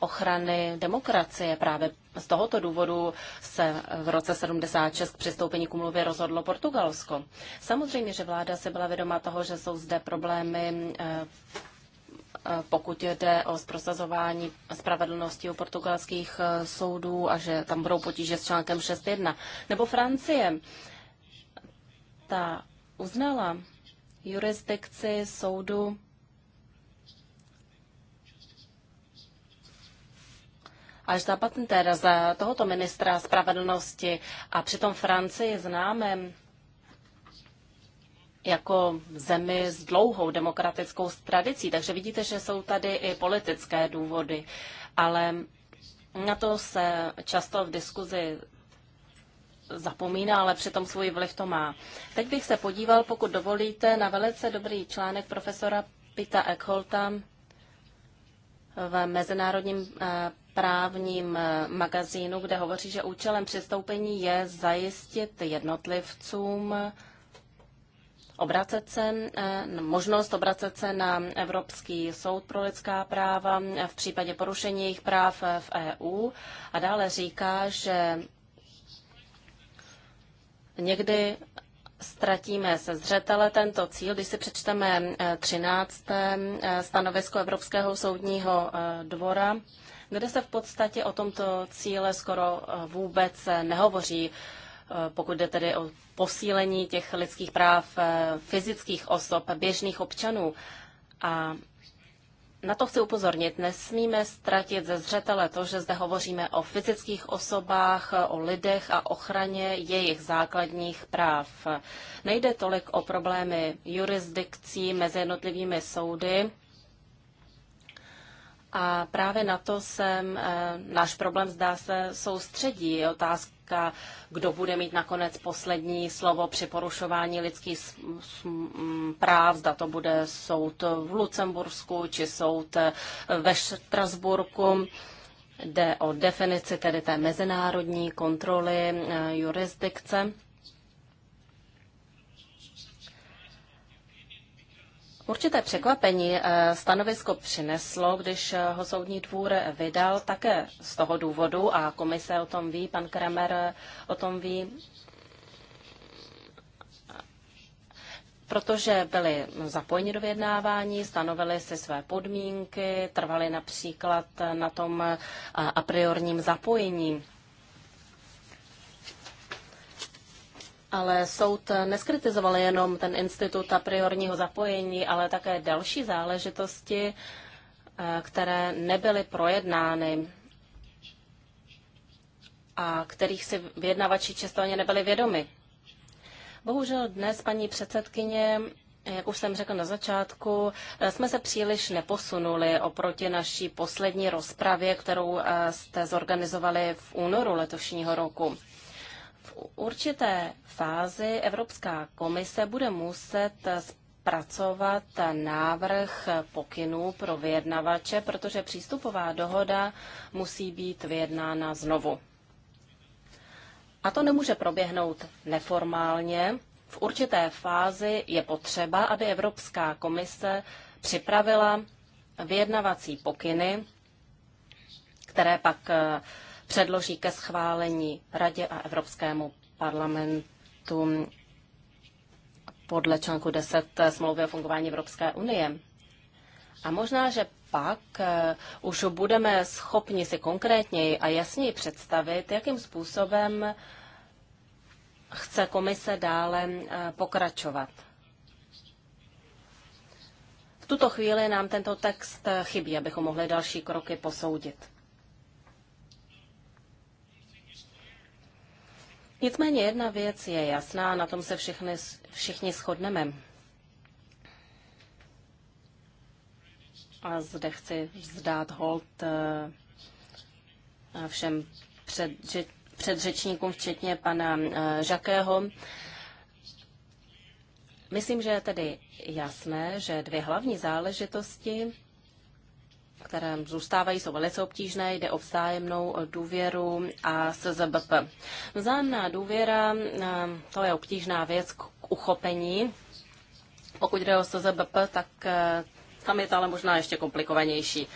ochrany demokracie. Právě z tohoto důvodu se v roce 76 k přistoupení k umluvě rozhodlo Portugalsko. Samozřejmě, že vláda se byla vědoma toho, že jsou zde problémy eh, Eh, pokud jde o zprosazování spravedlnosti u portugalských eh, soudů a že tam budou potíže s článkem 6.1. Nebo Francie, ta uznala jurisdikci soudu až za patentéra, za tohoto ministra spravedlnosti a přitom Francii známe jako zemi s dlouhou demokratickou tradicí, takže vidíte, že jsou tady i politické důvody, ale na to se často v diskuzi zapomíná, ale přitom svůj vliv to má. Teď bych se podíval, pokud dovolíte, na velice dobrý článek profesora Pita Eckholta v Mezinárodním eh, právním eh, magazínu, kde hovoří, že účelem přistoupení je zajistit jednotlivcům obracet se, eh, možnost obracet se na Evropský soud pro lidská práva eh, v případě porušení jejich práv eh, v EU a dále říká, že někdy ztratíme se zřetele tento cíl, když si přečteme 13. stanovisko Evropského soudního dvora, kde se v podstatě o tomto cíle skoro vůbec nehovoří. Eh, pokud jde tedy o posílení těch lidských práv eh, fyzických osob, běžných občanů. A na to chci upozornit. Nesmíme ztratit ze zřetele to, že zde hovoříme o fyzických osobách, o lidech a ochraně jejich základních práv. Nejde tolik o problémy jurisdikcí mezi jednotlivými soudy, a právě na to jsem eh, náš problém zdá se soustředí. Je otázka, kdo bude mít nakonec poslední slovo při porušování lidských práv, zda to bude soud v Lucembursku či soud eh, ve Štrasburku. Jde o definici tedy té mezinárodní kontroly eh, jurisdikce. Určité překvapení eh, stanovisko přineslo, když eh, ho soudní dvůr vydal také z toho důvodu, a komise o tom ví, pan Kramer eh, o tom ví, protože byli zapojeni do vyjednávání, stanovili si své podmínky, trvali například na tom a priorním zapojení Ale soud neskritizoval jenom ten institut a priorního zapojení, ale také další záležitosti, eh, které nebyly projednány a kterých si vyjednavači často ani nebyli vědomi. Bohužel dnes, paní předsedkyně, jak už jsem řekl na začátku, eh, jsme se příliš neposunuli oproti naší poslední rozpravě, kterou eh, jste zorganizovali v únoru letošního roku v určité fázi Evropská komise bude muset zpracovat návrh pokynů pro vyjednavače, protože přístupová dohoda musí být vyjednána znovu. A to nemůže proběhnout neformálně. V určité fázi je potřeba, aby Evropská komise připravila vyjednavací pokyny, které pak předloží ke schválení Radě a Evropskému parlamentu podle článku 10 smlouvy o fungování Evropské unie. A možná, že pak eh, už budeme schopni si konkrétněji a jasněji představit, jakým způsobem chce komise dále eh, pokračovat. V tuto chvíli nám tento text eh, chybí, abychom mohli další kroky posoudit. Nicméně jedna věc je jasná, na tom se všichni, všichni shodneme. A zde chci vzdát hold eh, všem před předřečníkům, včetně pana eh, Žakého. Myslím, že je tedy jasné, že dvě hlavní záležitosti které zůstávají, jsou velice obtížné, jde o vzájemnou důvěru a SZBP. Vzájemná důvěra, eh, to je obtížná věc k uchopení. Pokud jde o SZBP, tak eh, tam je to ale možná ještě komplikovanější.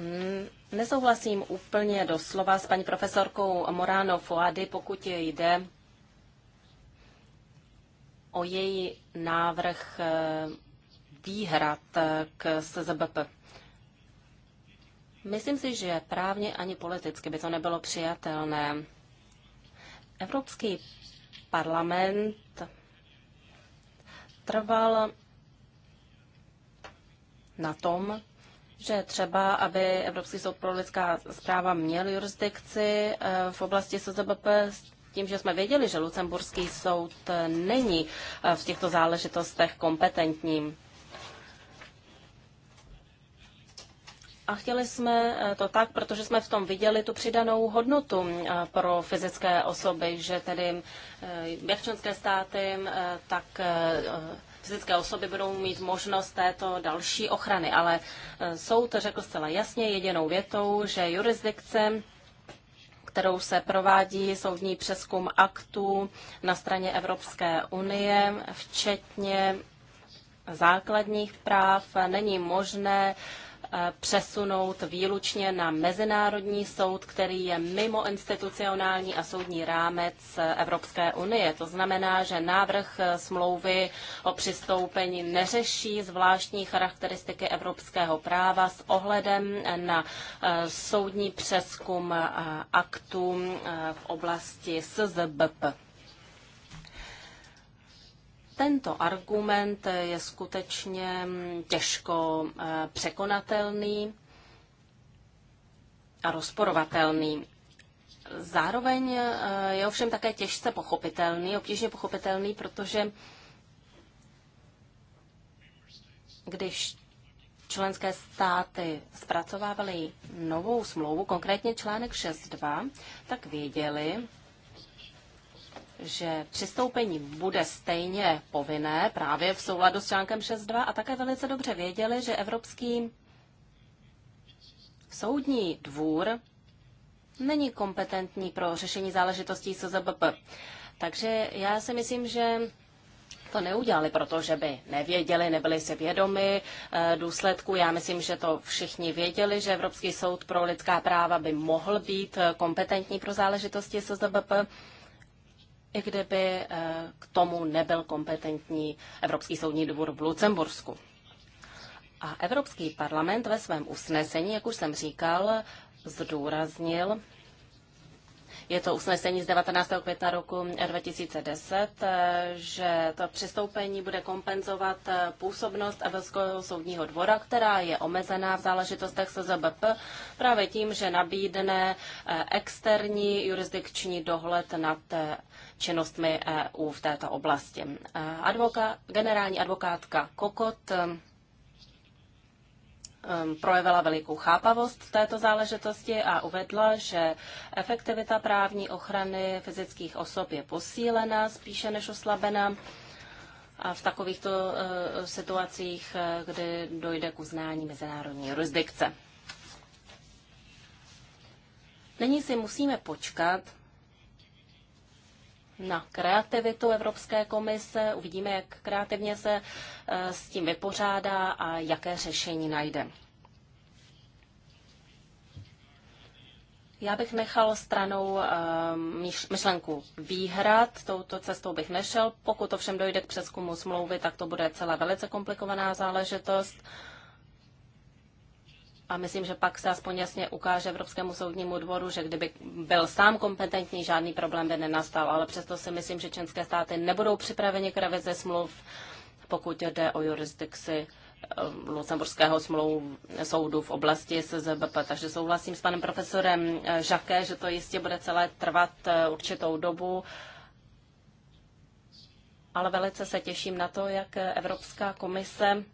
Mm, nesouhlasím úplně doslova s paní profesorkou Morano Foady, pokud je jde o její návrh eh, výhrad eh, k SZBP. Myslím si, že právně ani politicky by to nebylo přijatelné. Evropský parlament trval na tom, že třeba, aby Evropský soud pro lidská zpráva měl jurisdikci eh, v oblasti SZBP tím, že jsme věděli, že Lucemburský soud není eh, v těchto záležitostech kompetentním. A chtěli jsme eh, to tak, protože jsme v tom viděli tu přidanou hodnotu eh, pro fyzické osoby, že tedy eh, jak členské státy, tak fyzické osoby budou mít možnost této další ochrany. Ale soud řekl zcela jasně jedinou větou, že jurisdikce kterou se provádí soudní přeskum aktů na straně Evropské unie, včetně základních práv, není možné uh, Eh, přesunout výlučně na Mezinárodní soud, který je mimo institucionální a soudní rámec Evropské unie. To znamená, že návrh eh, smlouvy o přistoupení neřeší zvláštní charakteristiky evropského práva s ohledem na eh, soudní přeskum aktů v oblasti SZBP. Tento argument je skutečně mm, těžko eh, překonatelný a rozporovatelný. Zároveň eh, je ovšem také těžce pochopitelný, obtížně pochopitelný, protože když členské státy zpracovávaly novou smlouvu, konkrétně článek 6.2, tak věděli, že přistoupení bude stejně povinné právě v souladu s článkem 6.2 a také velice dobře věděli, že Evropský soudní dvůr není kompetentní pro řešení záležitostí SZBP. Takže já si myslím, že to neudělali, protože by nevěděli, nebyli si vědomi eh, důsledku. Já myslím, že to všichni věděli, že Evropský soud pro lidská práva by mohl být eh, kompetentní pro záležitosti SZBP i kdyby eh, k tomu nebyl kompetentní Evropský soudní dvůr v Lucembursku. A Evropský parlament ve svém usnesení, jak už jsem říkal, zdůraznil, je to usnesení z 19. května roku 2010, eh, že to přistoupení bude kompenzovat eh, působnost Evropského soudního dvora, která je omezená v záležitostech SZBP právě tím, že nabídne externí jurisdikční dohled nad činnostmi EU v této oblasti. E, advoka, generální advokátka Kokot e, e, projevila velikou chápavost v této záležitosti a uvedla, že efektivita právní ochrany fyzických osob je posílena spíše než oslabena a v takovýchto situacích, kdy dojde k uznání mezinárodní jurisdikce. Nyní si musíme počkat na kreativitu Evropské komise. Uvidíme, jak kreativně se eh, s tím vypořádá a jaké řešení najde. Já bych nechal stranou eh, myšlenku výhrad, touto cestou bych nešel. Pokud ovšem dojde k přeskumu smlouvy, tak to bude celá velice komplikovaná záležitost a myslím, že pak se aspoň jasně ukáže Evropskému soudnímu dvoru, že kdyby byl sám kompetentní, žádný problém by nenastal. Ale přesto si myslím, že členské státy nebudou připraveni k revizi smluv, pokud jde o jurisdikci eh, Lucemburského smlouvu soudu v oblasti SZBP. Takže souhlasím s panem profesorem eh, Žaké, že to jistě bude celé trvat eh, určitou dobu. Ale velice se těším na to, jak Evropská komise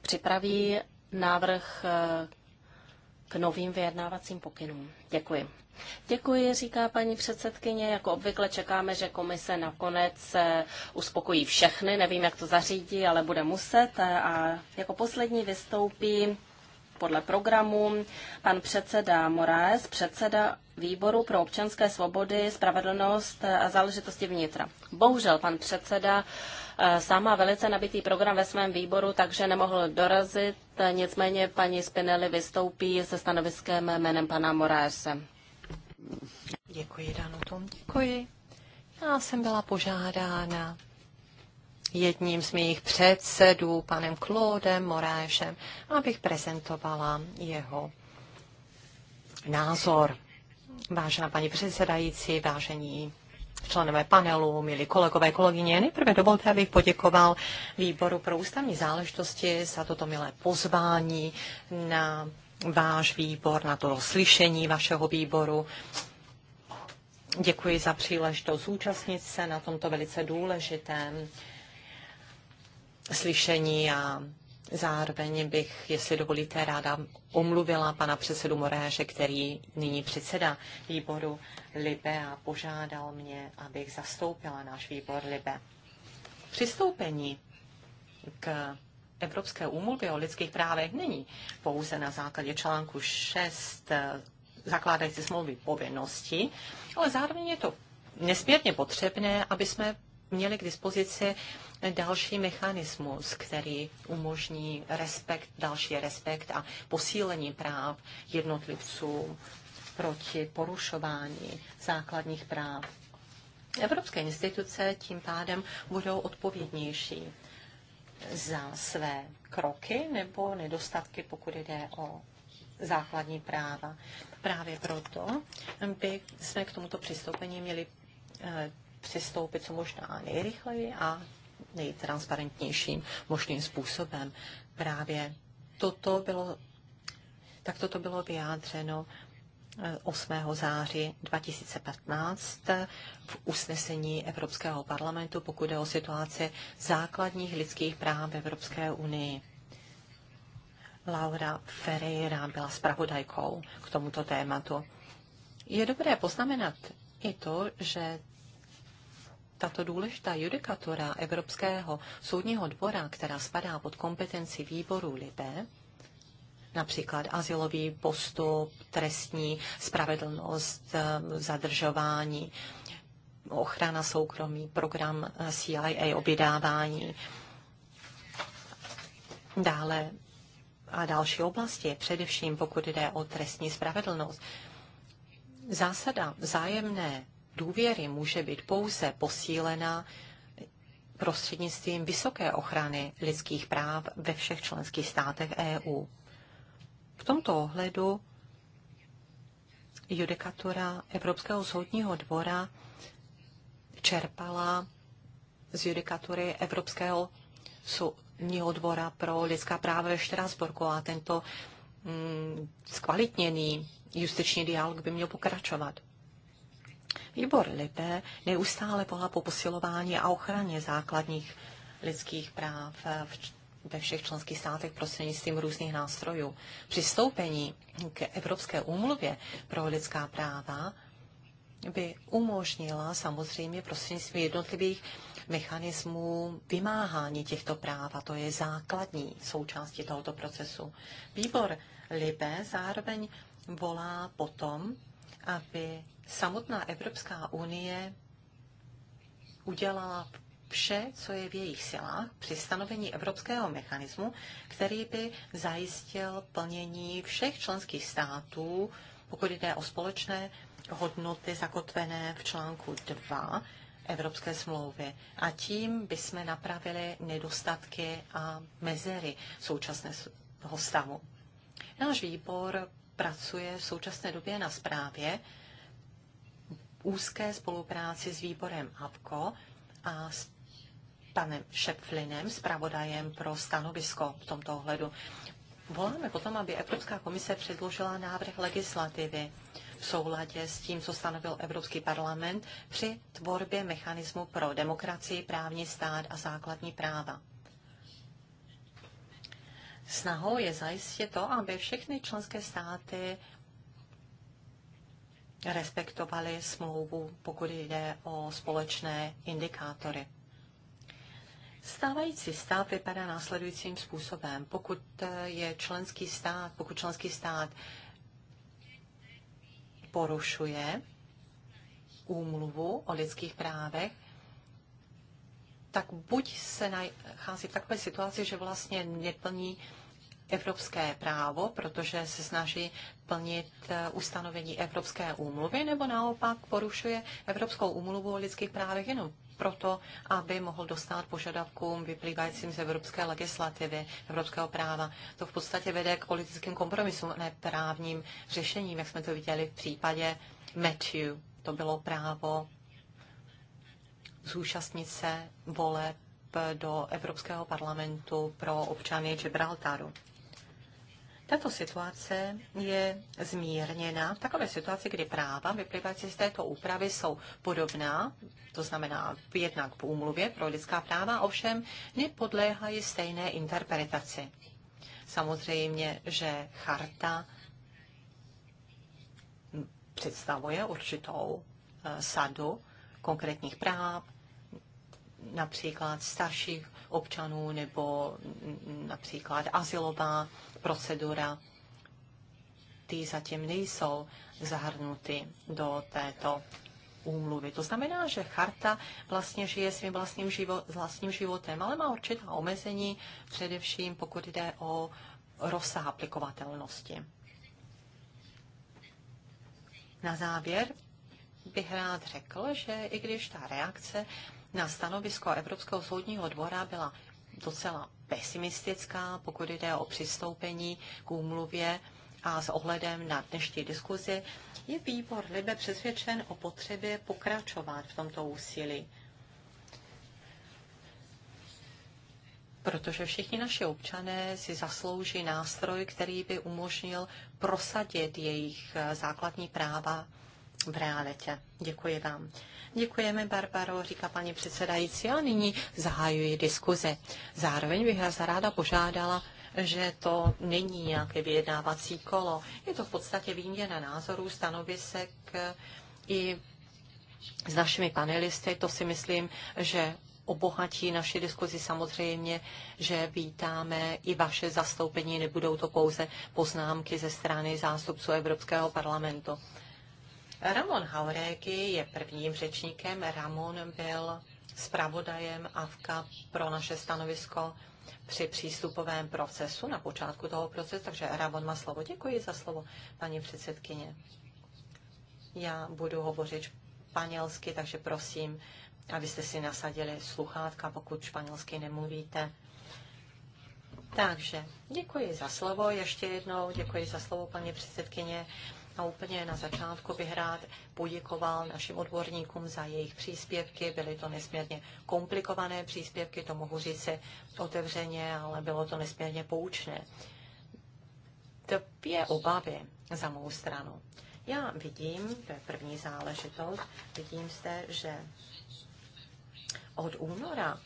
připraví návrh eh, k novým vyjednávacím pokynům. Děkuji. Děkuji, říká paní předsedkyně. Jako obvykle čekáme, že komise nakonec eh, uspokojí všechny. Nevím, jak to zařídí, ale bude muset. Eh, a jako poslední vystoupí podle programu pan předseda Moraes, předseda výboru pro občanské svobody, spravedlnost a záležitosti vnitra. Bohužel pan předseda eh, sám má velice nabitý program ve svém výboru, takže nemohl dorazit. Nicméně paní Spinelli vystoupí se stanoviskem jménem pana Moráse. Děkuji, Danu, tom děkuji. Já jsem byla požádána jedním z mých předsedů, panem Claudem Morášem, abych prezentovala jeho názor Vážená paní předsedající, vážení členové panelu, milí kolegové, kolegyně. Nejprve dovolte, abych poděkoval výboru pro ústavní záležitosti za toto milé pozvání na váš výbor, na to slyšení vašeho výboru. Děkuji za příležitost zúčastnit se na tomto velice důležitém slyšení a Zároveň bych, jestli dovolíte, ráda omluvila pana předsedu Moráše, který nyní předseda výboru Libe a požádal mě, abych zastoupila náš výbor Libe. Přistoupení k Evropské úmluvě o lidských právech není pouze na základě článku 6 eh, zakládající smlouvy povinnosti, ale zároveň je to nesmírně potřebné, aby jsme měli k dispozici další mechanismus, který umožní respekt, další respekt a posílení práv jednotlivců proti porušování základních práv. Evropské instituce tím pádem budou odpovědnější za své kroky nebo nedostatky, pokud jde o základní práva. Právě proto by jsme k tomuto přistoupení měli eh, přistoupit co možná nejrychleji a nejtransparentnějším možným způsobem. Právě toto bylo, tak toto bylo vyjádřeno 8. Eh, září 2015 v usnesení Evropského parlamentu, pokud je o situaci základních lidských práv v Evropské unii. Laura Ferreira byla spravodajkou k tomuto tématu. Je dobré poznamenat i to, že tato důležitá judikatura Evropského soudního dvora, která spadá pod kompetenci výboru LIBE, například asilový postup, trestní spravedlnost, eh, zadržování, ochrana soukromí, program eh, CIA o vydávání, dále a další oblasti, především pokud jde o trestní spravedlnost. Zásada vzájemné důvěry může být pouze posílena prostřednictvím vysoké ochrany lidských práv ve všech členských státech EU. V tomto ohledu judikatura Evropského soudního dvora čerpala z judikatury Evropského soudního dvora pro lidská práva ve Štrásburku a tento mm, zkvalitněný justiční dialog by měl pokračovat. Výbor Libe neustále volá po posilování a ochraně základních lidských práv eh, ve všech členských státech prostřednictvím různých nástrojů. Přistoupení k Evropské úmluvě pro lidská práva by umožnila samozřejmě prostřednictvím jednotlivých mechanismů vymáhání těchto práv a to je základní součástí tohoto procesu. Výbor Libe zároveň volá potom, aby samotná Evropská unie udělala vše, co je v jejich silách při stanovení evropského mechanismu, který by zajistil plnění všech členských států, pokud jde o společné hodnoty zakotvené v článku 2 Evropské smlouvy. A tím bychom napravili nedostatky a mezery současného stavu. Náš výbor pracuje v současné době na zprávě, úzké spolupráci s výborem APKO a s panem Šepflinem, zpravodajem pro stanovisko v tomto ohledu. Voláme potom, aby Evropská komise předložila návrh legislativy v souladě s tím, co stanovil Evropský parlament při tvorbě mechanismu pro demokracii, právní stát a základní práva. Snahou je zajistit to, aby všechny členské státy respektovali smlouvu, pokud jde o společné indikátory. Stávající stát vypadá následujícím způsobem. Pokud je členský stát, pokud členský stát porušuje úmluvu o lidských právech, tak buď se nachází v takové situaci, že vlastně neplní evropské právo, protože se snaží plnit eh, ustanovení Evropské úmluvy, nebo naopak porušuje Evropskou úmluvu o lidských právech jenom proto, aby mohl dostat požadavkům vyplývajícím z evropské legislativy, evropského práva. To v podstatě vede k politickým kompromisům, ne právním řešením, jak jsme to viděli v případě Matthew. To bylo právo zúčastnit se voleb do Evropského parlamentu pro občany Gibraltaru. Tato situace je zmírněna v takové situaci, kdy práva vyplývající z této úpravy jsou podobná, to znamená jednak v úmluvě pro lidská práva, ovšem nepodléhají stejné interpretaci. Samozřejmě, že charta představuje určitou eh, sadu konkrétních práv, například starších občanů nebo například asilová procedura, ty zatím nejsou zahrnuty do této úmluvy. To znamená, že charta vlastně žije svým vlastním, život, vlastním životem, ale má určitá omezení, především pokud jde o rozsah aplikovatelnosti. Na závěr bych rád řekl, že i když ta reakce na stanovisko Evropského soudního dvora byla docela pesimistická, pokud jde o přistoupení k úmluvě a s ohledem na dnešní diskuzi, je výbor Libe přesvědčen o potřebě pokračovat v tomto úsilí. Protože všichni naši občané si zaslouží nástroj, který by umožnil prosadit jejich eh, základní práva v realitě. Děkuji vám. Děkujeme, Barbaro, říká paní předsedající. A nyní zahajuji diskuzi. Zároveň bych vás ráda požádala, že to není nějaké vyjednávací kolo. Je to v podstatě výměna názorů, stanovisek i s našimi panelisty. To si myslím, že obohatí naši diskuzi samozřejmě, že vítáme i vaše zastoupení, nebudou to pouze poznámky ze strany zástupců Evropského parlamentu. Ramon Hauregi je prvním řečníkem. Ramon byl zpravodajem AFKA pro naše stanovisko při přístupovém procesu, na počátku toho procesu, takže Ramon má slovo. Děkuji za slovo, paní předsedkyně. Já budu hovořit španělsky, takže prosím, abyste si nasadili sluchátka, pokud španělsky nemluvíte. Takže děkuji za slovo ještě jednou, děkuji za slovo, paní předsedkyně. A úplně na začátku bych rád poděkoval našim odborníkům za jejich příspěvky. Byly to nesmírně komplikované příspěvky, to mohu říct se otevřeně, ale bylo to nesmírně poučné. Dvě obavy za mou stranu. Já vidím, to je první záležitost, vidím zde, že od února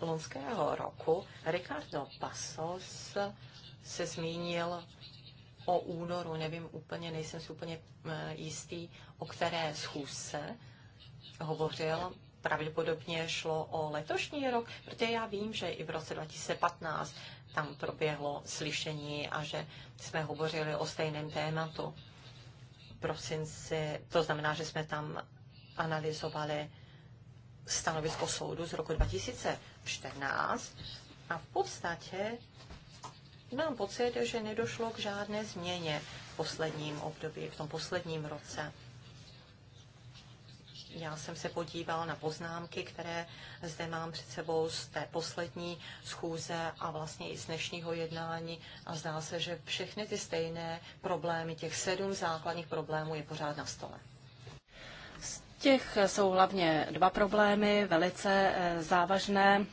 loňského roku Ricardo Passos se zmínil o únoru, nevím úplně, nejsem si úplně eh, jistý, o které schůzce hovořil. Pravděpodobně šlo o letošní rok, protože já vím, že i v roce 2015 tam proběhlo slyšení a že jsme hovořili o stejném tématu. Prosinci, to znamená, že jsme tam analyzovali stanovisko soudu z roku 2014 a v podstatě Mám pocit, že nedošlo k žádné změně v posledním období, v tom posledním roce. Já jsem se podíval na poznámky, které zde mám před sebou z té poslední schůze a vlastně i z dnešního jednání a zdá se, že všechny ty stejné problémy, těch sedm základních problémů je pořád na stole. Z těch jsou hlavně dva problémy, velice eh, závažné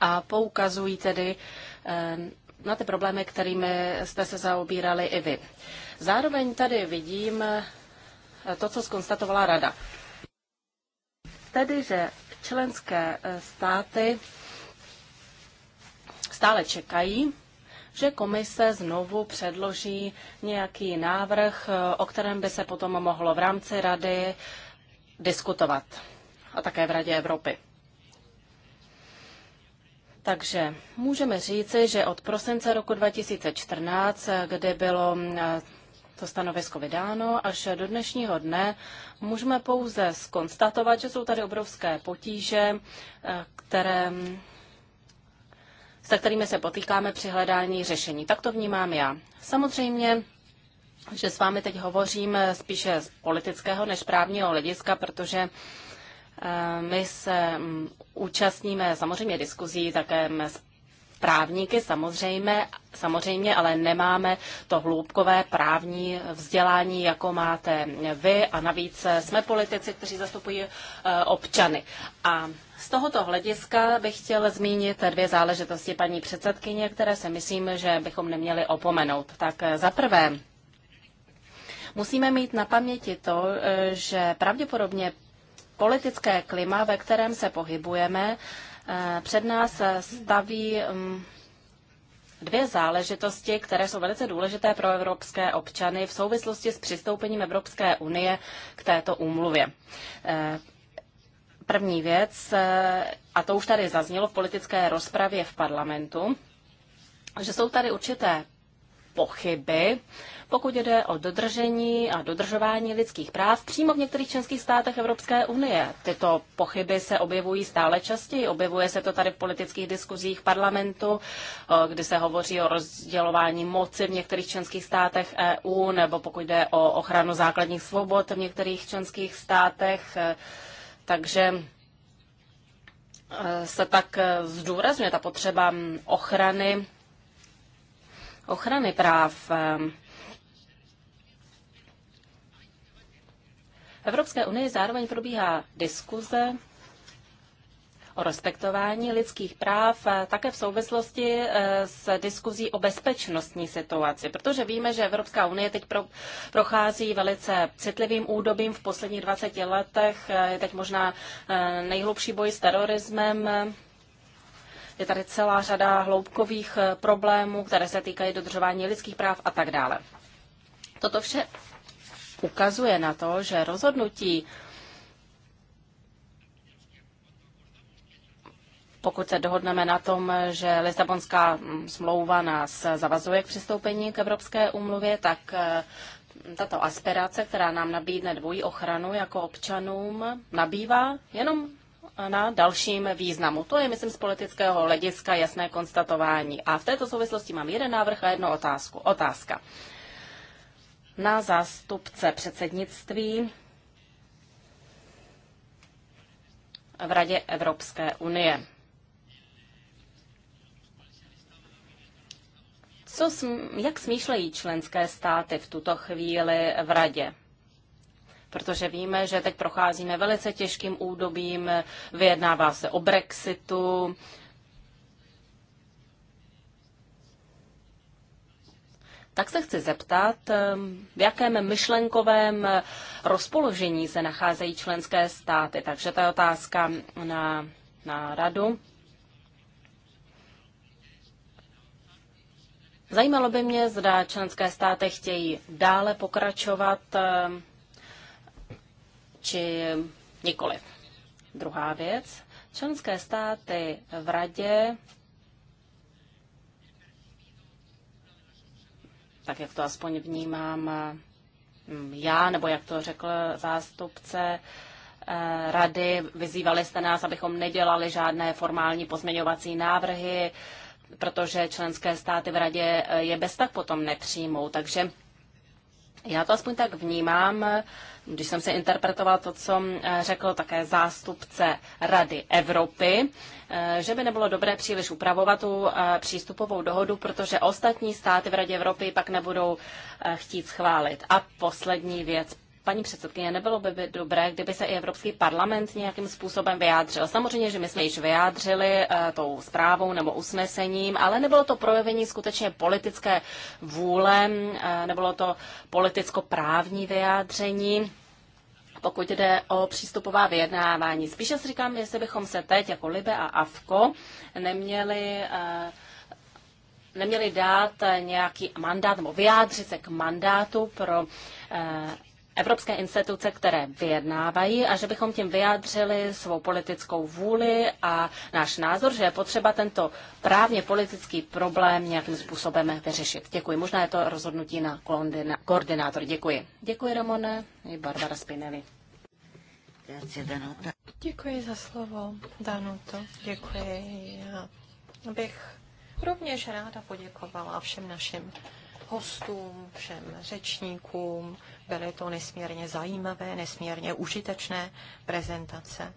a poukazují tedy eh, na ty problémy, kterými jste se zaobírali i vy. Zároveň tady vidím eh, to, co skonstatovala rada. Tedy, že členské eh, státy stále čekají, že komise znovu předloží nějaký návrh, eh, o kterém by se potom mohlo v rámci rady diskutovat a také v Radě Evropy. Takže můžeme říci, že od prosince roku 2014, kdy bylo eh, to stanovisko vydáno, až do dnešního dne můžeme pouze skonstatovat, že jsou tady obrovské potíže, eh, které se kterými se potýkáme při hledání řešení. Tak to vnímám já. Samozřejmě, že s vámi teď hovořím eh, spíše z politického než právního hlediska, protože Eh, my se mm, účastníme samozřejmě diskuzí také s právníky samozřejmě, samozřejmě, ale nemáme to hloubkové právní vzdělání, jako máte vy a navíc jsme politici, kteří zastupují eh, občany. A z tohoto hlediska bych chtěl zmínit dvě záležitosti paní předsedkyně, které se myslím, že bychom neměli opomenout. Tak eh, za prvé, Musíme mít na paměti to, že pravděpodobně politické klima, ve kterém se pohybujeme, eh, před nás staví mm, dvě záležitosti, které jsou velice důležité pro evropské občany v souvislosti s přistoupením Evropské unie k této úmluvě. Eh, první věc, eh, a to už tady zaznělo v politické rozpravě v parlamentu, že jsou tady určité pochyby pokud jde o dodržení a dodržování lidských práv přímo v některých členských státech Evropské unie. Tyto pochyby se objevují stále častěji. Objevuje se to tady v politických diskuzích parlamentu, eh, kdy se hovoří o rozdělování moci v některých členských státech EU, nebo pokud jde o ochranu základních svobod v některých členských státech. Eh, takže eh, se tak zdůrazňuje ta potřeba ochrany, ochrany práv. Evropské unii zároveň probíhá diskuze o respektování lidských práv také v souvislosti e, s diskuzí o bezpečnostní situaci, protože víme, že Evropská unie teď pro, prochází velice citlivým údobím v posledních 20 letech, e, je teď možná e, nejhlubší boj s terorismem, je tady celá řada hloubkových problémů, které se týkají dodržování lidských práv a tak dále. Toto vše ukazuje na to, že rozhodnutí, pokud se dohodneme na tom, že Lisabonská smlouva nás zavazuje k přistoupení k Evropské úmluvě, tak eh, tato aspirace, která nám nabídne dvojí ochranu jako občanům, nabývá jenom na dalším významu. To je, myslím, z politického hlediska jasné konstatování. A v této souvislosti mám jeden návrh a jednu otázku. Otázka na zástupce předsednictví v Radě Evropské unie. Co, jak smýšlejí členské státy v tuto chvíli v Radě? protože víme, že teď procházíme velice těžkým údobím, vyjednává se o Brexitu, tak se chci zeptat, v jakém myšlenkovém rozpoložení se nacházejí členské státy. Takže to je otázka na, na radu. Zajímalo by mě, zda členské státy chtějí dále pokračovat, či nikoliv. Druhá věc. Členské státy v radě tak jak to aspoň vnímám mm, já, nebo jak to řekl zástupce eh, rady, vyzývali jste nás, abychom nedělali žádné formální pozměňovací návrhy, protože členské státy v radě eh, je bez tak potom nepřijmou. Takže já to aspoň tak vnímám, když jsem se interpretoval to, co eh, řekl také zástupce Rady Evropy, eh, že by nebylo dobré příliš upravovat tu eh, přístupovou dohodu, protože ostatní státy v Radě Evropy pak nebudou chtít schválit. A poslední věc, Paní předsedkyně, nebylo by dobré, kdyby se i Evropský parlament nějakým způsobem vyjádřil. Samozřejmě, že my jsme již vyjádřili e, tou zprávou nebo usnesením, ale nebylo to projevení skutečně politické vůle, e, nebylo to politicko-právní vyjádření pokud jde o přístupová vyjednávání. Spíše si říkám, jestli bychom se teď jako Libe a Avko neměli eh, neměli dát nějaký mandát nebo vyjádřit se k mandátu pro evropské instituce, které vyjednávají a že bychom tím vyjádřili svou politickou vůli a náš názor, že je potřeba tento právně politický problém nějakým způsobem vyřešit. Děkuji. Možná je to rozhodnutí na koordinátor. Děkuji. Děkuji, Ramone. I Barbara Spinelli. Děkuji za slovo, Danuto. Děkuji. Já bych rovněž ráda poděkovala všem našim hostům, všem řečníkům, Byly to nesmírně zajímavé, nesmírně užitečné prezentace.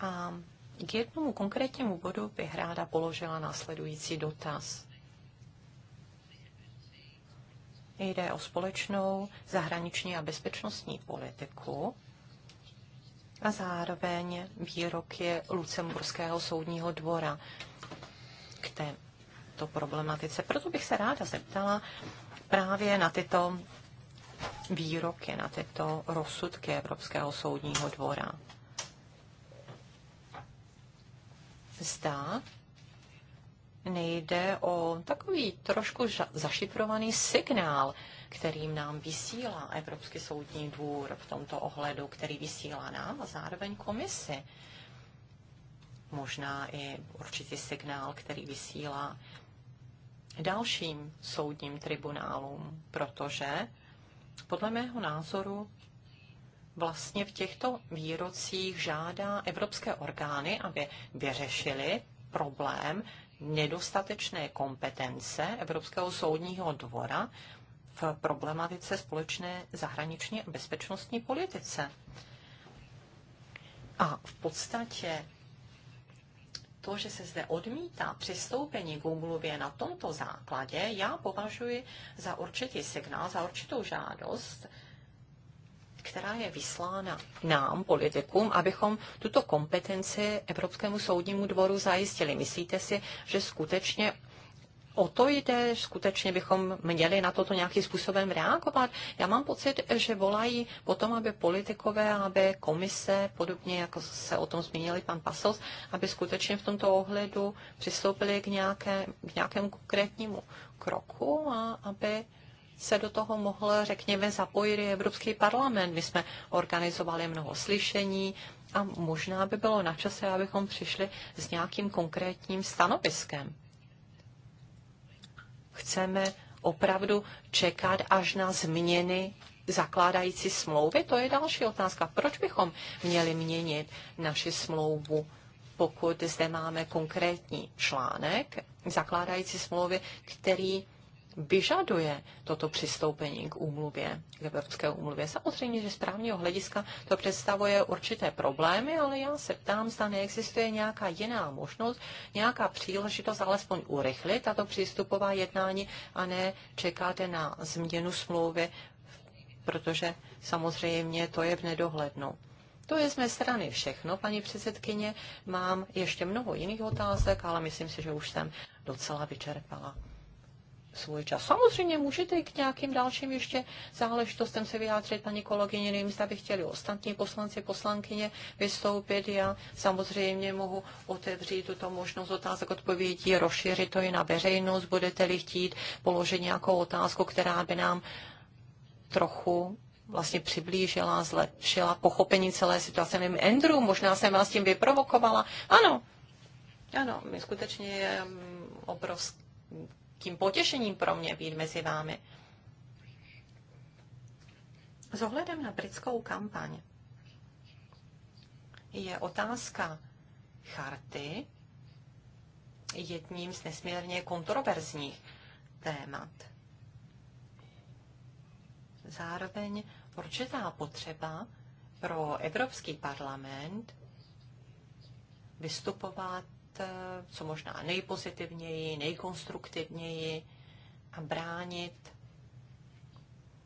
A k jednomu konkrétnímu bodu bych ráda položila následující dotaz. Jde o společnou zahraniční a bezpečnostní politiku a zároveň výroky Lucemburského soudního dvora k, té, této problematice. Proto bych se ráda zeptala právě na tyto výroky, na tyto rozsudky Evropského soudního dvora. Zdá nejde o takový trošku zašifrovaný signál, kterým nám vysílá Evropský soudní dvůr v tomto ohledu, který vysílá nám a zároveň komisi. Možná i určitý signál, který vysílá dalším soudním tribunálům, protože podle mého názoru vlastně v těchto výrocích žádá evropské orgány, aby vyřešili problém nedostatečné kompetence Evropského soudního dvora v problematice společné zahraniční a bezpečnostní politice. A v podstatě to, že se zde odmítá přistoupení Googleově na tomto základě, já považuji za určitý signál, za určitou žádost, která je vyslána nám, politikům, abychom tuto kompetenci Evropskému soudnímu dvoru zajistili. Myslíte si, že skutečně o to jde, skutečně bychom měli na toto nějakým způsobem reagovat. Já mám pocit, že volají potom, aby politikové, aby komise, podobně jako se o tom zmínili pan Pasos, aby skutečně v tomto ohledu přistoupili k, nějaké, k nějakému konkrétnímu kroku a aby se do toho mohl, řekněme, zapojit i Evropský parlament. My jsme organizovali mnoho slyšení a možná by bylo na čase, abychom přišli s nějakým konkrétním stanoviskem chceme opravdu čekat až na změny zakládající smlouvy? To je další otázka. Proč bychom měli měnit naši smlouvu, pokud zde máme konkrétní článek zakládající smlouvy, který vyžaduje toto přistoupení k úmluvě, k Evropské úmluvě. Samozřejmě, že z právního hlediska to představuje určité problémy, ale já se ptám, zda neexistuje nějaká jiná možnost, nějaká příležitost alespoň urychlit tato přístupová jednání a ne čekáte na změnu smlouvy, protože samozřejmě to je v nedohlednu. To je z mé strany všechno, paní předsedkyně. Mám ještě mnoho jiných otázek, ale myslím si, že už jsem docela vyčerpala svůj čas. Samozřejmě můžete i k nějakým dalším ještě záležitostem se vyjádřit, paní kolegyně, nevím, zda by chtěli ostatní poslanci, poslankyně vystoupit. Já samozřejmě mohu otevřít tuto možnost otázek odpovědí, rozšířit to i na veřejnost, budete-li chtít položit nějakou otázku, která by nám trochu vlastně přiblížila, zlepšila pochopení celé situace. Nevím, Andrew, možná jsem vás tím vyprovokovala. Ano, ano, my skutečně je mm, obrovský tím potěšením pro mě být mezi vámi. S ohledem na britskou kampaň je otázka charty jedním z nesmírně kontroverzních témat. Zároveň určitá potřeba pro Evropský parlament vystupovat Eh, co možná nejpozitivněji, nejkonstruktivněji a bránit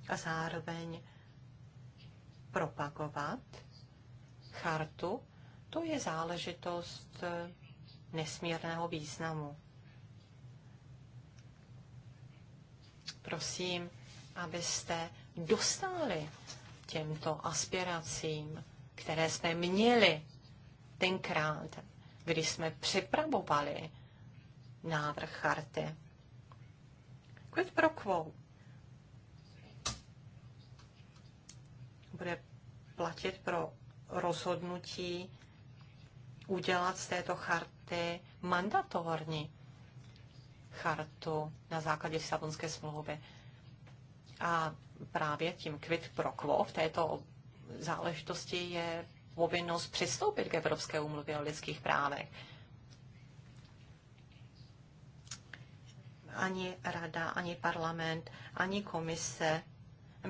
a zároveň propagovat chartu, to je záležitost eh, nesmírného významu. Prosím, abyste dostali těmto aspiracím, které jsme měli tenkrát když jsme připravovali návrh charty. Quid pro quo bude platit pro rozhodnutí udělat z této charty mandatorní chartu na základě Lisabonské smlouvy. A právě tím quid pro quo v této záležitosti je povinnost přistoupit k Evropské úmluvě o lidských právech. Ani rada, ani parlament, ani komise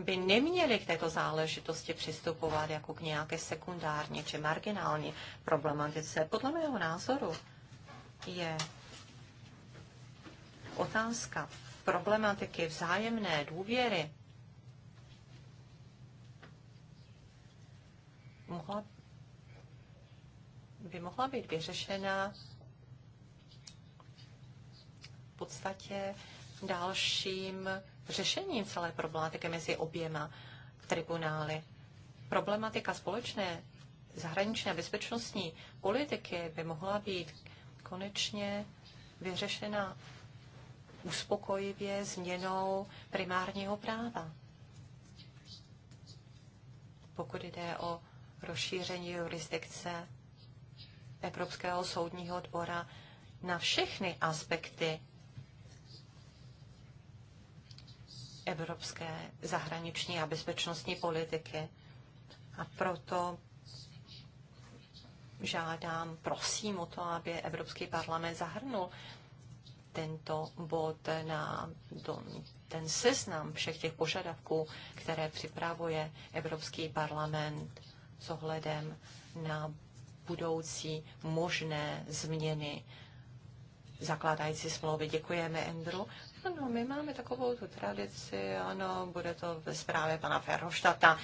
by neměli k této záležitosti přistupovat jako k nějaké sekundární či marginální problematice. Podle mého názoru je otázka problematiky vzájemné důvěry mohla by mohla být vyřešena v podstatě dalším řešením celé problematiky mezi oběma tribunály. Problematika společné zahraniční a bezpečnostní politiky by mohla být konečně vyřešena uspokojivě změnou primárního práva. Pokud jde o rozšíření jurisdikce Evropského soudního dvora na všechny aspekty evropské zahraniční a bezpečnostní politiky. A proto žádám, prosím o to, aby Evropský parlament zahrnul tento bod na ten seznam všech těch požadavků, které připravuje Evropský parlament s ohledem na budoucí možné změny zakládající smlouvy. Děkujeme, Andrew. Ano, my máme takovou tu tradici, ano, bude to ve zprávě pana Ferhoštata.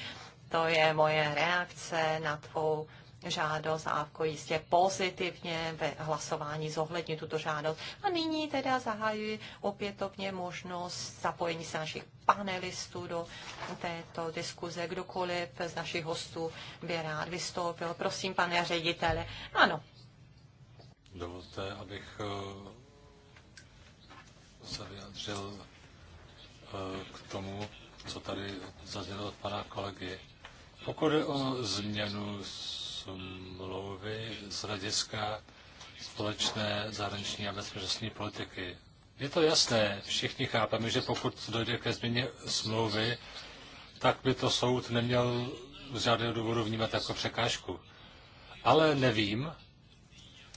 To je moje reakce na tvou žádost a jako jistě pozitivně ve hlasování zohlední tuto žádost. A nyní teda zahajuji opětovně možnost zapojení se našich panelistů do této diskuze. Kdokoliv z našich hostů by rád vystoupil. Prosím, pane ředitele. Ano. Dovolte, abych eh, se vyjádřil eh, k tomu, co tady zaznělo od pana kolegy. Pokud je o změnu smlouvy z hlediska společné zahraniční a bezpečnostní politiky, je to jasné, všichni chápeme, že pokud dojde ke změně smlouvy, tak by to soud neměl z žádného důvodu vnímat jako překážku. Ale nevím,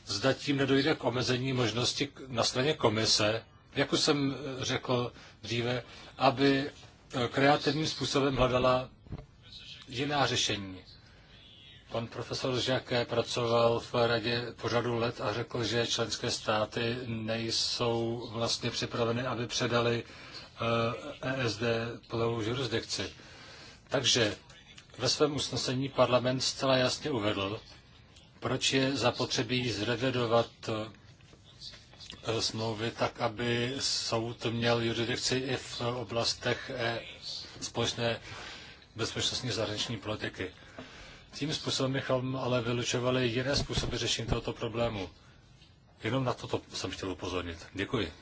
zda tím nedojde k omezení možnosti na straně komise, jak už jsem eh, řekl dříve, aby eh, kreativním způsobem hledala jiná řešení. Pan profesor Žaké pracoval v radě po řadu let a řekl, že členské státy nejsou vlastně připraveny, aby předali ESD eh, e plnou jurisdikci. Takže ve svém usnesení parlament zcela jasně uvedl, proč je zapotřebí zrevidovat eh, smlouvy tak, aby soud měl jurisdikci i v oblastech eh, společné bezpečnostní zahraniční politiky. Tím způsobem bychom ale vylučovali jiné způsoby řešení tohoto problému. Jenom na toto jsem chtěl upozornit. Děkuji.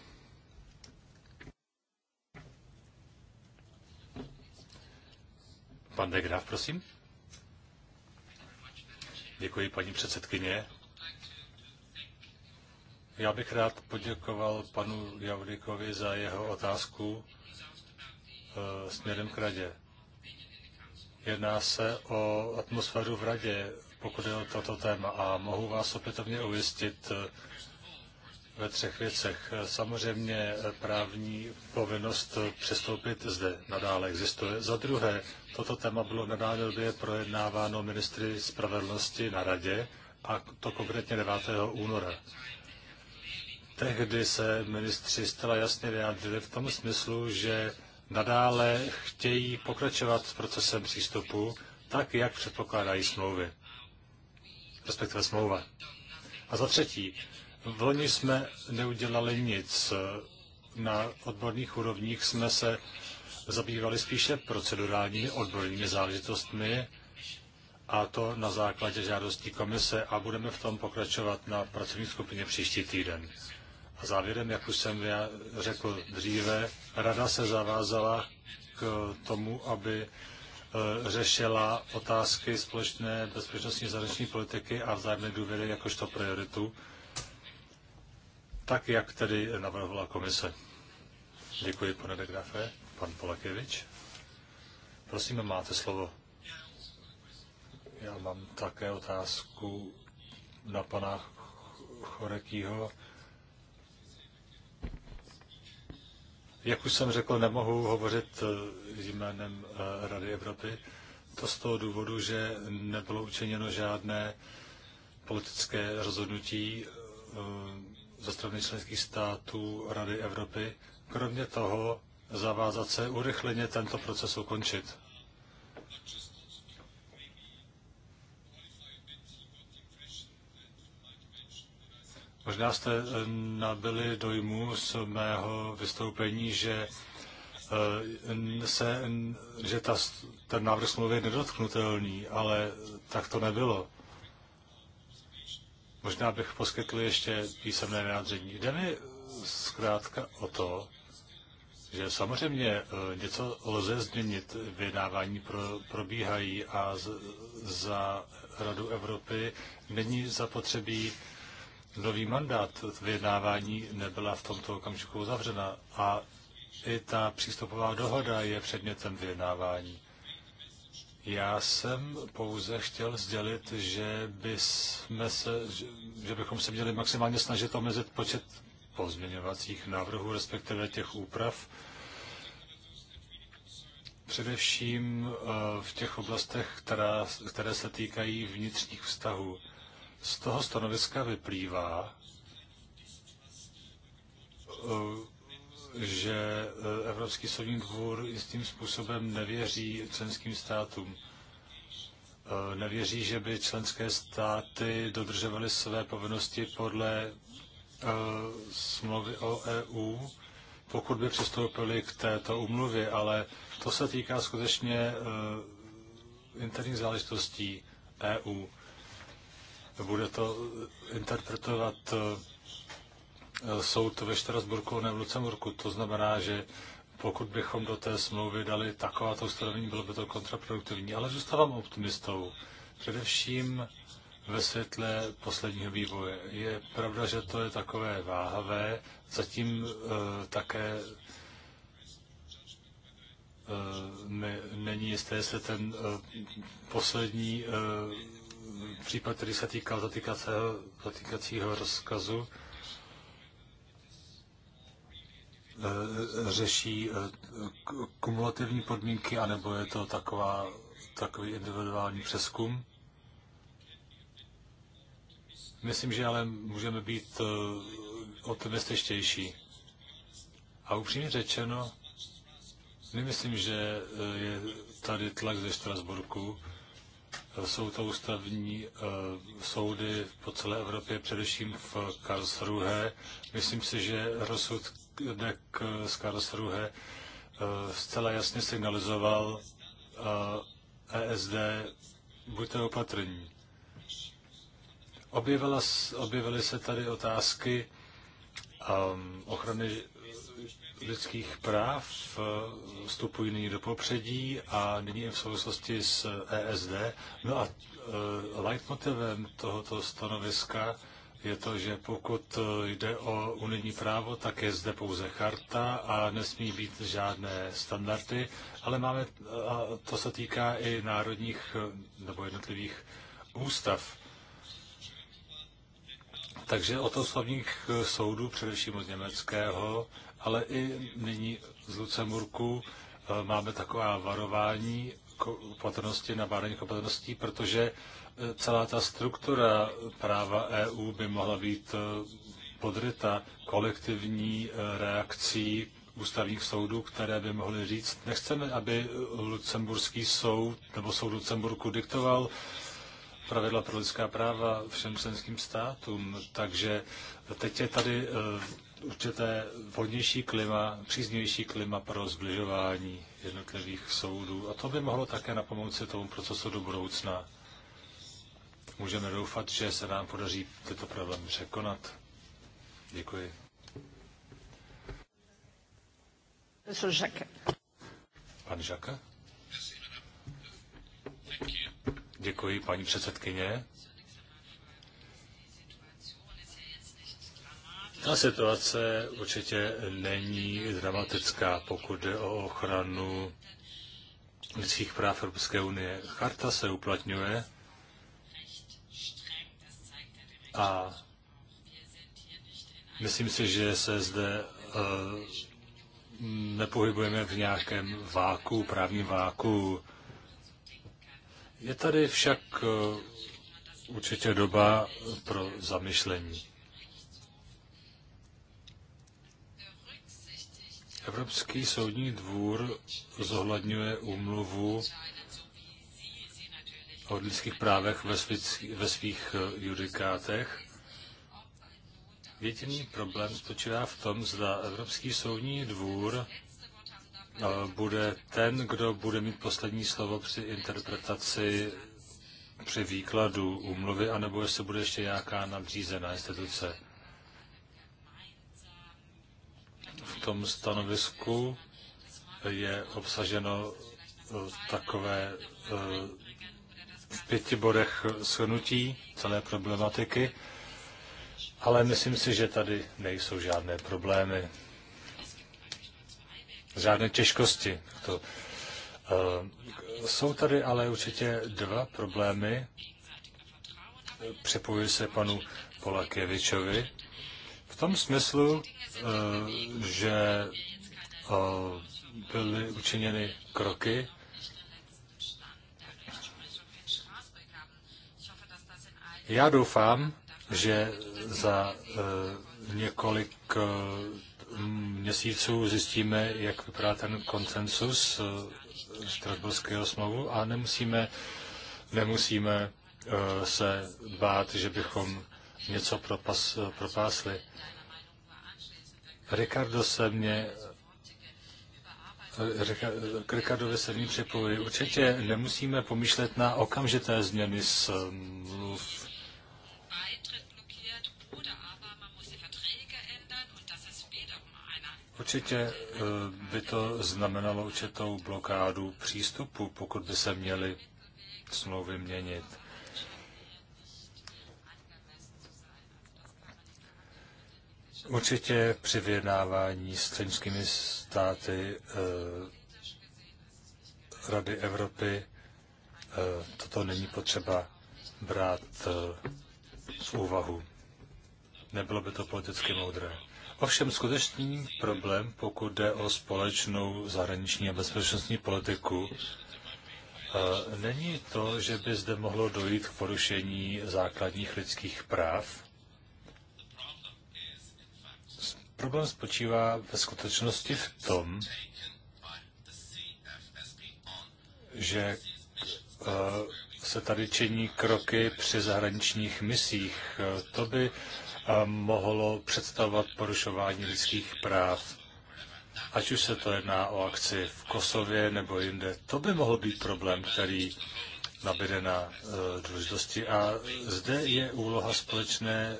Pan degraf, prosím. Děkuji, paní předsedkyně. Já bych rád poděkoval panu Javlíkovi za jeho otázku eh, směrem k radě. Jedná se o atmosféru v radě, pokud je o toto téma. A mohu vás opětovně ujistit eh, ve třech věcech. Samozřejmě eh, právní povinnost eh, přestoupit zde nadále existuje. Za druhé, toto téma bylo nadále době projednáváno ministry spravedlnosti na radě, a to konkrétně 9. února. Tehdy se ministři zcela jasně vyjádřili v tom smyslu, že nadále chtějí pokračovat s procesem přístupu tak, jak předpokládají smlouvy, respektive smlouva. A za třetí, v loni jsme neudělali nic. Na odborných úrovních jsme se zabývali spíše procedurálními odbornými záležitostmi, a to na základě žádostí komise a budeme v tom pokračovat na pracovní skupině příští týden. A závěrem, jak už jsem já řekl dříve, rada se zavázala k tomu, aby e, řešila otázky společné bezpečnostní zahraniční politiky a vzájemné důvěry jakožto prioritu, tak jak tedy navrhovala komise. Děkuji, pane de Pan Polakevič. Prosím, máte slovo. Já mám také otázku na pana Chorekýho. Jak už jsem řekl, nemohu hovořit eh, jménem eh, Rady Evropy. To z toho důvodu, že nebylo učiněno žádné politické rozhodnutí eh, ze strany členských států Rady Evropy. Kromě toho zavázat se urychleně tento proces ukončit. Možná jste eh, nabili dojmu z mého vystoupení, že eh, se, že ta, ten návrh smlouvy je nedotknutelný, ale tak to nebylo. Možná bych poskytl ještě písemné vyjádření. Jde mi zkrátka o to, že samozřejmě eh, něco lze změnit, vydávání pro, probíhají a z, za Radu Evropy není zapotřebí nový mandát vyjednávání nebyla v tomto okamžiku uzavřena a i ta přístupová dohoda je předmětem vyjednávání. Já jsem pouze chtěl sdělit, že, by jsme se, že bychom se měli maximálně snažit omezit počet pozměňovacích návrhů, respektive těch úprav, především eh, v těch oblastech, která, které se týkají vnitřních vztahů. Z toho stanoviska vyplývá, eh, že eh, Evropský soudní dvůr jistým způsobem nevěří členským státům. Eh, nevěří, že by členské státy dodržovaly své povinnosti podle smlouvy o EU, pokud by přistoupili k této umluvě, ale to se týká skutečně interních záležitostí EU. Bude to interpretovat eh, soud ve Štrasburku ne v Lucemburku. To znamená, že pokud bychom do té smlouvy dali takováto ustanovení, bylo by to kontraproduktivní. Ale zůstávám optimistou. Především ve světle posledního vývoje. Je pravda, že to je takové váhavé, zatím e, také e, ne, není jisté, jestli ten e, poslední e, případ, který se týkal zatýkacího, zatýkacího rozkazu, eh, řeší eh, kumulativní podmínky, anebo je to taková, takový individuální přeskum. Myslím, že ale můžeme být eh, optimističtější. A upřímně řečeno, nemyslím, že je tady tlak ze Štrasburku, jsou to ústavní eh, soudy po celé Evropě, především v Karlsruhe. Myslím si, že rozsudek z Karlsruhe eh, zcela jasně signalizoval ESD, eh, e buďte opatrní. Objevila, objevily se tady otázky um, ochrany lidských práv eh, vstupují nyní do popředí a nyní v souvislosti s ESD. No a eh, leitmotivem tohoto stanoviska je to, že pokud eh, jde o unijní právo, tak je zde pouze charta a nesmí být žádné standardy, ale máme, a to se týká i národních nebo jednotlivých ústav. Takže o to slovních soudů, především od německého, ale i nyní z Lucemburku eh, máme taková varování opatrnosti, nabádání k opatrností, protože eh, celá ta struktura práva EU by mohla být eh, podryta kolektivní reakcí ústavních soudů, které by mohly říct, nechceme, aby lucemburský soud nebo soud Lucemburku diktoval pravidla pro lidská práva všem členským státům. Takže teď je tady určité vhodnější klima, příznivější klima pro zbližování jednotlivých soudů. A to by mohlo také napomoci tomu procesu do budoucna. Můžeme doufat, že se nám podaří tyto problémy překonat. Děkuji. Pan Žaka? Děkuji, paní předsedkyně. Ta situace určitě není dramatická, pokud jde o ochranu lidských práv Evropské unie. Charta se uplatňuje a myslím si, že se zde eh, nepohybujeme v nějakém váku, právním váku. Je tady však eh, určitě doba pro zamyšlení. Evropský soudní dvůr zohledňuje úmluvu o lidských právech ve svých, ve svých eh, judikátech. Jediný problém spočívá v tom, zda Evropský soudní dvůr eh, bude ten, kdo bude mít poslední slovo při interpretaci, při výkladu úmluvy, anebo jestli bude ještě nějaká nadřízená instituce. tom stanovisku je obsaženo e, takové e, v pěti bodech shrnutí celé problematiky, ale myslím si, že tady nejsou žádné problémy, žádné těžkosti. To. E, jsou tady ale určitě dva problémy. Připojuji se panu Polakevičovi tom smyslu, eh, že eh, byly učiněny kroky, Já doufám, že za eh, několik měsíců zjistíme, jak vypadá ten konsensus Strasburského smlouvu a nemusíme, nemusíme se bát, že bychom něco propas, propásli. Ricardo se mě k Ricardovi se mi připojuji. Určitě nemusíme pomýšlet na okamžité změny mluv. Určitě eh, by to znamenalo určitou blokádu přístupu, pokud by se měly smlouvy měnit. Určitě při vyjednávání s členskými státy eh, Rady Evropy eh, toto není potřeba brát eh, v úvahu. Nebylo by to politicky moudré. Ovšem skutečný problém, pokud jde o společnou zahraniční a bezpečnostní politiku, eh, Není to, že by zde mohlo dojít k porušení základních lidských práv, Problém spočívá ve skutečnosti v tom, že eh, se tady činí kroky při zahraničních misích. Eh, to by eh, mohlo představovat porušování lidských práv, ať už se to jedná o akci v Kosově nebo jinde. To by mohl být problém, který nabíde na důležitosti. A zde je úloha společné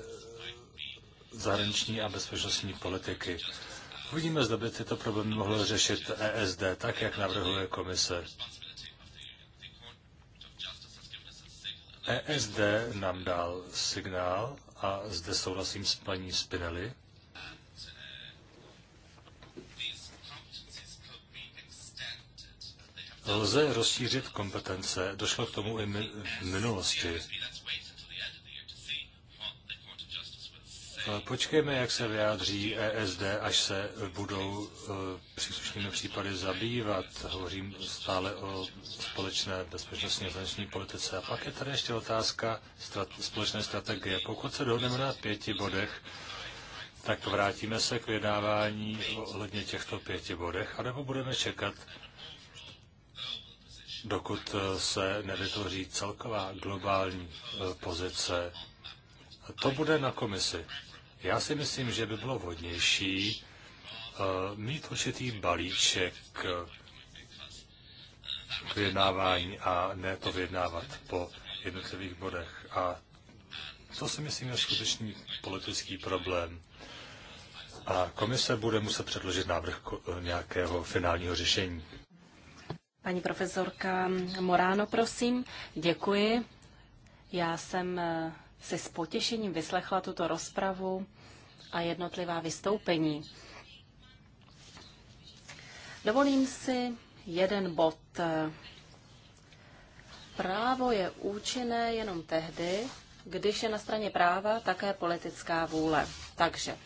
zahraniční a bezpečnostní politiky. Uvidíme, zda by tyto problémy mohlo řešit ESD, tak jak navrhuje komise. ESD nám dal signál a zde souhlasím s paní Spinelli. Lze rozšířit kompetence, došlo k tomu i v minulosti. Eh, počkejme, jak se vyjádří ESD, až se budou eh, příslušnými případy zabývat. Hovořím stále o společné bezpečnostní a zahraniční politice. A pak je tady ještě otázka strat, společné strategie. Pokud se dohodneme na pěti bodech, tak vrátíme se k vydávání ohledně těchto pěti bodech, anebo budeme čekat, dokud eh, se nevytvoří celková globální pozice. To bude na komisi. Já si myslím, že by bylo vhodnější eh, mít určitý balíček k eh, vyjednávání a ne to vyjednávat po jednotlivých bodech. A to si myslím je skutečný politický problém. A komise bude muset předložit návrh nějakého finálního řešení. Paní profesorka Moráno, prosím, děkuji. Já jsem eh, si s potěšením vyslechla tuto rozpravu a jednotlivá vystoupení. Dovolím si jeden bod. Právo je účinné jenom tehdy, když je na straně práva také politická vůle. Takže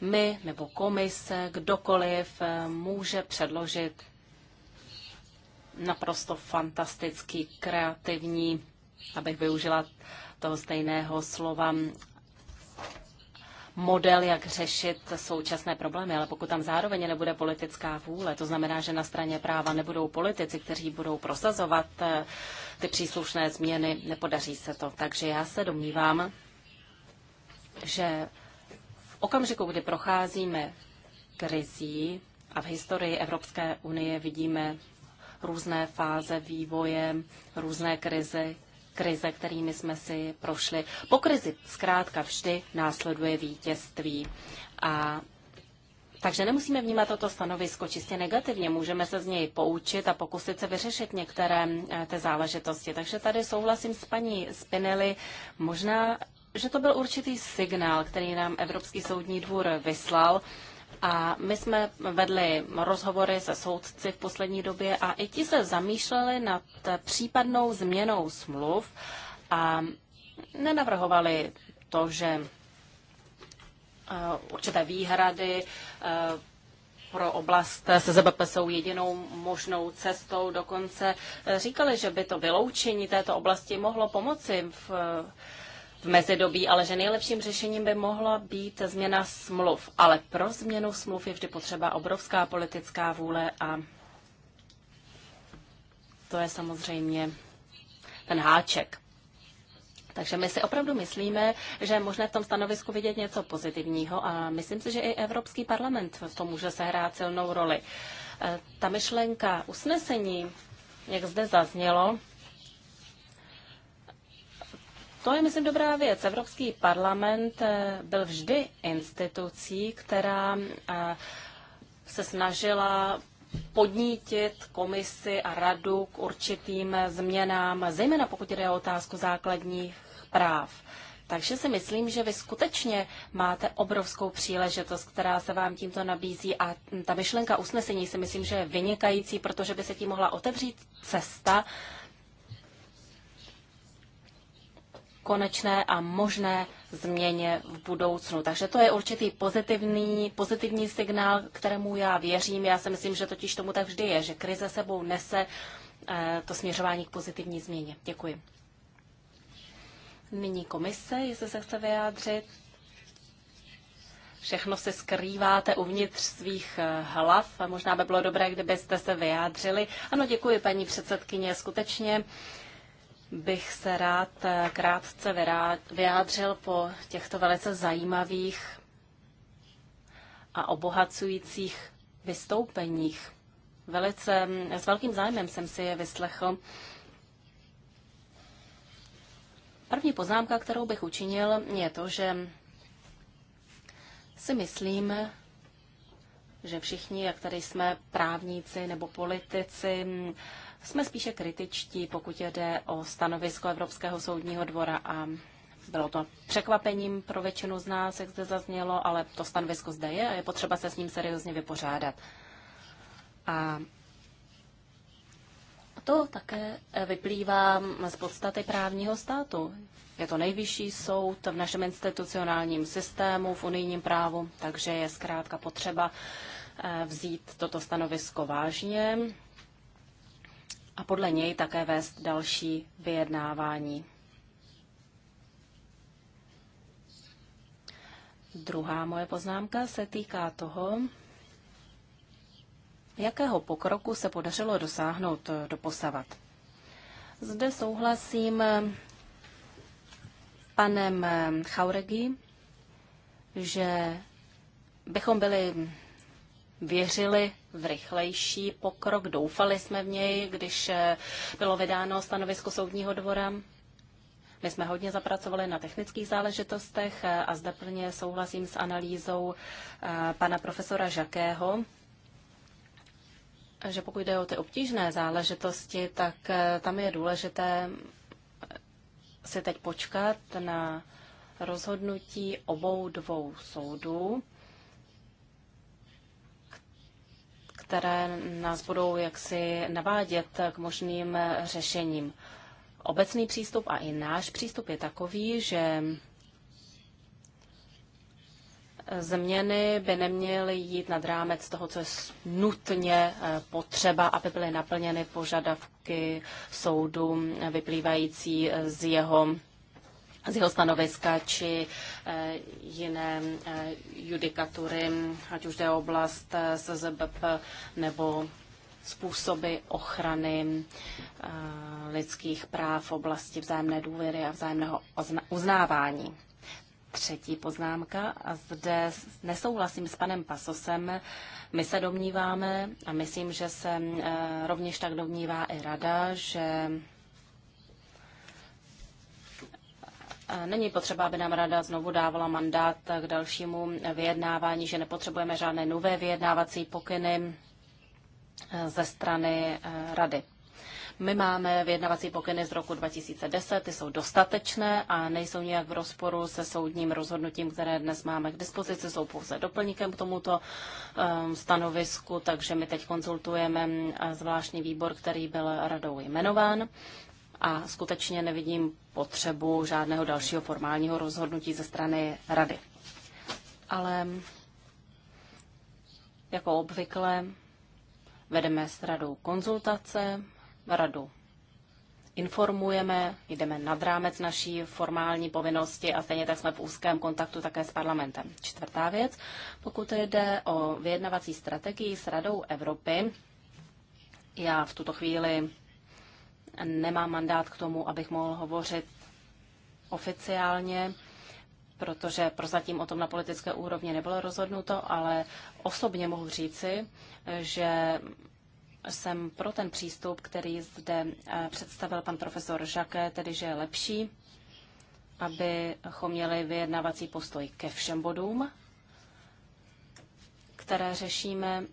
my nebo komise, kdokoliv eh, může předložit naprosto fantastický, kreativní, abych využila toho stejného slova model, jak řešit současné problémy, ale pokud tam zároveň nebude politická vůle, to znamená, že na straně práva nebudou politici, kteří budou prosazovat eh, ty příslušné změny, nepodaří se to. Takže já se domnívám, že v okamžiku, kdy procházíme krizí a v historii Evropské unie vidíme různé fáze vývoje, různé krize, krize, kterými jsme si prošli. Po krizi zkrátka vždy následuje vítězství. A takže nemusíme vnímat toto stanovisko čistě negativně, můžeme se z něj poučit a pokusit se vyřešit některé eh, ty záležitosti. Takže tady souhlasím s paní Spinelli, možná, že to byl určitý signál, který nám Evropský soudní dvůr vyslal, a my jsme vedli rozhovory se soudci v poslední době a i ti se zamýšleli nad případnou změnou smluv a nenavrhovali to, že eh, určité výhrady eh, pro oblast SZBP jsou jedinou možnou cestou. Dokonce eh, říkali, že by to vyloučení této oblasti mohlo pomoci v v mezidobí, ale že nejlepším řešením by mohla být změna smluv. Ale pro změnu smluv je vždy potřeba obrovská politická vůle a to je samozřejmě ten háček. Takže my si opravdu myslíme, že je možné v tom stanovisku vidět něco pozitivního a myslím si, že i Evropský parlament v tom může sehrát silnou roli. E, ta myšlenka usnesení, jak zde zaznělo, to je, myslím, dobrá věc. Evropský parlament eh, byl vždy institucí, která eh, se snažila podnítit komisi a radu k určitým změnám, zejména pokud jde o otázku základních práv. Takže si myslím, že vy skutečně máte obrovskou příležitost, která se vám tímto nabízí a ta myšlenka usnesení si myslím, že je vynikající, protože by se tím mohla otevřít cesta konečné a možné změně v budoucnu. Takže to je určitý pozitivní, pozitivní signál, kterému já věřím. Já si myslím, že totiž tomu tak vždy je, že krize sebou nese eh, to směřování k pozitivní změně. Děkuji. Nyní komise, jestli se chce vyjádřit. Všechno se skrýváte uvnitř svých eh, hlav. Možná by bylo dobré, kdybyste se vyjádřili. Ano, děkuji, paní předsedkyně. Skutečně bych se rád eh, krátce vyjádřil po těchto velice zajímavých a obohacujících vystoupeních. Velice mm, s velkým zájmem jsem si je vyslechl. První poznámka, kterou bych učinil, je to, že si myslím, že všichni, jak tady jsme právníci nebo politici, mm, jsme spíše kritičtí, pokud jde o stanovisko Evropského soudního dvora a bylo to překvapením pro většinu z nás, jak zde zaznělo, ale to stanovisko zde je a je potřeba se s ním seriózně vypořádat. A to také vyplývá z podstaty právního státu. Je to nejvyšší soud v našem institucionálním systému, v unijním právu, takže je zkrátka potřeba eh, vzít toto stanovisko vážně a podle něj také vést další vyjednávání. Druhá moje poznámka se týká toho, jakého pokroku se podařilo dosáhnout eh, do posavat. Zde souhlasím eh, panem eh, Chauregi, že bychom byli věřili v rychlejší pokrok. Doufali jsme v něj, když eh, bylo vydáno stanovisko soudního dvora. My jsme hodně zapracovali na technických záležitostech eh, a zde plně souhlasím s analýzou eh, pana profesora Žakého, že pokud jde o ty obtížné záležitosti, tak tam je důležité si teď počkat na rozhodnutí obou dvou soudů. které nás budou jaksi navádět k možným řešením. Obecný přístup a i náš přístup je takový, že změny by neměly jít nad rámec toho, co je nutně eh, potřeba, aby byly naplněny požadavky soudu vyplývající z jeho z jeho stanoviska či eh, jiné eh, judikatury, ať už jde oblast eh, SZBP nebo způsoby ochrany lidských práv v oblasti vzájemné důvěry a vzájemného uznávání. Třetí poznámka, a zde nesouhlasím s panem Pasosem. My se domníváme, a myslím, že se rovněž tak domnívá i rada, že Není potřeba, aby nám rada znovu dávala mandát k dalšímu vyjednávání, že nepotřebujeme žádné nové vyjednávací pokyny eh, ze strany eh, rady. My máme vyjednavací pokyny z roku 2010, ty jsou dostatečné a nejsou nijak v rozporu se soudním rozhodnutím, které dnes máme k dispozici, jsou pouze doplníkem k tomuto um, stanovisku, takže my teď konzultujeme eh, zvláštní výbor, který byl radou jmenován a skutečně nevidím potřebu žádného dalšího formálního rozhodnutí ze strany rady. Ale jako obvykle vedeme s radou konzultace, radu informujeme, jdeme nad rámec naší formální povinnosti a stejně tak jsme v úzkém kontaktu také s parlamentem. Čtvrtá věc, pokud jde o vyjednavací strategii s Radou Evropy, já v tuto chvíli nemám mandát k tomu, abych mohl hovořit oficiálně, protože prozatím o tom na politické úrovni nebylo rozhodnuto, ale osobně mohu říci, že jsem pro ten přístup, který zde eh, představil pan profesor Žaké, tedy že je lepší, abychom měli vyjednavací postoj ke všem bodům, které řešíme,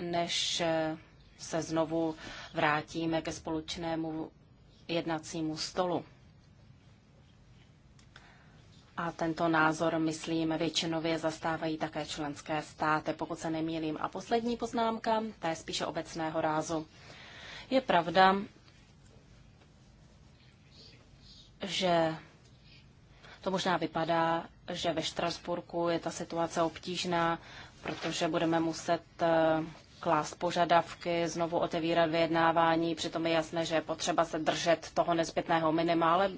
než eh, se znovu vrátíme ke společnému jednacímu stolu. A tento názor, myslím, většinově zastávají také členské státy, pokud se nemýlím. A poslední poznámka, ta je spíše obecného rázu. Je pravda, že to možná vypadá, že ve Štrasburku je ta situace obtížná, protože budeme muset eh, klást požadavky, znovu otevírat vyjednávání, přitom je jasné, že je potřeba se držet toho nezbytného minimále.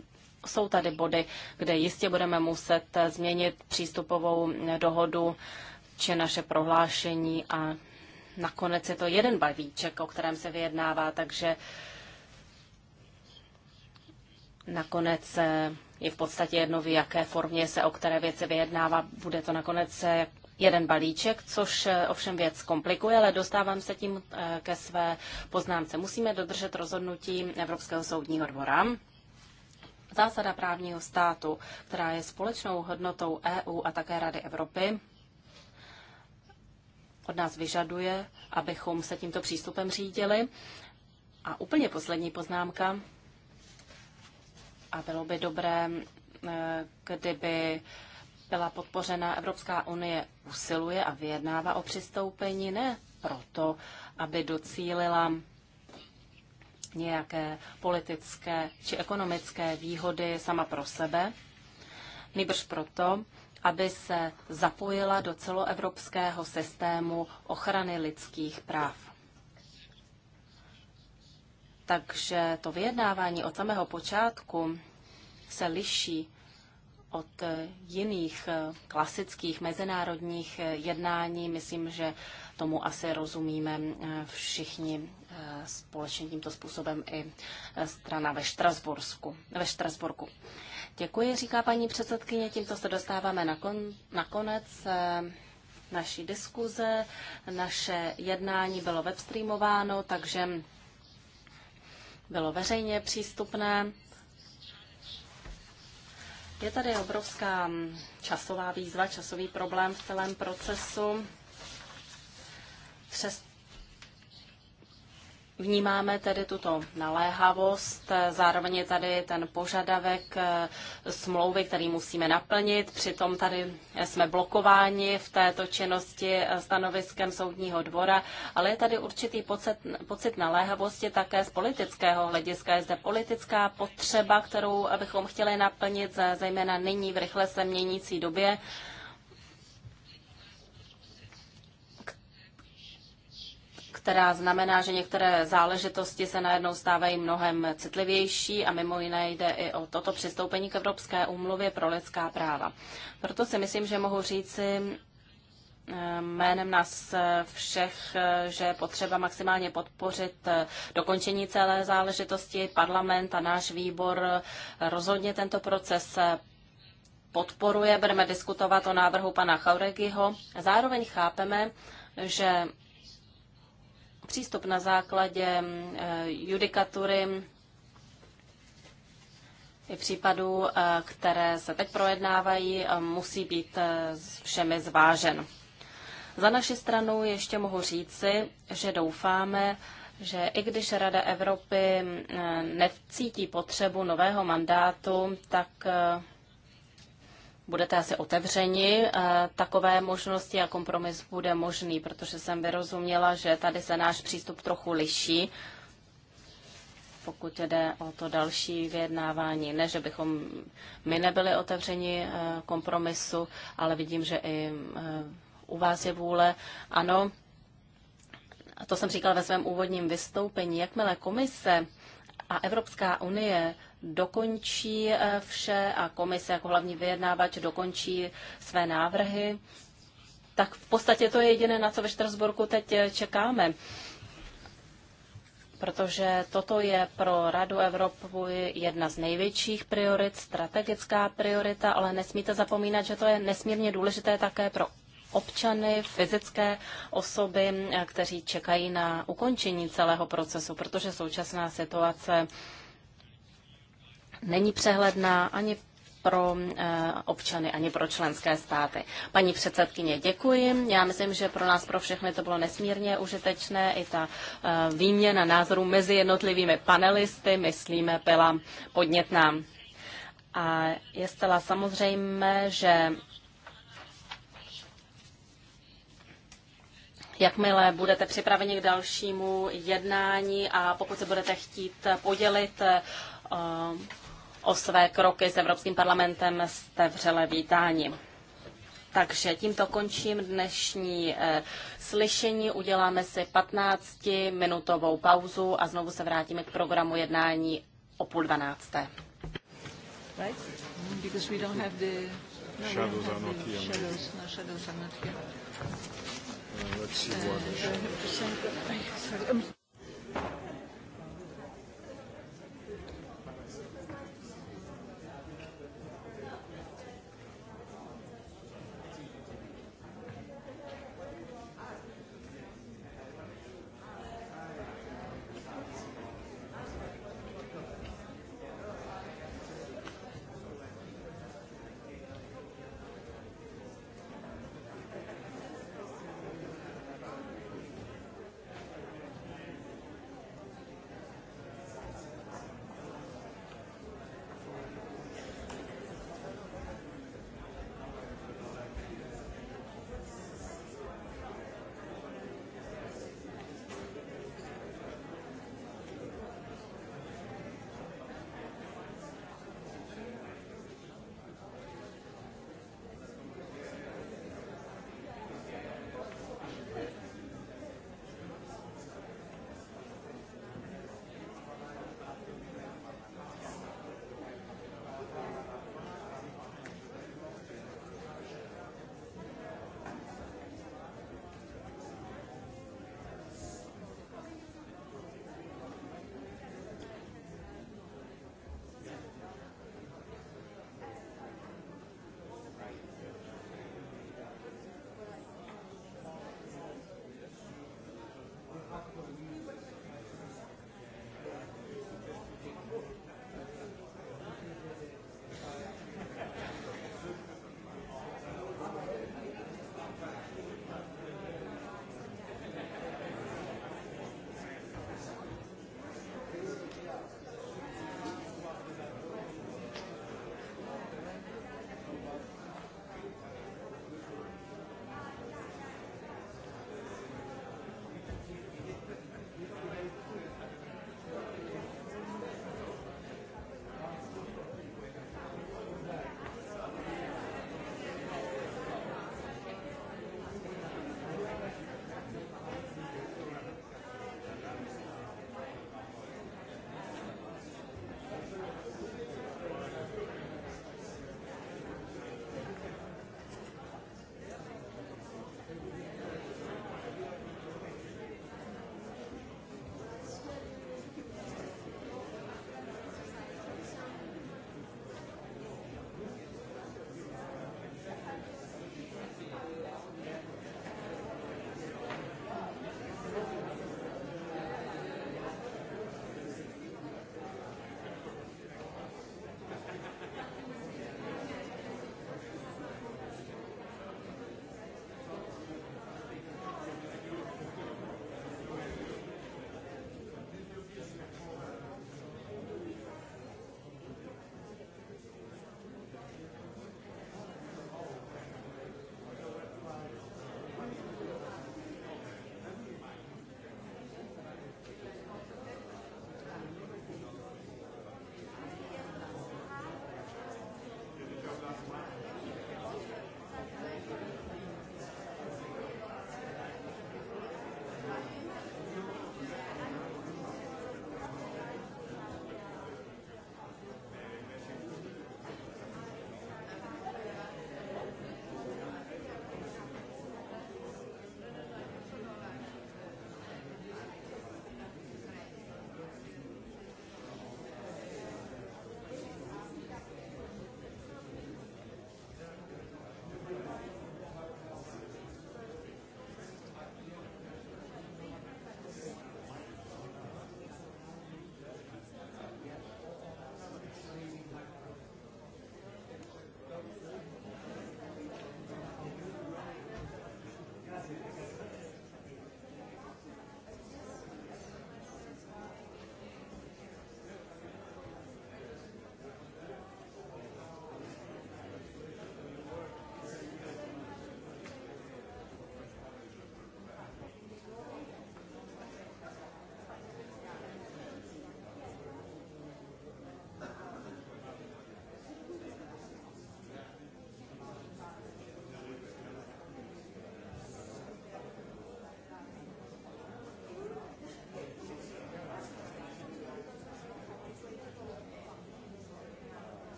jsou tady body, kde jistě budeme muset změnit přístupovou dohodu či naše prohlášení a nakonec je to jeden balíček, o kterém se vyjednává, takže nakonec eh, je v podstatě jedno, v jaké formě se o které věci vyjednává. Bude to nakonec eh, jeden balíček, což eh, ovšem věc komplikuje, ale dostávám se tím eh, ke své poznámce. Musíme dodržet rozhodnutí Evropského soudního dvora. Zásada právního státu, která je společnou hodnotou EU a také Rady Evropy, od nás vyžaduje, abychom se tímto přístupem řídili. A úplně poslední poznámka. A bylo by dobré, eh, kdyby byla podpořena, Evropská unie usiluje a vyjednává o přistoupení ne proto, aby docílila nějaké politické či ekonomické výhody sama pro sebe, nýbrž proto, aby se zapojila do celoevropského systému ochrany lidských práv. Takže to vyjednávání od samého počátku se liší od jiných eh, klasických mezinárodních eh, jednání. Myslím, že tomu asi rozumíme eh, všichni společně tímto způsobem i strana ve Štrasbursku. Ve Štrasburku. Děkuji, říká paní předsedkyně. Tímto se dostáváme na, kon, na konec naší diskuze. Naše jednání bylo webstreamováno, takže bylo veřejně přístupné. Je tady obrovská mm, časová výzva, časový problém v celém procesu. Přes Vnímáme tedy tuto naléhavost, zároveň je tady ten požadavek eh, smlouvy, který musíme naplnit. Přitom tady jsme blokováni v této činnosti eh, stanoviskem soudního dvora, ale je tady určitý pocit, pocit naléhavosti také z politického hlediska. Je zde politická potřeba, kterou bychom chtěli naplnit, eh, zejména nyní v rychle se měnící době. která znamená, že některé záležitosti se najednou stávají mnohem citlivější a mimo jiné jde i o toto přistoupení k Evropské úmluvě pro lidská práva. Proto si myslím, že mohu říci eh, jménem nás všech, eh, že je potřeba maximálně podpořit eh, dokončení celé záležitosti. Parlament a náš výbor rozhodně tento proces podporuje. Budeme diskutovat o návrhu pana Chauregiho. Zároveň chápeme, že přístup na základě mm, eh, judikatury i případů, eh, které se teď projednávají, musí být eh, všemi zvážen. Za naši stranu ještě mohu říci, že doufáme, že i když Rada Evropy mm, necítí potřebu nového mandátu, tak budete asi otevřeni eh, takové možnosti a kompromis bude možný, protože jsem vyrozuměla, že tady se náš přístup trochu liší, pokud jde o to další vyjednávání. Ne, že bychom my nebyli otevřeni eh, kompromisu, ale vidím, že i eh, u vás je vůle. Ano, a to jsem říkal ve svém úvodním vystoupení, jakmile komise a Evropská unie dokončí eh, vše a komise jako hlavní vyjednávač dokončí své návrhy. Tak v podstatě to je jediné, na co ve Štrasburku teď eh, čekáme. Protože toto je pro Radu Evropu jedna z největších priorit, strategická priorita, ale nesmíte zapomínat, že to je nesmírně důležité také pro občany, fyzické osoby, eh, kteří čekají na ukončení celého procesu, protože současná situace není přehledná ani pro eh, občany ani pro členské státy. Paní předsedkyně, děkuji. Já myslím, že pro nás, pro všechny to bylo nesmírně užitečné. I ta eh, výměna názorů mezi jednotlivými panelisty, myslíme, byla podnětná. A je zcela samozřejmé, že Jakmile budete připraveni k dalšímu jednání a pokud se budete chtít podělit eh, o své kroky s Evropským parlamentem jste vřele vítáni. Takže tímto končím dnešní eh, slyšení. Uděláme si 15-minutovou pauzu a znovu se vrátíme k programu jednání o půl dvanácté. Right?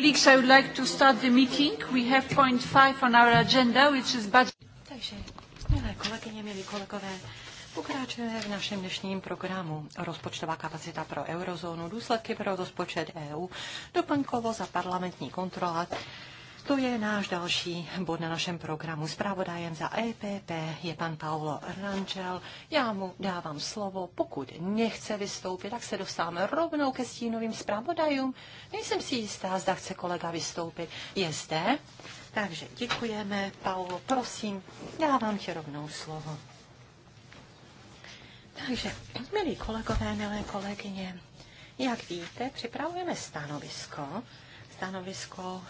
Colleagues, I would like to start the meeting. We have point five on our agenda, which is budget. Takže, milé kolegyně, milí kolegové, pokračujeme v našem dnešním programu Rozpočtová kapacita pro eurozónu, důsledky pro rozpočet EU, doplňkovo za parlamentní kontrola to je náš další bod na našem programu. Zpravodajem za EPP je pan Paolo Rangel. Já mu dávám slovo. Pokud nechce vystoupit, tak se dostáváme rovnou ke stínovým zpravodajům. Nejsem si jistá, zda chce kolega vystoupit. Je zde? Takže děkujeme. Paolo, prosím, dávám ti rovnou slovo. Takže, milí kolegové, milé kolegyně, jak víte, připravujeme stanovisko. Stanovisko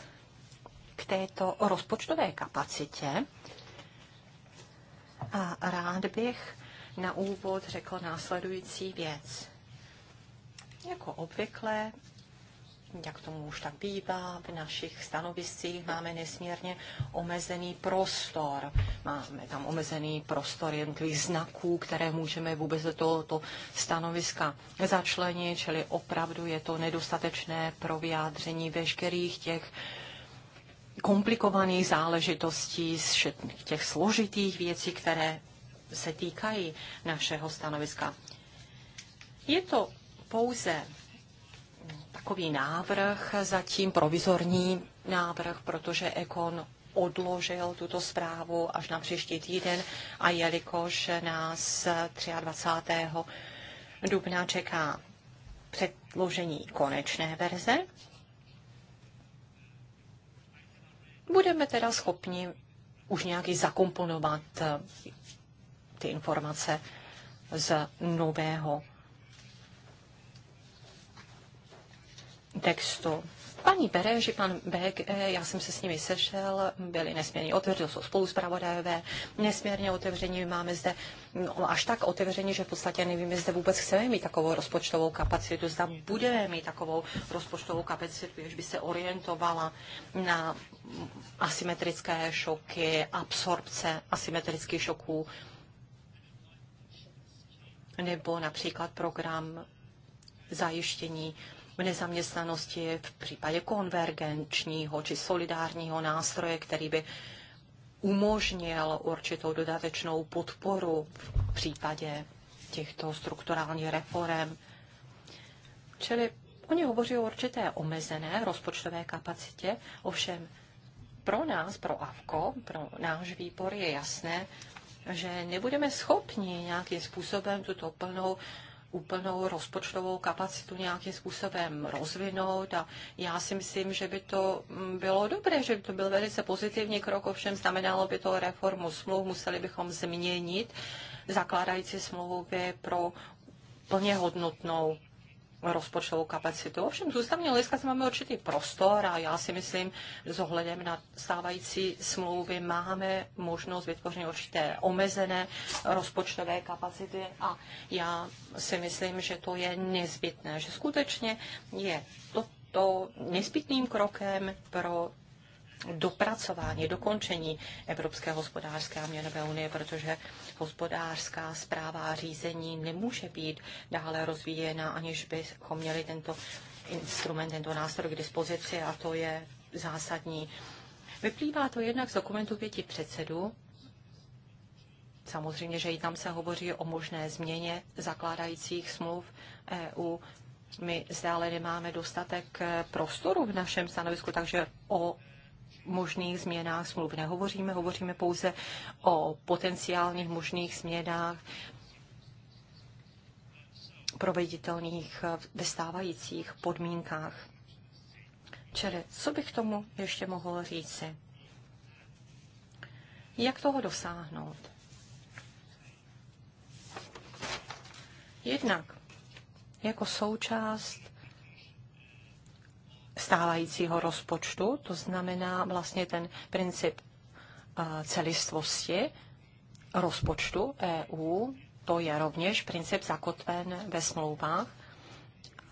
k této rozpočtové kapacitě. A rád bych na úvod řekl následující věc. Jako obvykle, jak tomu už tak bývá, v našich stanoviscích máme nesmírně omezený prostor. Máme tam omezený prostor jednotlivých znaků, které můžeme vůbec do tohoto stanoviska začlenit, čili opravdu je to nedostatečné pro vyjádření veškerých těch uh, komplikovaných záležitostí, z těch složitých věcí, které se týkají našeho stanoviska. Je to pouze takový návrh, zatím provizorní návrh, protože Ekon odložil tuto zprávu až na příští týden a jelikož nás 23. dubna čeká předložení konečné verze budeme teda schopni už nějaký zakomponovat eh, ty informace z nového textu. Paní Bereš i pan Bek, eh, já jsem se s nimi sešel, byli nesmírně otevření, jsou spolu zpravodajové, nesmírně otevření, máme zde no, až tak otevření, že v podstatě nevím, zde vůbec chceme mít takovou rozpočtovou kapacitu, zda budeme mít takovou rozpočtovou kapacitu, jež by se orientovala na asymetrické šoky, absorpce asymetrických šoků, nebo například program zajištění v nezaměstnanosti, v případě konvergenčního či solidárního nástroje, který by umožnil určitou dodatečnou podporu v případě těchto strukturálních reform. Čili oni hovoří o určité omezené rozpočtové kapacitě, ovšem pro nás, pro AVKO, pro náš výbor je jasné, že nebudeme schopni nějakým způsobem tuto plnou úplnou rozpočtovou kapacitu nějakým způsobem rozvinout a já si myslím, že by to mm, bylo dobré, že by to byl velice pozitivní krok, ovšem znamenalo by to reformu smluv, museli bychom změnit zakládající smlouvy pro plně hodnotnou rozpočtovou kapacitu. Ovšem z ústavního hlediska zde máme určitý prostor a já si myslím, že s ohledem na stávající smlouvy máme možnost vytvořit určité omezené rozpočtové kapacity a já si myslím, že to je nezbytné, že skutečně je toto nezbytným krokem pro dopracování, dokončení Evropské hospodářské a měnové unie, protože hospodářská zpráva a řízení nemůže být dále rozvíjena, aniž bychom měli tento instrument, tento nástroj k dispozici a to je zásadní. Vyplývá to jednak z dokumentu pěti předsedů. Samozřejmě, že i tam se hovoří o možné změně zakládajících smluv EU. My zde ale nemáme dostatek eh, prostoru v našem stanovisku, takže o možných změnách smluv nehovoříme, hovoříme pouze o potenciálních možných změnách proveditelných eh, ve stávajících podmínkách. Čili, co bych tomu ještě mohl říci? Jak toho dosáhnout? Jednak jako součást stávajícího rozpočtu, to znamená vlastně ten princip eh, celistvosti rozpočtu EU, to je rovněž princip zakotven ve smlouvách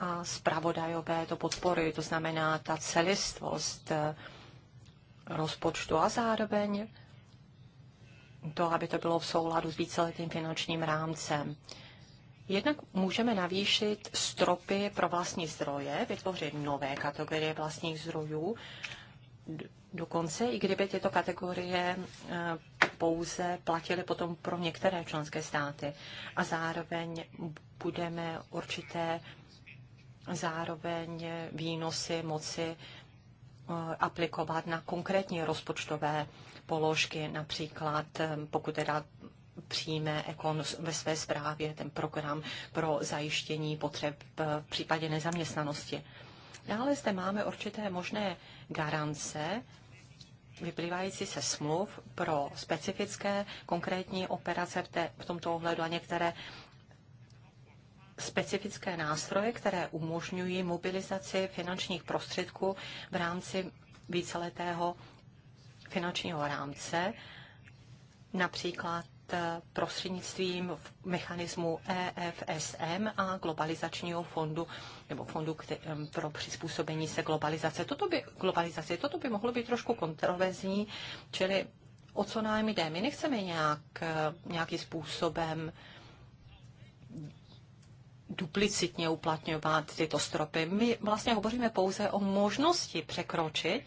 a zpravodajové to podporují, to znamená ta celistvost eh, rozpočtu a zároveň to, aby to bylo v souladu s víceletým finančním rámcem. Jednak můžeme navýšit stropy pro vlastní zdroje, vytvořit nové kategorie vlastních zdrojů, dokonce i kdyby tyto kategorie eh, pouze platily potom pro některé členské státy. A zároveň budeme určité zároveň výnosy moci eh, aplikovat na konkrétní rozpočtové položky, například eh, pokud teda přijme Ekon ve své zprávě ten program pro zajištění potřeb eh, v případě nezaměstnanosti. Dále zde máme určité možné garance, vyplývající se smluv pro specifické konkrétní operace v, té, v tomto ohledu a některé specifické nástroje, které umožňují mobilizaci finančních prostředků v rámci víceletého finančního rámce, například Eh, prostřednictvím mechanismu EFSM a globalizačního fondu nebo fondu eh, pro přizpůsobení se globalizace. Toto by, globalizace, toto by mohlo být trošku kontroverzní, čili o co nám jde. My nechceme nějak, eh, nějakým způsobem duplicitně uplatňovat tyto stropy. My vlastně hovoříme pouze o možnosti překročit,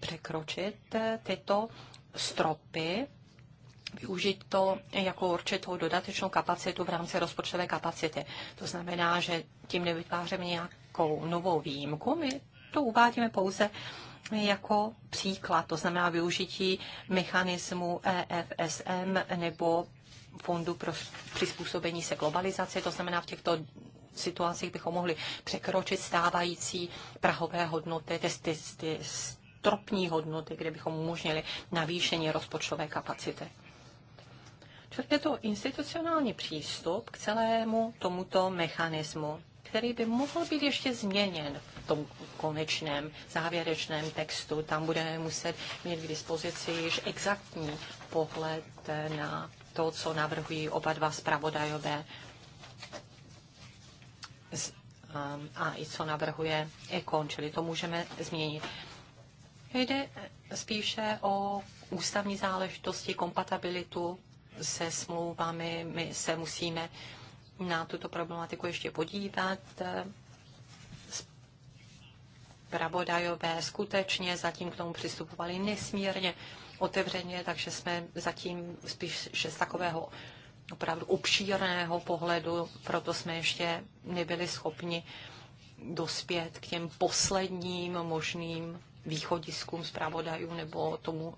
překročit tyto stropy využít to jako určitou dodatečnou kapacitu v rámci rozpočtové kapacity. To znamená, že tím nevytváříme nějakou novou výjimku, my to uvádíme pouze jako příklad, to znamená využití mechanismu EFSM nebo fondu pro přizpůsobení se globalizaci, to znamená v těchto situacích bychom mohli překročit stávající prahové hodnoty, ty, ty, ty stropní hodnoty, kde bychom umožnili navýšení rozpočtové kapacity. Je to institucionální přístup k celému tomuto mechanismu, který by mohl být ještě změněn v tom konečném závěrečném textu. Tam budeme muset mít k dispozici již exaktní pohled na to, co navrhují oba dva zpravodajové um, a i co navrhuje Ekon, čili to můžeme změnit. Jde spíše o ústavní záležitosti, kompatibilitu se smlouvami. My se musíme na tuto problematiku ještě podívat. Pravodajové skutečně zatím k tomu přistupovali nesmírně otevřeně, takže jsme zatím spíš z takového opravdu obšírného pohledu, proto jsme ještě nebyli schopni dospět k těm posledním možným východiskům zpravodajů nebo tomu,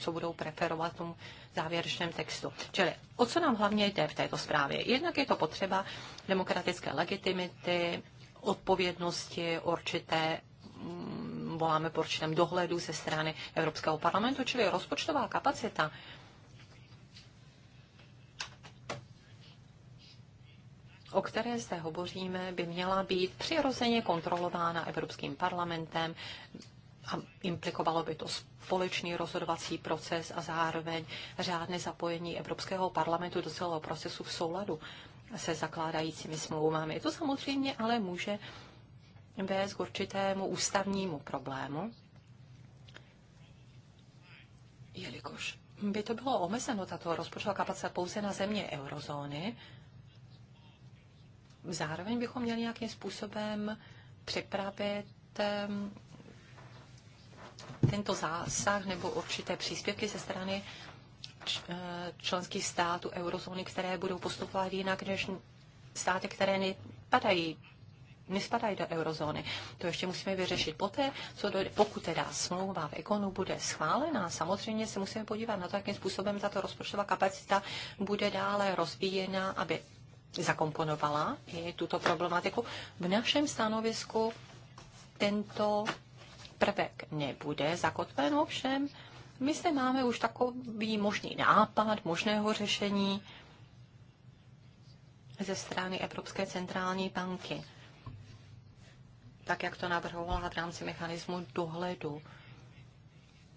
co budou preferovat tomu závěrečném textu. Čili o co nám hlavně jde v této zprávě? Jednak je to potřeba demokratické legitimity, odpovědnosti určité mm, voláme po určitém dohledu ze strany Evropského parlamentu, čili rozpočtová kapacita o které zde hovoříme, by měla být přirozeně kontrolována Evropským parlamentem a implikovalo by to společný rozhodovací proces a zároveň řádné zapojení Evropského parlamentu do celého procesu v souladu se zakládajícími smlouvami. To samozřejmě ale může vést k určitému ústavnímu problému, jelikož by to bylo omezeno, tato rozpočtová kapacita pouze na země eurozóny, zároveň bychom měli nějakým způsobem připravit tento zásah nebo určité příspěvky ze strany eh, členských států eurozóny, které budou postupovat jinak než státy, které nepadají nespadají do eurozóny. To ještě musíme vyřešit poté, co dojde, pokud teda smlouva v ekonu bude schválená, samozřejmě se musíme podívat na to, jakým způsobem tato rozpočtová kapacita bude dále rozvíjena, aby zakomponovala i tuto problematiku. V našem stanovisku tento prvek nebude zakotven, ovšem my zde máme už takový možný nápad možného řešení ze strany Evropské centrální banky, tak jak to navrhovala v rámci mechanismu dohledu.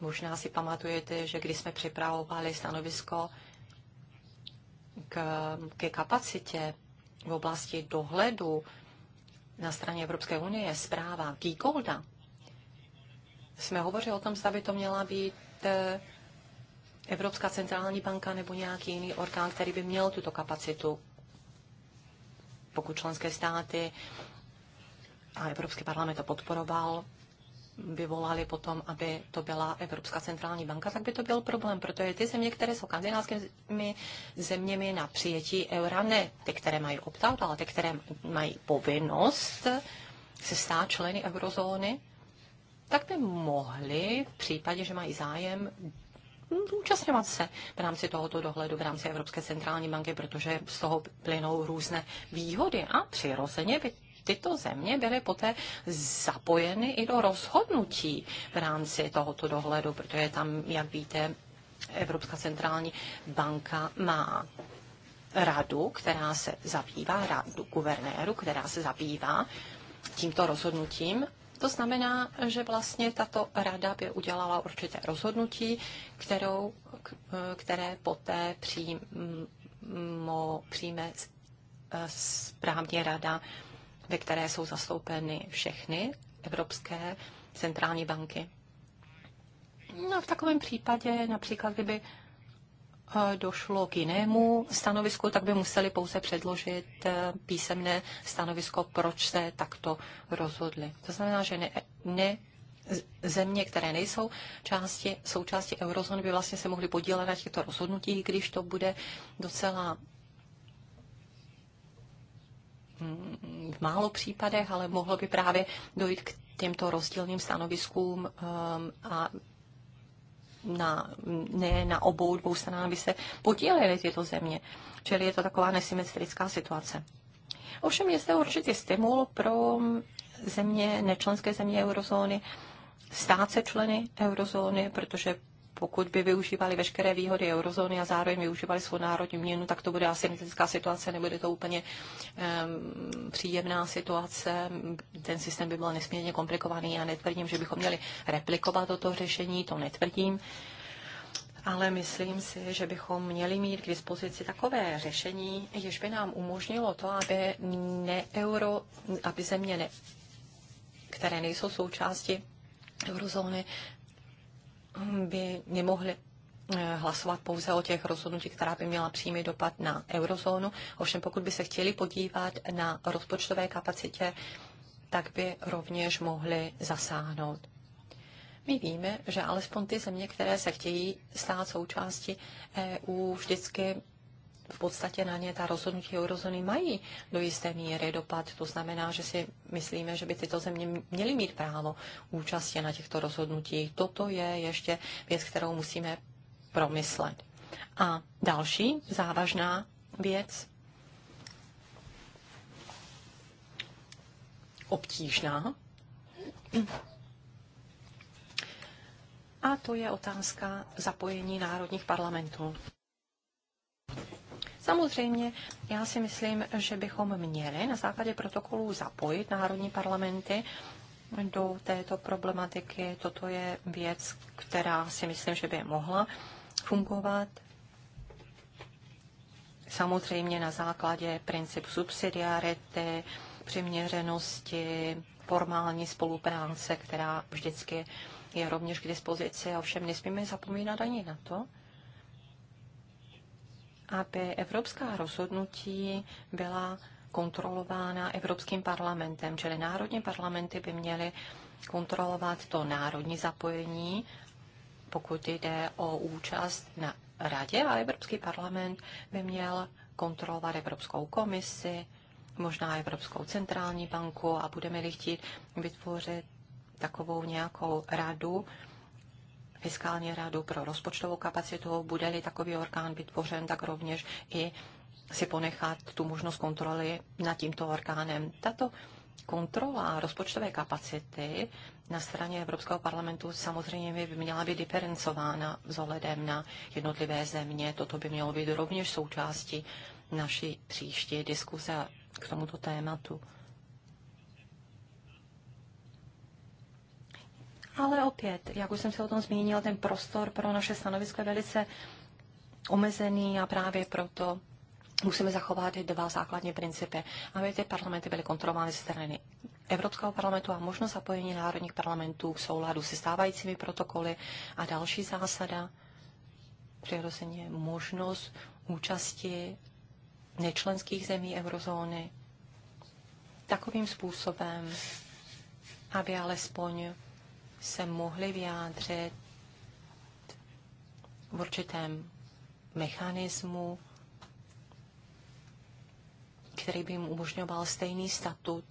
Možná si pamatujete, že když jsme připravovali stanovisko k, ke kapacitě v oblasti dohledu na straně Evropské unie, zpráva Gigolda, jsme hovořili o tom, zda by to měla být eh, Evropská centrální banka nebo nějaký jiný orgán, který by měl tuto kapacitu, pokud členské státy a Evropský parlament to podporoval, by volali potom, aby to byla Evropská centrální banka, tak by to byl problém, protože ty země, které jsou kandidátskými zeměmi na přijetí eura, ne ty, které mají opt ale ty, které mají povinnost se stát členy eurozóny, tak by mohli v případě, že mají zájem, mm, účastňovat se v rámci tohoto dohledu v rámci Evropské centrální banky, protože z toho plynou různé výhody a přirozeně by tyto země byly poté zapojeny i do rozhodnutí v rámci tohoto dohledu, protože tam, jak víte, Evropská centrální banka má radu, která se zabývá, radu guvernéru, která se zabývá tímto rozhodnutím to znamená, že vlastně tato rada by udělala určité rozhodnutí, kterou, e, které poté přímo, přijme e, správně rada, ve které jsou zastoupeny všechny evropské centrální banky. No, v takovém případě, například kdyby Eh, došlo k jinému stanovisku, tak by museli pouze předložit eh, písemné stanovisko, proč se takto rozhodli. To znamená, že ne, ne země, které nejsou části, součástí eurozóny, by vlastně se mohly podílet na těchto rozhodnutích, když to bude docela mm, v málo případech, ale mohlo by právě dojít k těmto rozdílným stanoviskům eh, a na, ne na obou dvou stranách by se podílely tyto země. Čili je to taková nesymetrická situace. Ovšem je zde určitě stimul pro země, nečlenské země eurozóny, stát se členy eurozóny, protože pokud by využívali veškeré výhody eurozóny a zároveň využívali svou národní měnu, tak to bude asi asymetrická situace, nebude to úplně um, příjemná situace. Ten systém by byl nesmírně komplikovaný. Já netvrdím, že bychom měli replikovat toto řešení, to netvrdím. Ale myslím si, že bychom měli mít k dispozici takové řešení, jež by nám umožnilo to, aby, ne euro, aby země, ne, které nejsou součástí eurozóny, by nemohli eh, hlasovat pouze o těch rozhodnutí, která by měla přímý dopad na eurozónu. Ovšem, pokud by se chtěli podívat na rozpočtové kapacitě, tak by rovněž mohli zasáhnout. My víme, že alespoň ty země, které se chtějí stát součástí EU, vždycky v podstatě na ně ta rozhodnutí eurozóny mají do jisté míry dopad. To znamená, že si myslíme, že by tyto země měly mít právo účastě na těchto rozhodnutích. Toto je ještě věc, kterou musíme promyslet. A další závažná věc, obtížná, a to je otázka zapojení národních parlamentů. Samozřejmě, já si myslím, že bychom měli na základě protokolů zapojit národní parlamenty do této problematiky. Toto je věc, která si myslím, že by mohla fungovat. Samozřejmě na základě principu subsidiarity, přiměřenosti, formální spolupráce, která vždycky je rovněž k dispozici, ovšem nesmíme zapomínat ani na to, aby evropská rozhodnutí byla kontrolována Evropským parlamentem, čili národní parlamenty by měly kontrolovat to národní zapojení, pokud jde o účast na radě, a Evropský parlament by měl kontrolovat Evropskou komisi, možná Evropskou centrální banku a budeme-li chtít vytvořit takovou nějakou radu, fiskální radu pro rozpočtovou kapacitu, bude-li takový orgán vytvořen, tak rovněž i si ponechat tu možnost kontroly nad tímto orgánem. Tato kontrola rozpočtové kapacity na straně Evropského parlamentu samozřejmě by měla být diferencována vzhledem na jednotlivé země. Toto by mělo být rovněž součástí naší příští diskuze k tomuto tématu. Ale opět, jak už jsem se o tom zmínil, ten prostor pro naše stanovisko je velice omezený a právě proto musíme zachovat dva základní principy, aby ty parlamenty byly kontrolovány ze strany Evropského parlamentu a možnost zapojení národních parlamentů v souladu se stávajícími protokoly a další zásada, přirozeně možnost účasti nečlenských zemí eurozóny takovým způsobem, aby alespoň se mohli vyjádřit v určitém mechanismu, který by jim umožňoval stejný statut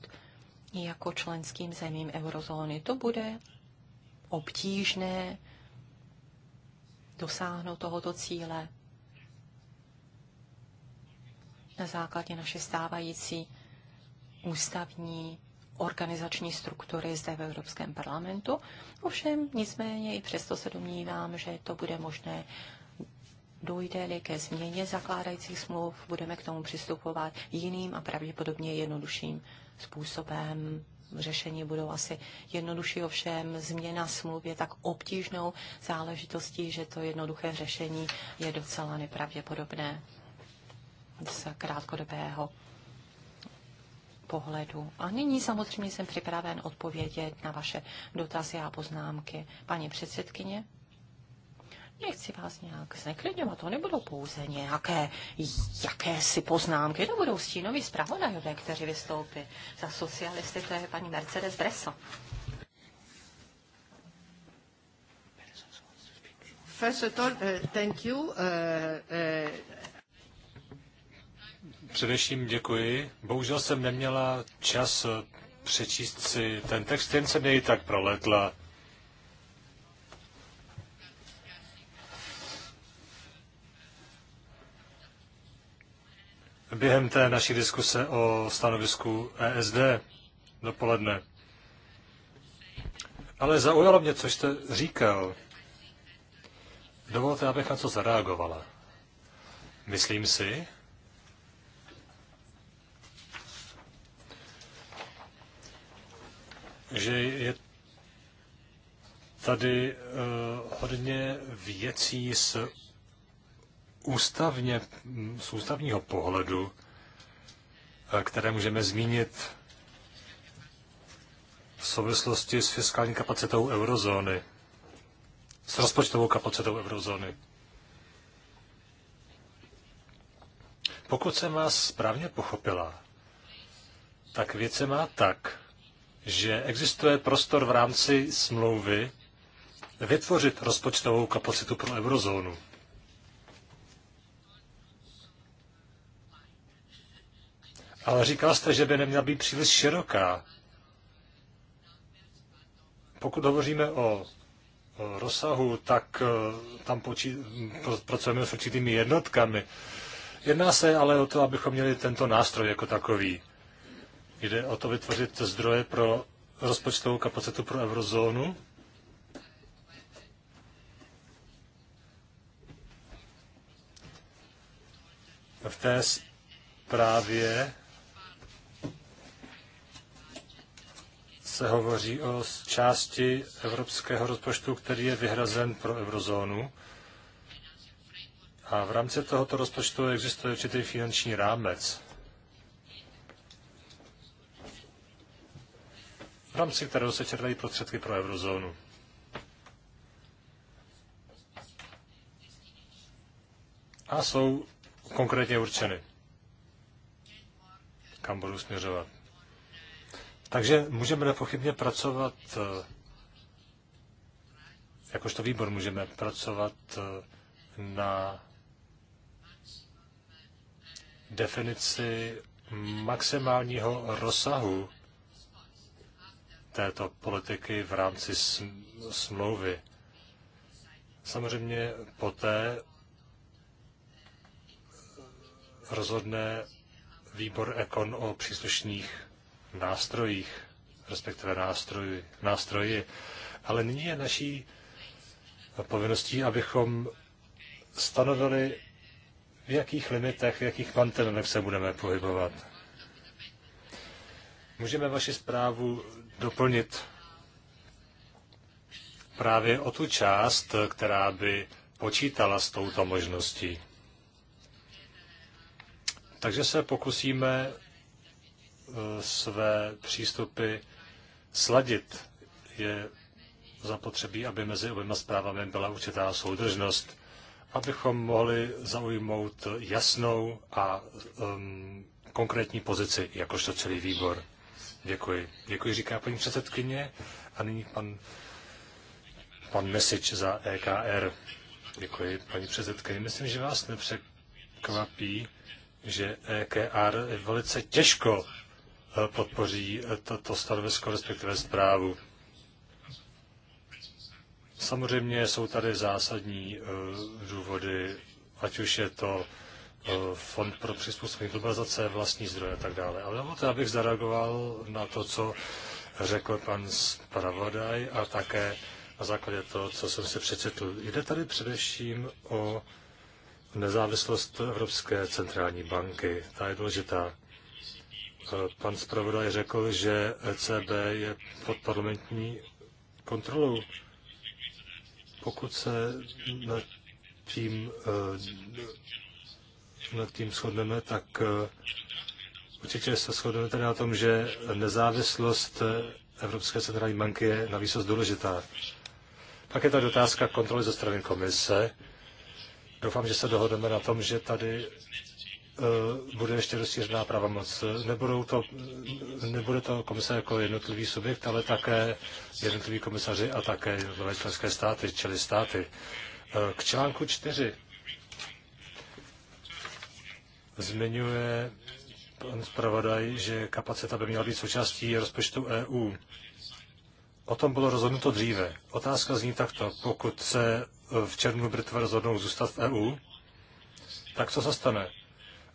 jako členským zemím eurozóny. To bude obtížné dosáhnout tohoto cíle na základě naše stávající ústavní organizační struktury zde v Evropském parlamentu. Ovšem, nicméně i přesto se domnívám, že to bude možné dojde-li ke změně zakládajících smluv, budeme k tomu přistupovat jiným a pravděpodobně jednodušším způsobem. Řešení budou asi jednodušší, ovšem změna smluv je tak obtížnou záležitostí, že to jednoduché řešení je docela nepravděpodobné z krátkodobého pohledu. A nyní samozřejmě jsem připraven odpovědět na vaše dotazy a poznámky. Paní předsedkyně, nechci vás nějak zneklidňovat, to nebudou pouze nějaké jakési poznámky, to budou stínoví zpravodajové, kteří vystoupí. Za socialisty to je paní Mercedes Breso. First of all, uh, thank you. Uh, uh, Především děkuji. Bohužel jsem neměla čas přečíst si ten text, jen se mi tak proletla. Během té naší diskuse o stanovisku ESD dopoledne. Ale zaujalo mě, co jste říkal. Dovolte, abych na co zareagovala. Myslím si, že je tady eh, hodně věcí z, ústavně, z ústavního pohledu, eh, které můžeme zmínit v souvislosti s fiskální kapacitou eurozóny, s rozpočtovou kapacitou eurozóny. Pokud jsem vás správně pochopila, tak věc se má tak, že existuje prostor v rámci smlouvy vytvořit rozpočtovou kapacitu pro eurozónu. Ale říkal jste, že by neměla být příliš široká. Pokud hovoříme o rozsahu, tak e, tam počí, pracujeme s určitými jednotkami. Jedná se ale o to, abychom měli tento nástroj jako takový. Jde o to vytvořit zdroje pro rozpočtovou kapacitu pro eurozónu. V té zprávě se hovoří o části evropského rozpočtu, který je vyhrazen pro eurozónu. A v rámci tohoto rozpočtu existuje určitý finanční rámec. v rámci kterého se čerpají prostředky pro eurozónu. A jsou konkrétně určeny, kam budou směřovat. Takže můžeme nepochybně pracovat, eh, jakožto výbor můžeme pracovat eh, na definici maximálního rozsahu této politiky v rámci smlouvy. Samozřejmě poté rozhodne výbor Ekon o příslušných nástrojích, respektive nástroji, nástroji. Ale nyní je naší povinností, abychom stanovili, v jakých limitech, v jakých mantinelech se budeme pohybovat. Můžeme vaši zprávu doplnit právě o tu část, která by počítala s touto možností. Takže se pokusíme eh, své přístupy sladit. Je zapotřebí, aby mezi oběma zprávami byla určitá soudržnost, abychom mohli zaujmout jasnou a um, konkrétní pozici, jakožto celý výbor. Děkuji. Děkuji, říká paní předsedkyně. A nyní pan, pan Mesič za EKR. Děkuji, paní předsedkyně. Myslím, že vás nepřekvapí, že EKR velice těžko eh, podpoří eh, toto stanovisko, respektive zprávu. Samozřejmě jsou tady zásadní eh, důvody, ať už je to E, fond pro přizpůsobení globalizace, vlastní zdroje a tak dále. Ale dovolte, abych zareagoval na to, co řekl pan zpravodaj a také na základě toho, co jsem si přečetl. Jde tady především o nezávislost Evropské centrální banky. Ta je důležitá. E, pan zpravodaj řekl, že ECB je pod parlamentní kontrolou. Pokud se nad tím e, nad tím shodneme, tak eh, určitě se shodneme tedy na tom, že nezávislost eh, Evropské centrální banky je navíc důležitá. Pak je tady otázka kontroly ze strany komise. Doufám, že se dohodneme na tom, že tady eh, bude ještě rozšířená pravomoc. Nebudou to, nebude to komise jako jednotlivý subjekt, ale také jednotliví komisaři a také jednotlivé členské státy, čili státy. K článku 4. Zmiňuje pan zpravodaj, že kapacita by měla být součástí rozpočtu EU. O tom bylo rozhodnuto dříve. Otázka zní takto. Pokud se v červnu Britové rozhodnou zůstat v EU, tak co se stane?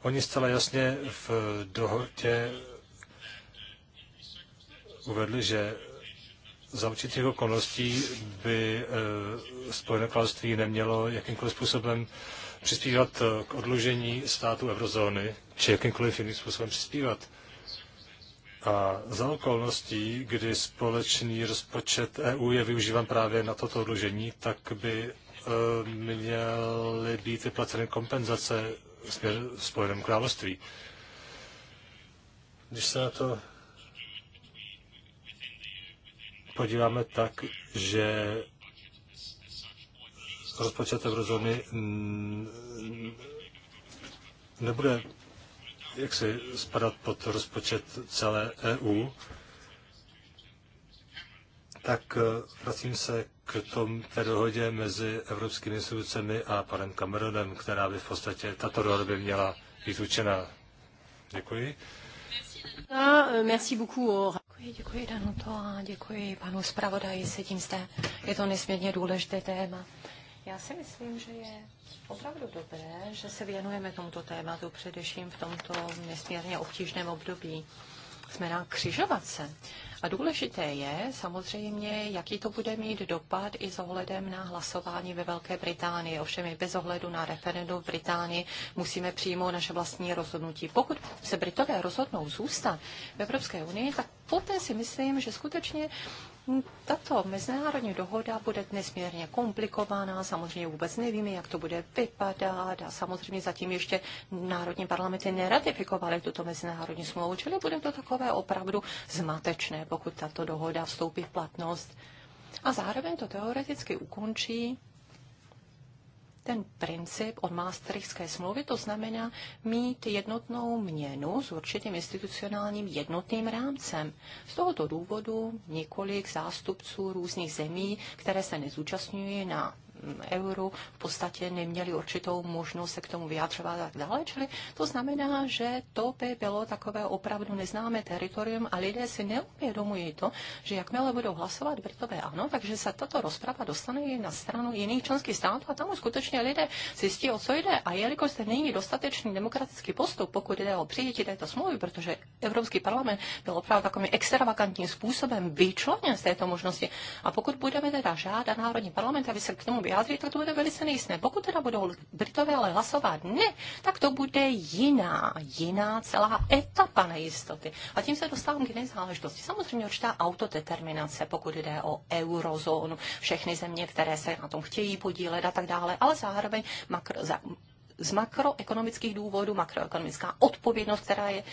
Oni zcela jasně v dohodě uvedli, že za určitých okolností by eh, Spojené království nemělo jakýmkoliv způsobem přispívat eh, k odlužení států eurozóny, či jakýmkoliv jiným způsobem přispívat. A za okolností, kdy společný rozpočet EU je využívan právě na toto odlužení, tak by eh, měly být vyplaceny kompenzace směr Spojeném království. Když se na to podíváme tak, že rozpočet eurozóny mm, nebude jak se spadat pod rozpočet celé EU, tak eh, vracím se k tom, té dohodě mezi evropskými institucemi a panem Cameronem, která by v podstatě, tato dohoda by měla být učena. Děkuji. Eh, merci beaucoup. Děkuji, děkuji Danuto a děkuji panu zpravodaji, sedím zde. Je to nesmírně důležité téma. Já si myslím, že je opravdu dobré, že se věnujeme tomuto tématu především v tomto nesmírně obtížném období. Jsme na křižovatce. A důležité je samozřejmě, jaký to bude mít dopad i s ohledem na hlasování ve Velké Británii. Ovšem i bez ohledu na referendum v Británii musíme přijmout naše vlastní rozhodnutí. Pokud se Britové rozhodnou zůstat v Evropské unii, tak poté si myslím, že skutečně tato mezinárodní dohoda bude nesmírně komplikovaná, samozřejmě vůbec nevíme, jak to bude vypadat a samozřejmě zatím ještě národní parlamenty neratifikovaly tuto mezinárodní smlouvu, čili bude to takové opravdu zmatečné, pokud tato dohoda vstoupí v platnost. A zároveň to teoreticky ukončí ten princip od Maastrichtské smlouvy, to znamená mít jednotnou měnu s určitým institucionálním jednotným rámcem. Z tohoto důvodu několik zástupců různých zemí, které se nezúčastňují na euru v podstatě neměli určitou možnost se k tomu vyjadřovat a tak dále. Čili to znamená, že to by bylo takové opravdu neznámé teritorium a lidé si neuvědomují to, že jakmile budou hlasovat Britové ano, takže se tato rozprava dostane i na stranu jiných členských států a tam skutečně lidé zjistí, o co jde. A jelikož zde není dostatečný demokratický postup, pokud jde o přijetí této smlouvy, protože Evropský parlament byl opravdu takovým extravagantním způsobem vyčleněn z této možnosti. A pokud budeme teda žádat Národní parlament, aby se k tomu vyjádřit, tak to bude velice nejistné. Pokud teda budou Britové ale hlasovat ne, tak to bude jiná, jiná celá etapa nejistoty. A tím se dostávám k jiné záležitosti. Samozřejmě určitá autodeterminace, pokud jde o eurozónu, všechny země, které se na tom chtějí podílet a tak dále, ale zároveň makro, za, z makroekonomických důvodů makroekonomická odpovědnost, která je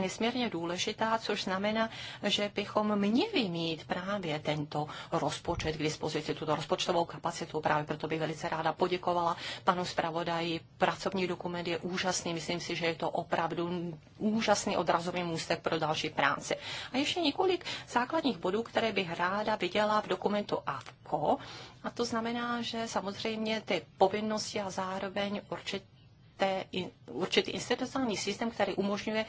nesmírně důležitá, což znamená, že bychom měli mít právě tento rozpočet k dispozici, tuto rozpočtovou kapacitu. Právě proto bych velice ráda poděkovala panu zpravodaji. Pracovní dokument je úžasný, myslím si, že je to opravdu úžasný odrazový můstek pro další práci. A ještě několik základních bodů, které bych ráda viděla v dokumentu AFKO. A to znamená, že samozřejmě ty povinnosti a zároveň určitě určitý institucionální systém, který umožňuje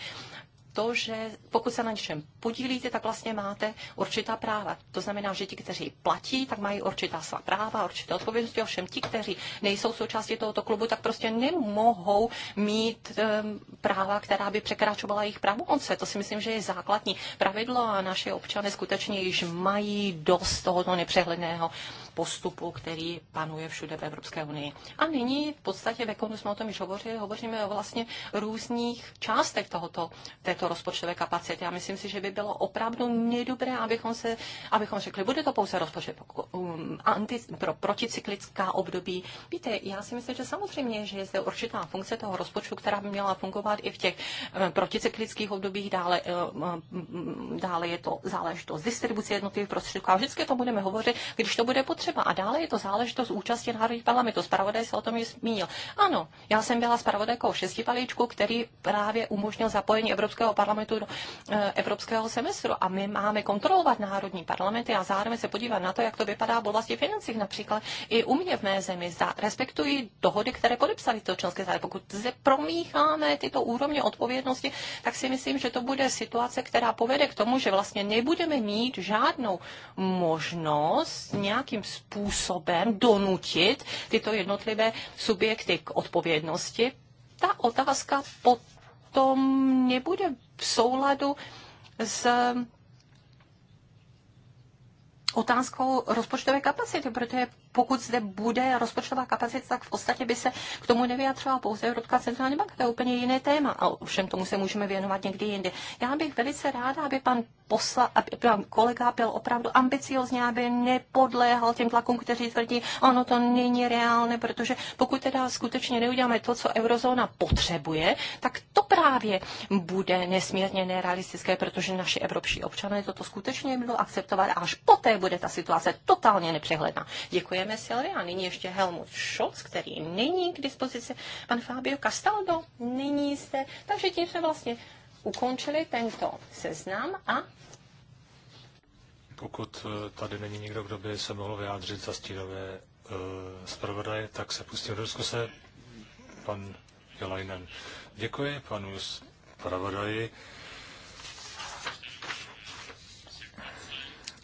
to, že pokud se na něčem podílíte, tak vlastně máte určitá práva. To znamená, že ti, kteří platí, tak mají určitá svá práva, určité odpovědnosti, ovšem ti, kteří nejsou součástí tohoto klubu, tak prostě nemohou mít um, práva, která by překračovala jejich pravomoce. To si myslím, že je základní pravidlo a naše občany skutečně již mají dost tohoto nepřehledného uh, postupu, který panuje všude v Evropské unii. A nyní v podstatě, ve jsme o tom již hovořili, hovoříme o vlastně různých částech tohoto, této rozpočtové kapacity. A myslím si, že by bylo opravdu nedobré, abychom, se, abychom řekli, bude to pouze rozpočet um, anti, pro proticyklická období. Víte, já si myslím, že samozřejmě, že je zde určitá funkce toho rozpočtu, která by měla fungovat i v těch um, proticyklických obdobích. Dále, um, dále je to záležitost distribuce jednotlivých prostředků. A vždycky to budeme hovořit, když to bude potřeba potřeba. A dále je to záležitost účasti národních parlamentu. Spravodaj se o tom již zmínil. Ano, já jsem byla spravodajkou šesti který právě umožnil zapojení Evropského parlamentu do eh, Evropského semestru. A my máme kontrolovat Národní parlamenty a zároveň se podívat na to, jak to vypadá v oblasti financí. Například i u mě v mé zemi zda respektují dohody, které podepsali to členské státy. Pokud se promícháme tyto úrovně odpovědnosti, tak si myslím, že to bude situace, která povede k tomu, že vlastně nebudeme mít žádnou možnost nějakým způsobem donutit tyto jednotlivé subjekty k odpovědnosti, ta otázka potom nebude v souladu s otázkou rozpočtové kapacity, protože pokud zde bude rozpočtová kapacita, tak v podstatě by se k tomu nevyjadřovala pouze Evropská centrální banka. To je úplně jiné téma a všem tomu se můžeme věnovat někdy jindy. Já bych velice ráda, aby pan, posla, aby pan kolega byl opravdu ambiciozně, aby nepodléhal těm tlakům, kteří tvrdí, ano, to není reálné, protože pokud teda skutečně neuděláme to, co eurozóna potřebuje, tak to právě bude nesmírně nerealistické, protože naši evropští občané toto skutečně budou akceptovat a až poté bude ta situace totálně nepřehledná. Děkuji Děkujeme, Silvia. A nyní ještě Helmut Scholz, který není k dispozici. Pan Fabio Castaldo není zde. Takže tím jsme vlastně ukončili tento seznam a pokud eh, tady není nikdo, kdo by se mohl vyjádřit za stínové eh, zpravodaje, tak se pustím do diskuse. Pan Jelajnen. Děkuji panu zpravodaji.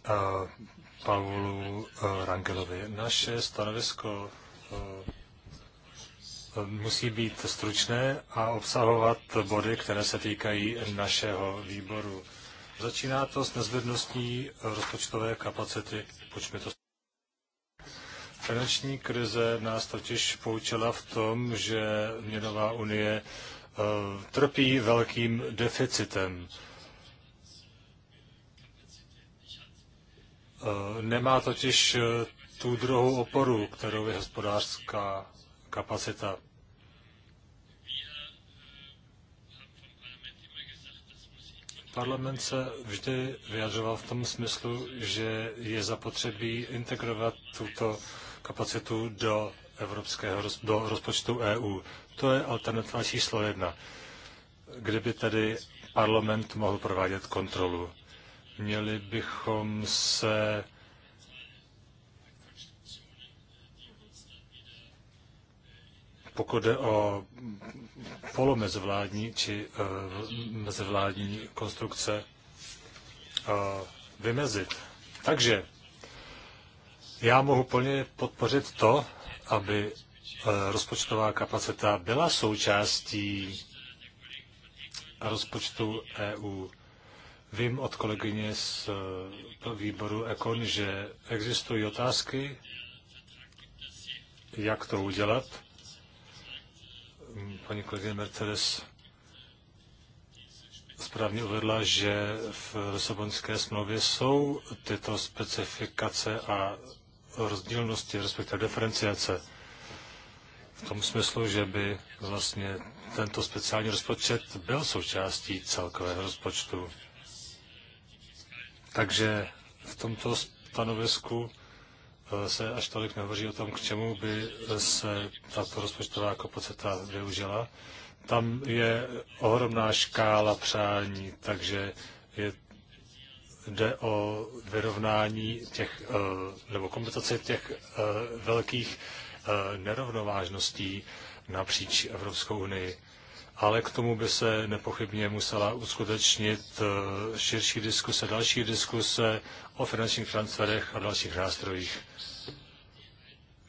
Eh, Pavlu eh, Rangelovi. Naše stanovisko eh, musí být stručné a obsahovat body, které se týkají našeho výboru. Začíná to s nezbytností rozpočtové kapacity. Počme to. Finanční krize nás totiž poučila v tom, že měnová unie eh, trpí velkým deficitem. Eh, nemá totiž eh, tu druhou oporu, kterou je hospodářská kapacita. Parlament se vždy vyjadřoval v tom smyslu, že je zapotřebí integrovat tuto kapacitu do evropského do rozpočtu EU. To je alternativa číslo jedna. Kdyby tedy parlament mohl provádět kontrolu měli bychom se pokud jde o polomezvládní či uh, eh, mezvládní konstrukce, uh, vymezit. Takže já mohu plně podpořit to, aby uh, rozpočtová kapacita byla součástí rozpočtu EU. Vím od kolegyně z eh, výboru Ekon, že existují otázky, jak to udělat. Mm, paní kolegyně Mercedes správně uvedla, že v Lisabonské smlouvě jsou tyto specifikace a rozdílnosti, respektive diferenciace. V tom smyslu, že by vlastně tento speciální rozpočet byl součástí celkového rozpočtu. Takže v tomto stanovisku eh, se až tolik nehovoří o tom, k čemu by eh, se tato rozpočtová kapacita využila. Tam je ohromná škála přání, takže je, jde o vyrovnání těch, eh, nebo kompetence těch velkých nerovnovážností napříč Evropskou unii ale k tomu by se nepochybně musela uskutečnit eh, širší diskuse, další diskuse o finančních transferech a dalších nástrojích.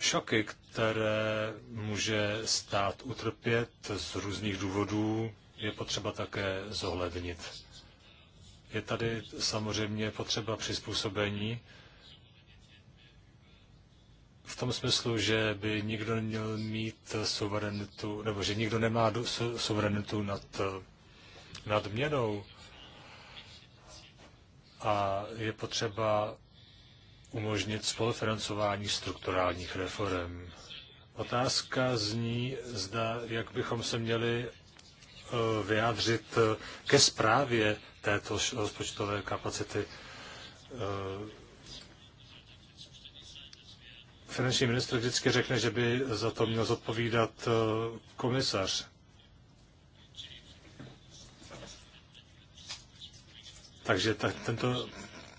Šoky, které může stát utrpět z různých důvodů, je potřeba také zohlednit. Je tady samozřejmě potřeba přizpůsobení, v tom smyslu, že by nikdo neměl mít suverenitu, nebo že nikdo nemá su, suverenitu nad, nad měnou. A je potřeba umožnit spolufinancování strukturálních reform. Otázka zní, zda, jak bychom se měli eh, vyjádřit eh, ke zprávě této rozpočtové kapacity eh, finanční ministr vždycky řekne, že by za to měl zodpovídat eh, komisař. Takže tak, tento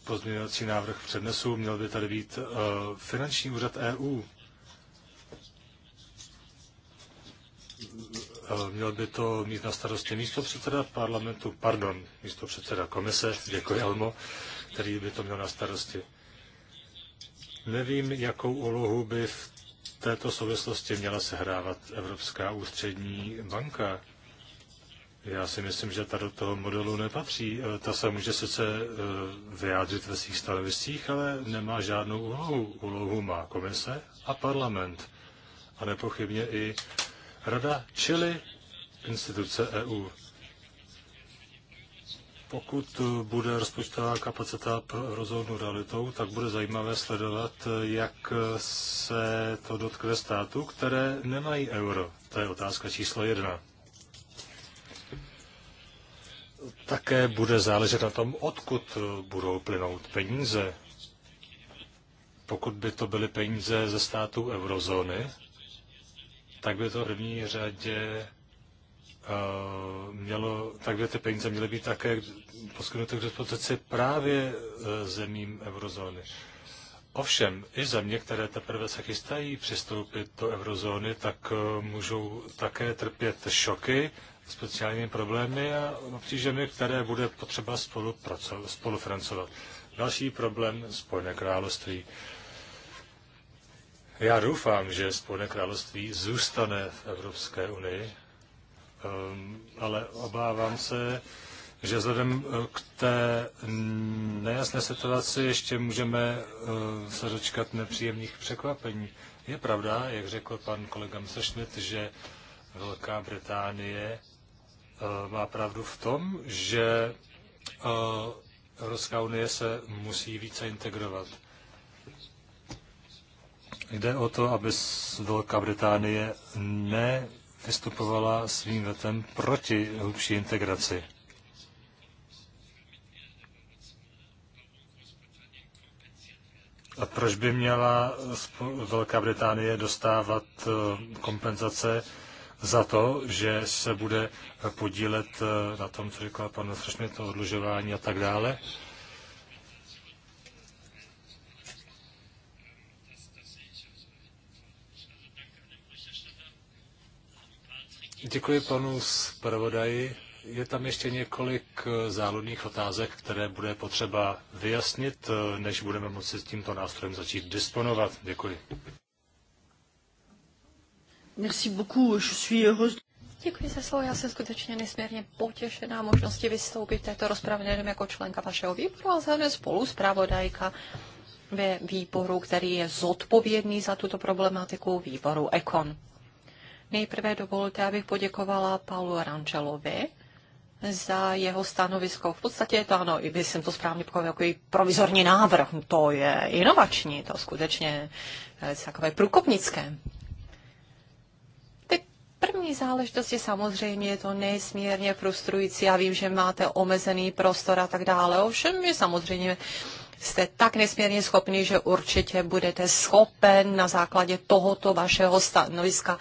pozměňovací návrh přednesu, měl by tady být uh, finanční úřad EU. Eh, měl by to mít na starosti místo předseda parlamentu, pardon, místo předseda komise, děkuji Elmo, který by to měl na starosti. Nevím, jakou úlohu by v této souvislosti měla sehrávat Evropská ústřední banka. Já si myslím, že ta do toho modelu nepatří. E, ta se může sice e, vyjádřit ve svých stanoviscích, ale nemá žádnou úlohu. Úlohu má komise a parlament. A nepochybně i rada, čili instituce EU. Pokud bude rozpočtová kapacita pro realitou, tak bude zajímavé sledovat, jak se to dotkne států, které nemají euro. To je otázka číslo jedna. Také bude záležet na tom, odkud budou plynout peníze. Pokud by to byly peníze ze států eurozóny, tak by to v první řadě mělo, takhle ty peníze měly být také poskytnuty k dispozici právě e, zemím eurozóny. Ovšem, i země, které teprve se chystají přistoupit do eurozóny, tak e, můžou také trpět šoky, speciální problémy a obtížemi, které bude potřeba spolufinancovat. Další problém Spojené království. Já doufám, že Spojené království zůstane v Evropské unii, Ehm, ale obávám se, že vzhledem eh, k té nejasné situaci ještě můžeme eh, se dočkat nepříjemných překvapení. Je pravda, jak řekl pan kolega Messerschmidt, že Velká Británie eh, má pravdu v tom, že Evropská unie se musí více integrovat. Jde o to, aby Velká Británie ne vystupovala svým vetem proti hlubší integraci. A proč by měla Velká Británie dostávat eh, kompenzace za to, že se bude podílet eh, na tom, co říkal pan Strašně, to odlužování a tak dále? Děkuji panu zpravodaji. Je tam ještě několik eh, záludných otázek, které bude potřeba vyjasnit, eh, než budeme moci s tímto nástrojem začít disponovat. Děkuji. Merci beaucoup. Je suis heureuse. Děkuji za slovo. Já jsem skutečně nesmírně potěšená možnosti vystoupit v této rozpravě nejenom jako členka vašeho výboru, ale zároveň spolu zpravodajka ve výboru, který je zodpovědný za tuto problematiku, výboru ECON. Nejprve dovolte, abych poděkovala Paulu Arančelovi za jeho stanovisko. V podstatě je to ano, i by jsem to správně pochopil jako i provizorní návrh. To je inovační, to skutečně je takové průkopnické. Ty první záležitosti samozřejmě je to nesmírně frustrující. Já vím, že máte omezený prostor a tak dále. Ovšem je samozřejmě jste tak nesmírně schopný, že určitě budete schopen na základě tohoto vašeho stanoviska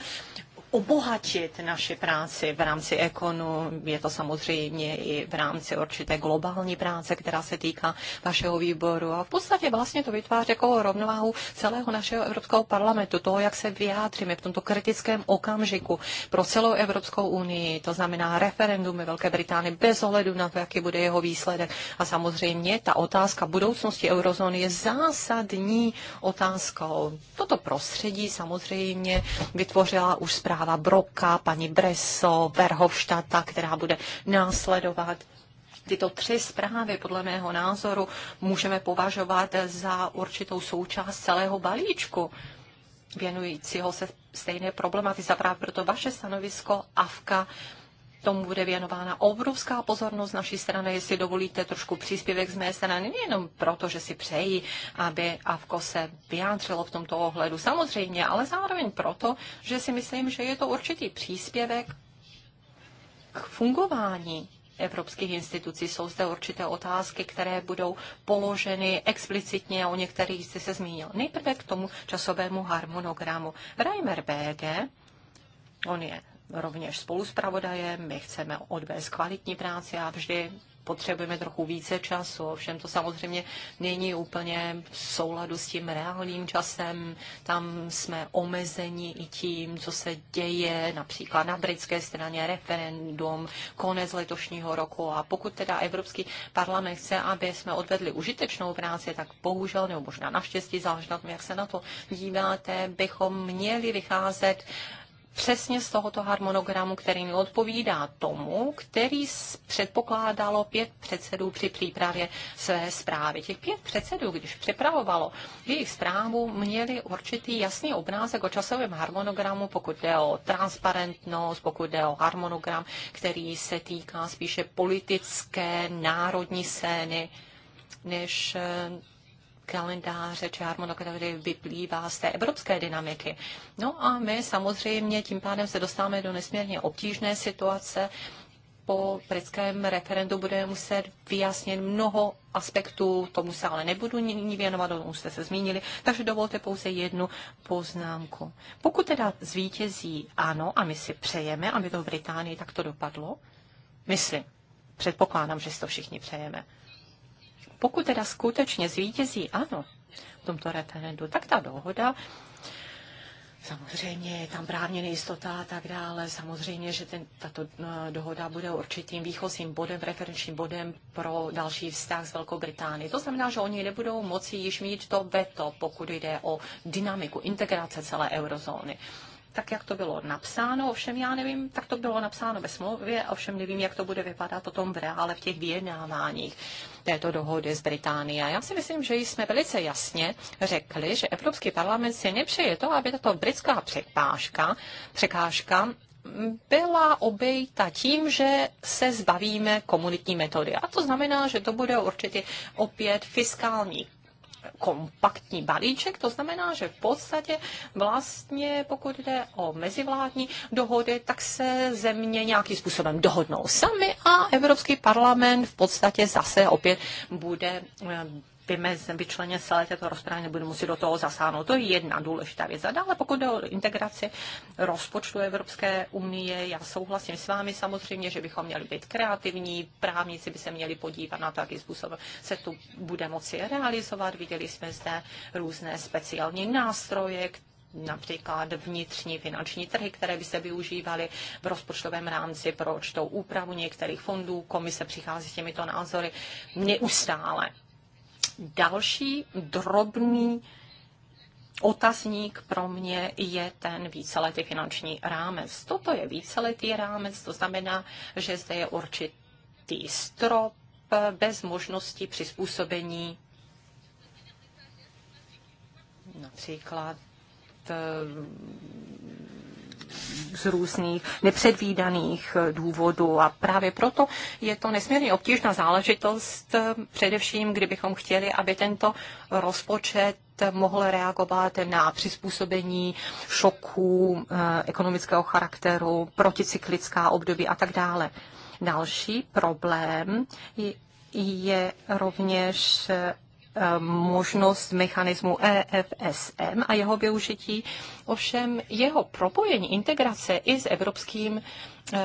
obohatit naši práci v rámci ekonu. Je to samozřejmě i v rámci určité globální práce, která se týká vašeho výboru. A v podstatě vlastně to vytváří jako rovnováhu celého našeho Evropského parlamentu, toho, jak se vyjádříme v tomto kritickém okamžiku pro celou Evropskou unii. To znamená referendum ve Velké Británii bez ohledu na to, jaký bude jeho výsledek. A samozřejmě ta otázka budoucnosti eurozóny je zásadní otázkou. Toto prostředí samozřejmě vytvořila už zpráva zpráva Broka, paní Breso, Verhofštata, která bude následovat. Tyto tři zprávy, podle mého názoru, můžeme považovat za určitou součást celého balíčku věnujícího se stejné problematice. Právě proto vaše stanovisko AFKA tomu bude věnována obrovská pozornost naší strany, jestli dovolíte trošku příspěvek z mé strany, nejenom proto, že si přeji, aby AVKO se vyjádřilo v tomto ohledu, samozřejmě, ale zároveň proto, že si myslím, že je to určitý příspěvek k fungování evropských institucí. Jsou zde určité otázky, které budou položeny explicitně, o některých jste se zmínil. Nejprve k tomu časovému harmonogramu. Reimer BG, on je rovněž spoluspravodajem, my chceme odvést kvalitní práci a vždy potřebujeme trochu více času, ovšem to samozřejmě není úplně v souladu s tím reálným časem, tam jsme omezeni i tím, co se děje například na britské straně, referendum, konec letošního roku a pokud teda Evropský parlament chce, aby jsme odvedli užitečnou práci, tak bohužel, nebo možná naštěstí, záleží na tom, jak se na to díváte, bychom měli vycházet uh, přesně z tohoto harmonogramu, který mi odpovídá tomu, který předpokládalo pět předsedů při přípravě své zprávy. Těch pět předsedů, když připravovalo jejich zprávu, měli určitý jasný obrázek o časovém harmonogramu, pokud jde o transparentnost, pokud jde o harmonogram, který se týká spíše politické národní scény, než kalendáře či harmonogramy vyplývá z té evropské dynamiky. No a my samozřejmě tím pádem se dostáváme do nesmírně obtížné situace, po britském referendu budeme muset vyjasnit mnoho aspektů, tomu se ale nebudu nyní věnovat, tomu jste se zmínili, takže dovolte pouze jednu poznámku. Pokud teda zvítězí ano, a my si přejeme, aby to v Británii takto dopadlo, myslím, předpokládám, že si to všichni přejeme, pokud teda skutečně zvítězí ano v tomto referendu, tak ta dohoda Samozřejmě je tam právně nejistota a tak dále. Samozřejmě, že ten, tato eh, dohoda bude určitým výchozím bodem, referenčním bodem pro další vztah s Velkou Británií. To znamená, že oni nebudou moci již mít to veto, pokud jde o dynamiku integrace celé eurozóny tak, jak to bylo napsáno, ovšem já nevím, tak to bylo napsáno ve smlouvě, ovšem nevím, jak to bude vypadat potom v reále v těch vyjednáváních této dohody z Británie. já si myslím, že jsme velice jasně řekli, že Evropský parlament si nepřeje to, aby tato britská překážka, překážka byla obejta tím, že se zbavíme komunitní metody. A to znamená, že to bude určitě opět fiskální kompaktní balíček, to znamená, že v podstatě vlastně, pokud jde o mezivládní dohody, tak se země nějakým způsobem dohodnou sami a Evropský parlament v podstatě zase opět bude eh, vymezen, vyčleně celé této rozprávy, nebudu muset do toho zasáhnout. To je jedna důležitá věc. A dále, pokud jde o integraci rozpočtu Evropské unie, já souhlasím s vámi samozřejmě, že bychom měli být kreativní, právníci by se měli podívat na to, jakým způsobem se tu bude moci realizovat. Viděli jsme zde různé speciální nástroje, například vnitřní finanční trhy, které by se využívaly v rozpočtovém rámci pro určitou úpravu některých fondů. Komise přichází s těmito názory neustále další drobný otazník pro mě je ten víceletý finanční rámec. Toto je víceletý rámec, to znamená, že zde je určitý strop bez možnosti přizpůsobení například z různých nepředvídaných eh, důvodů a právě proto je to nesmírně obtížná záležitost, eh, především kdybychom chtěli, aby tento rozpočet mohl reagovat na přizpůsobení šoků eh, ekonomického charakteru, proticyklická období a tak dále. Další problém je rovněž Eh, možnost mechanismu EFSM a jeho využití. Ovšem jeho propojení, integrace i s evropským eh,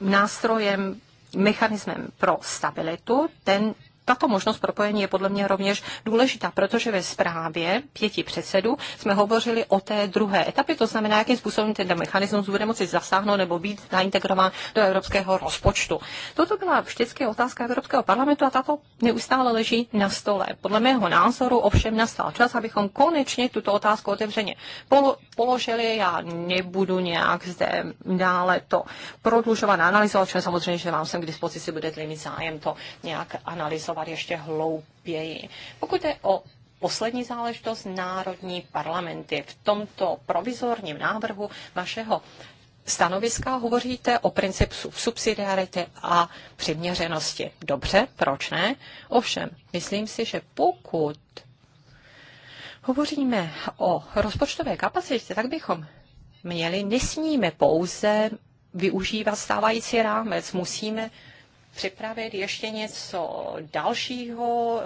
nástrojem mechanismem pro stabilitu, ten tato možnost propojení je podle mě rovněž důležitá, protože ve zprávě pěti předsedů jsme hovořili o té druhé etapě, to znamená, jakým způsobem ten mechanismus bude moci zasáhnout nebo být zaintegrován do evropského rozpočtu. Toto byla vždycky otázka Evropského parlamentu a tato neustále leží na stole. Podle mého názoru ovšem nastal čas, abychom konečně tuto otázku otevřeně položili. Já nebudu nějak zde dále to prodlužovat, analyzovat, samozřejmě, že vám jsem k dispozici, budete mít zájem to nějak analyzovat zasávat ještě hlouběji. Pokud je o poslední záležitost národní parlamenty, v tomto provizorním návrhu vašeho stanoviska hovoříte o principu subsidiarity a přiměřenosti. Dobře, proč ne? Ovšem, myslím si, že pokud hovoříme o rozpočtové kapacitě, tak bychom měli, nesmíme pouze využívat stávající rámec, musíme připravit ještě něco dalšího,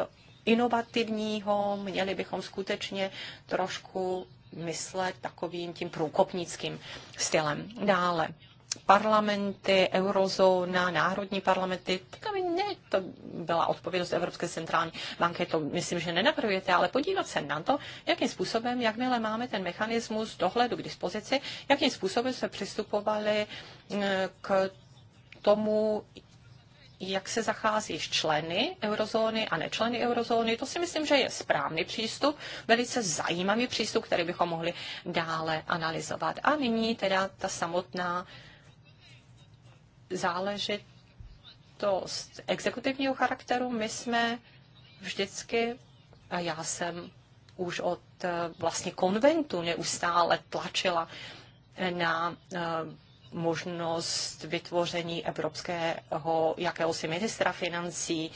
inovativního, měli bychom skutečně trošku myslet takovým tím průkopnickým stylem. Dále, parlamenty, eurozóna, národní parlamenty, aby ne, to byla odpovědnost Evropské centrální banky, to myslím, že nenapravujete, ale podívat se na to, jakým způsobem, jakmile máme ten mechanismus dohledu k dispozici, jakým způsobem se přistupovali eh, k tomu, jak se zachází s členy eurozóny a nečleny eurozóny. To si myslím, že je správný přístup, velice zajímavý přístup, který bychom mohli dále analyzovat. A nyní teda ta samotná záležitost exekutivního charakteru. My jsme vždycky, a já jsem už od eh, vlastně konventu neustále tlačila na eh, možnost vytvoření evropského jakéhosi ministra financí,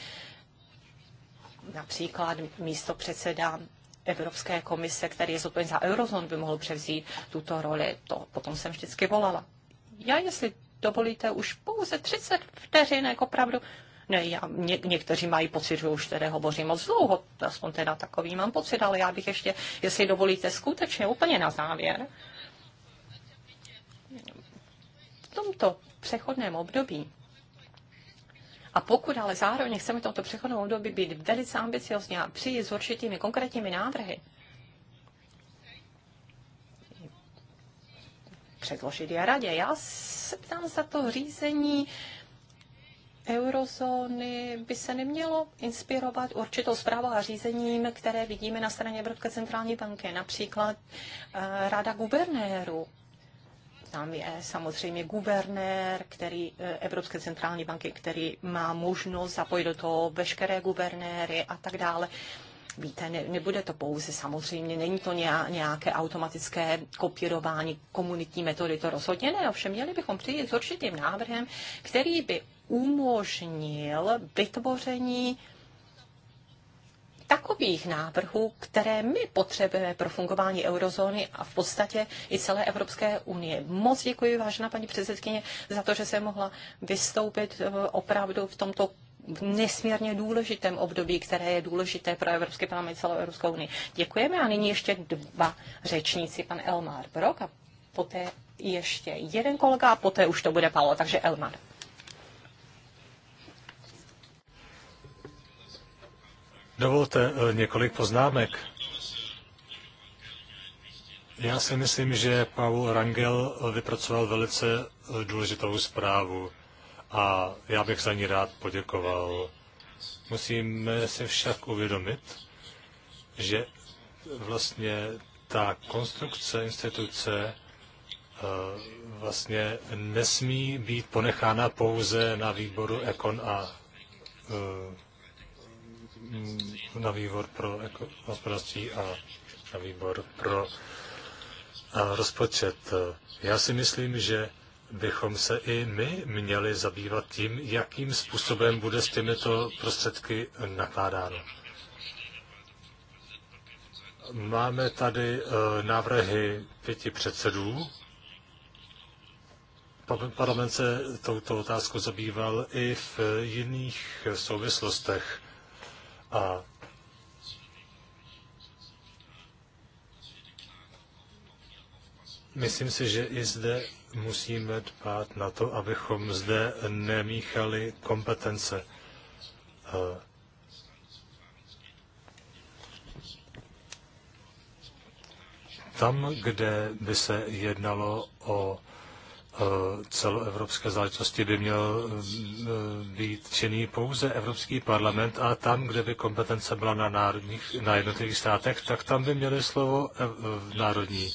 například místo předseda Evropské komise, který je zodpovědný za eurozón, by mohl převzít tuto roli. To potom jsem vždycky volala. Já, jestli dovolíte, už pouze 30 jako pravdu? Ne, já, ně, někteří mají pocit, že už tedy hovořím moc dlouho, aspoň teda takový mám pocit, ale já bych ještě, jestli dovolíte, skutečně úplně na závěr, tomto přechodném období a pokud ale zároveň chceme v tomto přechodném období být velice ambiciozní a přijít s určitými konkrétními návrhy, předložit je radě. Já se ptám za to řízení eurozóny by se nemělo inspirovat určitou zprávou a řízením, které vidíme na straně Evropské centrální banky, například eh, Rada guvernérů tam je samozřejmě guvernér, který, e, Evropské centrální banky, který má možnost zapojit do toho veškeré guvernéry a tak dále. Víte, ne, nebude to pouze samozřejmě, není to nějaké automatické kopírování komunitní metody, to rozhodně ne, ovšem měli bychom přijít s určitým návrhem, který by umožnil vytvoření takových návrhů, které my potřebujeme pro fungování eurozóny a v podstatě i celé Evropské unie. Moc děkuji, vážená paní předsedkyně, za to, že jsem mohla vystoupit eh, opravdu v tomto v nesmírně důležitém období, které je důležité pro Evropský parlament celou Evropskou unii. Děkujeme a nyní ještě dva řečníci, pan Elmar Brok a poté ještě jeden kolega a poté už to bude Paolo, takže Elmar. Dovolte eh, několik poznámek. Já si myslím, že Paul Rangel vypracoval velice eh, důležitou zprávu a já bych za ní rád poděkoval. Musíme si však uvědomit, že vlastně ta konstrukce instituce eh, vlastně nesmí být ponechána pouze na výboru Ekon a Mm, na výbor pro hospodářství a na výbor pro rozpočet. Já si myslím, že bychom se i my měli zabývat tím, jakým způsobem bude s těmito prostředky nakládáno. Máme tady e, návrhy pěti předsedů. Parlament se touto otázkou zabýval i v jiných souvislostech. A myslím si, že i zde musíme dbát na to, abychom zde nemíchali kompetence. Tam, kde by se jednalo o celoevropské záležitosti by měl eh, být činný pouze Evropský parlament a tam, kde by kompetence byla na, národních, na jednotlivých státech, tak tam by měly slovo eh, národní,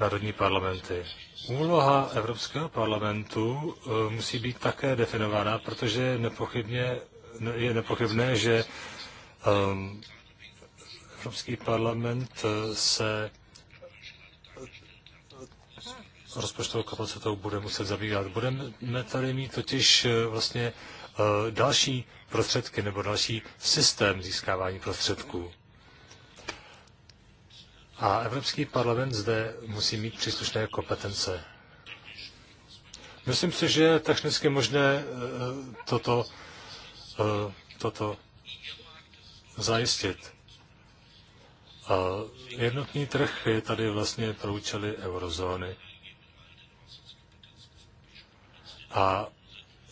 národní parlamenty. Úloha Evropského parlamentu eh, musí být také definována, protože nepochybně, je nepochybné, že Evropský parlament se rozpočtovou kapacitou bude muset zabývat. Budeme tady mít totiž eh, vlastně eh, další prostředky nebo další systém získávání prostředků. A Evropský parlament zde musí mít příslušné kompetence. Myslím si, že je technicky možné eh, toto, toto zajistit. Jednotný trh je tady vlastně pro účely eurozóny. A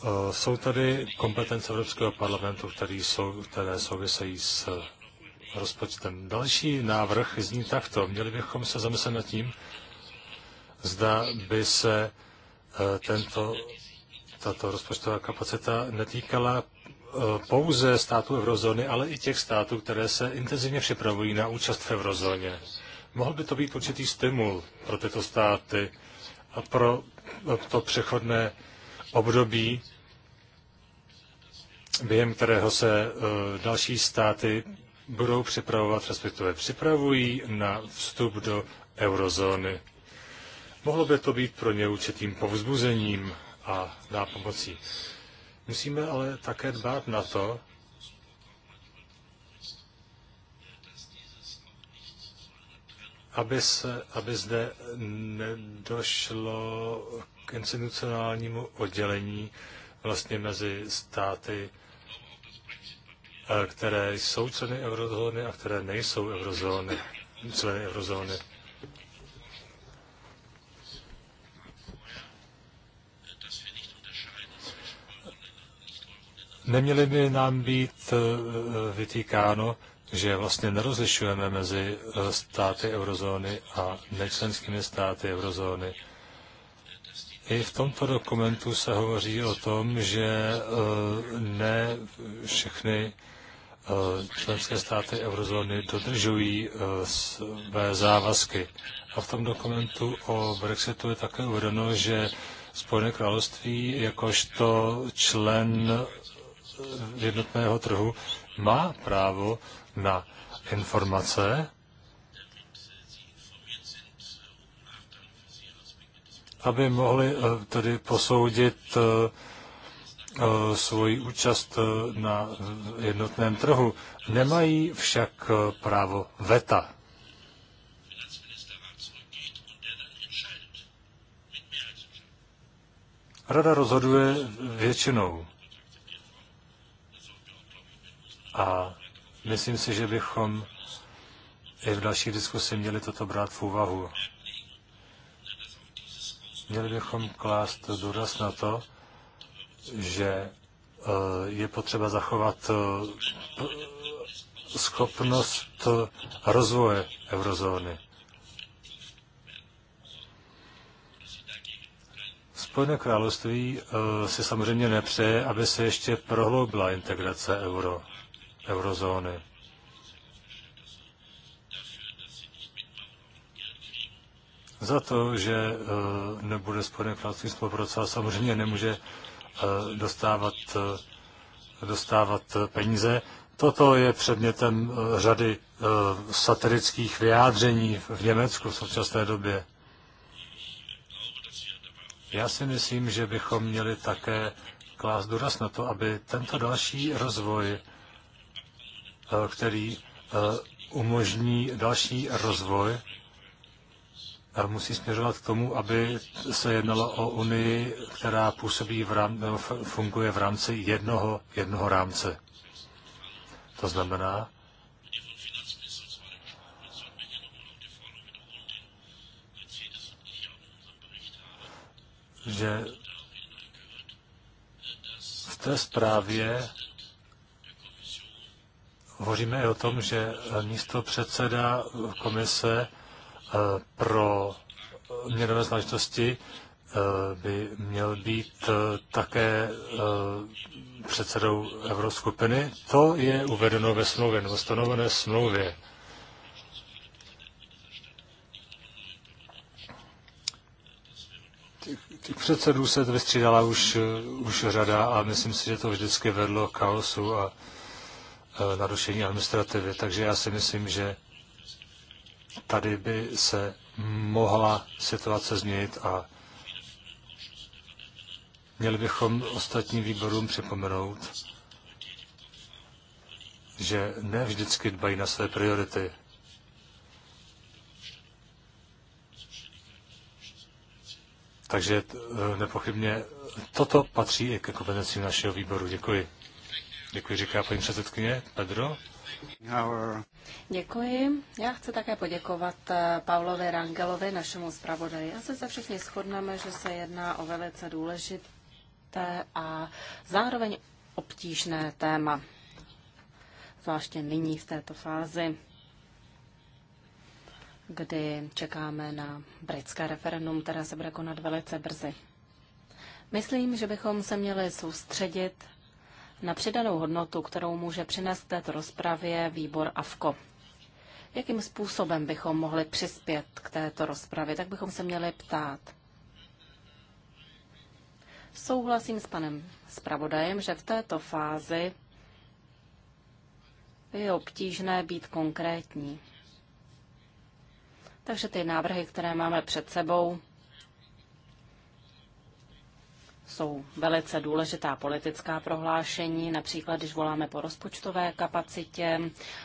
e, jsou tady kompetence Evropského parlamentu, které, jsou, které souvisejí s rozpočtem. Další návrh zní takto. Měli bychom se zamyslet nad tím, zda by se e, tento, tato rozpočtová kapacita netýkala e, pouze států eurozóny, ale i těch států, které se intenzivně připravují na účast v eurozóně. Mohl by to být určitý stimul pro tyto státy a pro to přechodné období, během kterého se eh, další státy budou připravovat, respektive připravují na vstup do eurozóny. Mohlo by to být pro ně určitým povzbuzením a nápomocí. Musíme ale také dbát na to, aby, se, aby zde nedošlo k institucionálnímu oddělení vlastně mezi státy, eh, které jsou členy eurozóny a které nejsou eurozóny, členy eurozóny. Neměli by nám být eh, eh, vytýkáno, že vlastně nerozlišujeme mezi státy eurozóny a nečlenskými státy eurozóny. I v tomto dokumentu se hovoří o tom, že eh, ne všechny eh, členské státy eurozóny dodržují eh, své závazky. A v tom dokumentu o Brexitu je také uvedeno, že Spojené království jakožto člen jednotného trhu má právo na informace aby mohli eh, tedy posoudit eh, eh, svoji účast na jednotném trhu. Nemají však právo veta. Rada rozhoduje většinou. A myslím si, že bychom i v další diskusi měli toto brát v úvahu. Měli bychom klást důraz na to, že eh, je potřeba zachovat eh, schopnost rozvoje eurozóny. Spojené království eh, si samozřejmě nepřeje, aby se ještě prohloubila integrace euro, eurozóny. za to, že eh, nebude Spojené království spolupracovat. Samozřejmě nemůže eh, dostávat, eh, dostávat peníze. Toto je předmětem řady satirických vyjádření v Německu v současné době. Já si myslím, že bychom měli také klást důraz na to, aby tento další rozvoj, který umožní další rozvoj, musí směřovat k tomu, aby se jednalo o Unii, která působí v rám, funguje v rámci jednoho, jednoho rámce. To znamená, že v té zprávě hovoříme i o tom, že místo předseda komise pro měnové záležitosti eh, by měl být eh, také eh, předsedou Euroskupiny. To je uvedeno ve smlouvě, nebo stanovené smlouvě. Těch předsedů se vystřídala už, už řada a myslím si, že to vždycky vedlo k chaosu a narušení administrativy. Takže já si myslím, že Tady by se mohla situace změnit a měli bychom ostatním výborům připomenout, že ne vždycky dbají na své priority. Takže eh, nepochybně toto patří i ke kompetencím našeho výboru. Děkuji. Děkuji, říká paní předsedkyně. Pedro? Děkuji. Já chci také poděkovat eh, Pavlovi Rangelovi, našemu zpravodaji. Já se všichni shodneme, že se jedná o velice důležité a zároveň obtížné téma, zvláště nyní v této fázi kdy čekáme na britské referendum, které se bude konat velice brzy. Myslím, že bychom se měli soustředit na přidanou hodnotu, kterou může přinést této rozpravě výbor AFKO. Jakým způsobem bychom mohli přispět k této rozpravě, tak bychom se měli ptát. Souhlasím s panem zpravodajem, že v této fázi je obtížné být konkrétní. Takže ty návrhy, které máme před sebou, jsou velice důležitá politická prohlášení, například když voláme po rozpočtové kapacitě,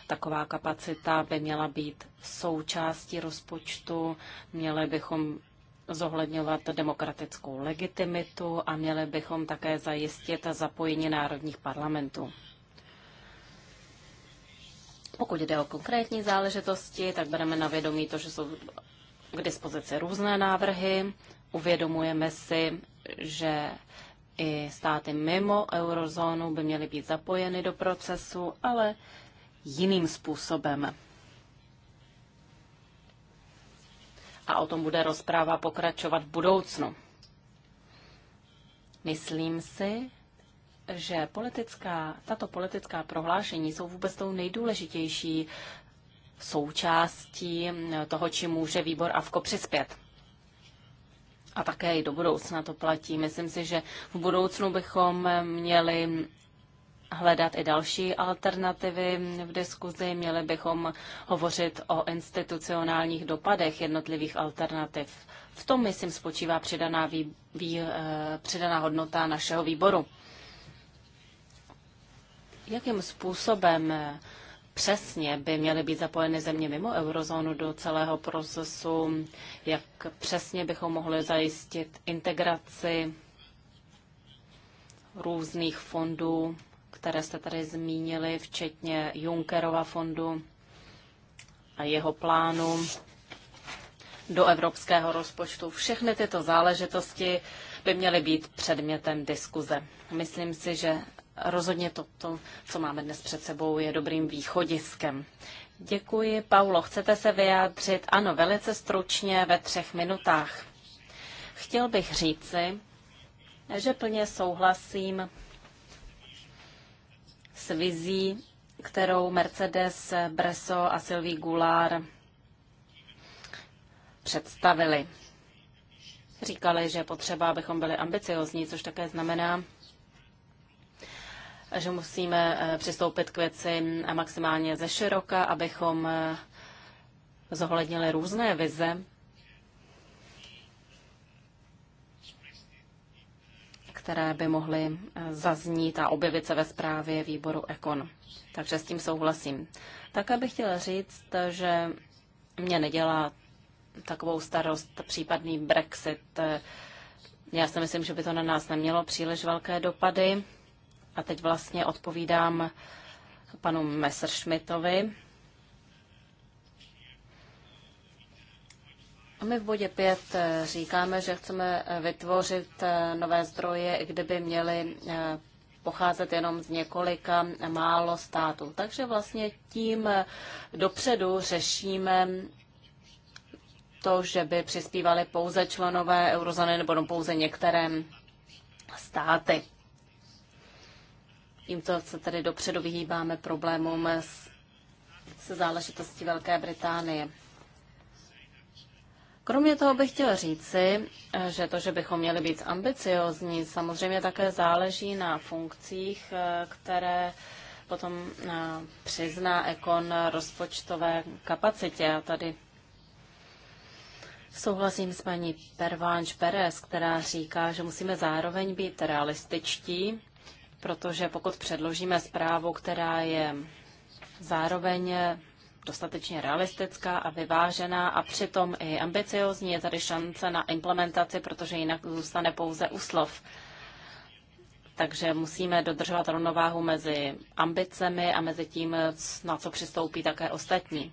taková kapacita by měla být součástí rozpočtu, měli bychom zohledňovat demokratickou legitimitu a měli bychom také zajistit zapojení národních parlamentů. Pokud jde o konkrétní záležitosti, tak bereme na vědomí to, že jsou k dispozici různé návrhy, uvědomujeme si, že i státy mimo eurozónu by měly být zapojeny do procesu, ale jiným způsobem. A o tom bude rozpráva pokračovat v budoucnu. Myslím si, že politická, tato politická prohlášení jsou vůbec tou nejdůležitější součástí toho, či může výbor AVKO přispět a také i do budoucna to platí. Myslím si, že v budoucnu bychom měli hledat i další alternativy v diskuzi. Měli bychom hovořit o institucionálních dopadech jednotlivých alternativ. V tom, myslím, spočívá přidaná, vý, vý, eh, přidaná hodnota našeho výboru. Jakým způsobem přesně by měly být zapojeny země mimo eurozónu do celého procesu, jak přesně bychom mohli zajistit integraci různých fondů, které jste tady zmínili, včetně Junckerova fondu a jeho plánu do evropského rozpočtu. Všechny tyto záležitosti by měly být předmětem diskuze. Myslím si, že rozhodně to, to, co máme dnes před sebou, je dobrým východiskem. Děkuji. Paulo, chcete se vyjádřit? Ano, velice stručně ve třech minutách. Chtěl bych říci, že plně souhlasím s vizí, kterou Mercedes Breso a Sylvie Goulart představili. Říkali, že potřeba, abychom byli ambiciozní, což také znamená, že musíme eh, přistoupit k věci eh, maximálně ze široka, abychom eh, zohlednili různé vize, které by mohly zaznít a objevit se ve zprávě výboru Ekon. Takže s tím souhlasím. Tak, bych chtěla říct, že mě nedělá takovou starost případný Brexit. Já si myslím, že by to na nás nemělo příliš velké dopady. A teď vlastně odpovídám panu Messerschmittovi. My v bodě 5 eh, říkáme, že chceme eh, vytvořit eh, nové zdroje, kdyby měly pocházet jenom z několika málo států. Takže vlastně tím dopředu řešíme to, že by přispívali pouze členové eurozóny nebo no, pouze některé státy. Tímto se tedy dopředu vyhýbáme problémům se záležitostí Velké Británie. Kromě toho bych chtěl říci, že to, že bychom měli být ambiciozní, samozřejmě také záleží na funkcích, které potom eh, přizná ekon rozpočtové kapacitě. A tady souhlasím s paní Pervánč Perez, která říká, že musíme zároveň být realističtí protože pokud předložíme zprávu, která je zároveň dostatečně realistická a vyvážená a přitom i ambiciozní, je tady šance na implementaci, protože jinak zůstane pouze u slov. Takže musíme dodržovat rovnováhu mezi ambicemi a mezi tím, na co přistoupí také ostatní.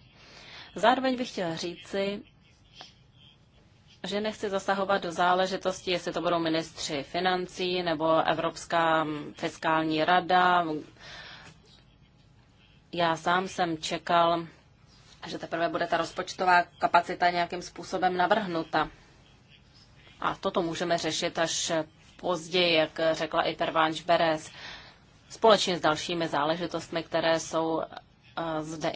Zároveň bych chtěla říci, že nechci zasahovat do záležitosti, jestli to budou ministři financí nebo Evropská fiskální rada. Já sám jsem čekal, že teprve bude ta rozpočtová kapacita nějakým způsobem navrhnuta. A toto můžeme řešit až později, jak řekla i Pervánč Beres, společně s dalšími záležitostmi, které jsou eh, zde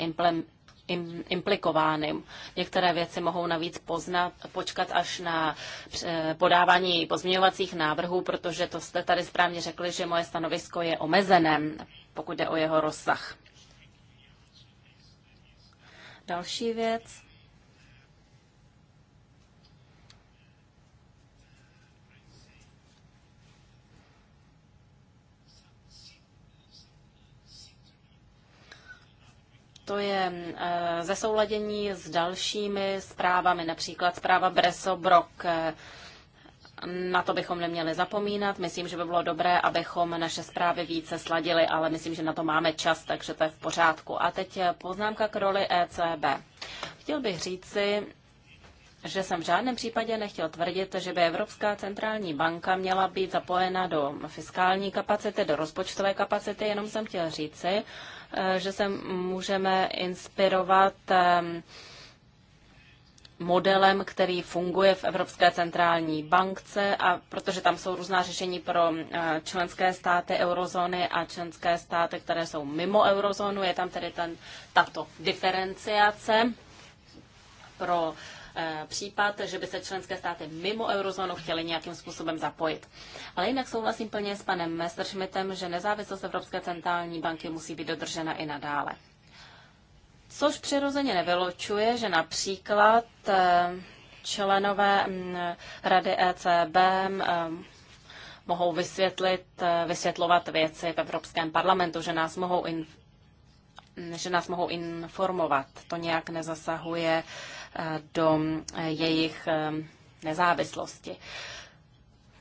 implikovány. Některé věci mohou navíc poznat, počkat až na eh, podávání pozměňovacích návrhů, protože to jste tady správně řekli, že moje stanovisko je omezené, pokud jde o jeho rozsah. Další věc to je eh, zesouladění s dalšími zprávami, například zpráva Breso Brok. Eh, na to bychom neměli zapomínat. Myslím, že by bylo dobré, abychom naše zprávy více sladili, ale myslím, že na to máme čas, takže to je v pořádku. A teď eh, poznámka k roli ECB. Chtěl bych říci, že jsem v žádném případě nechtěl tvrdit, že by Evropská centrální banka měla být zapojena do fiskální kapacity, do rozpočtové kapacity, jenom jsem chtěl říci, Eh, že se můžeme inspirovat modelem, který funguje v Evropské centrální bankce, a protože tam jsou různá řešení pro eh, členské státy eurozóny a členské státy, které jsou mimo eurozónu, je tam tedy ten, tato diferenciace pro Eh, případ, že by se členské státy mimo eurozónu chtěly nějakým způsobem zapojit. Ale jinak souhlasím plně s panem Messerschmittem, že nezávislost Evropské centrální banky musí být dodržena i nadále. Což přirozeně nevylučuje, že například eh, členové mm, rady ECB mm, eh, mohou vysvětlit, vysvětlovat věci v Evropském parlamentu, že nás mohou in, že nás mohou informovat. To nějak nezasahuje do jejich ehm, nezávislosti.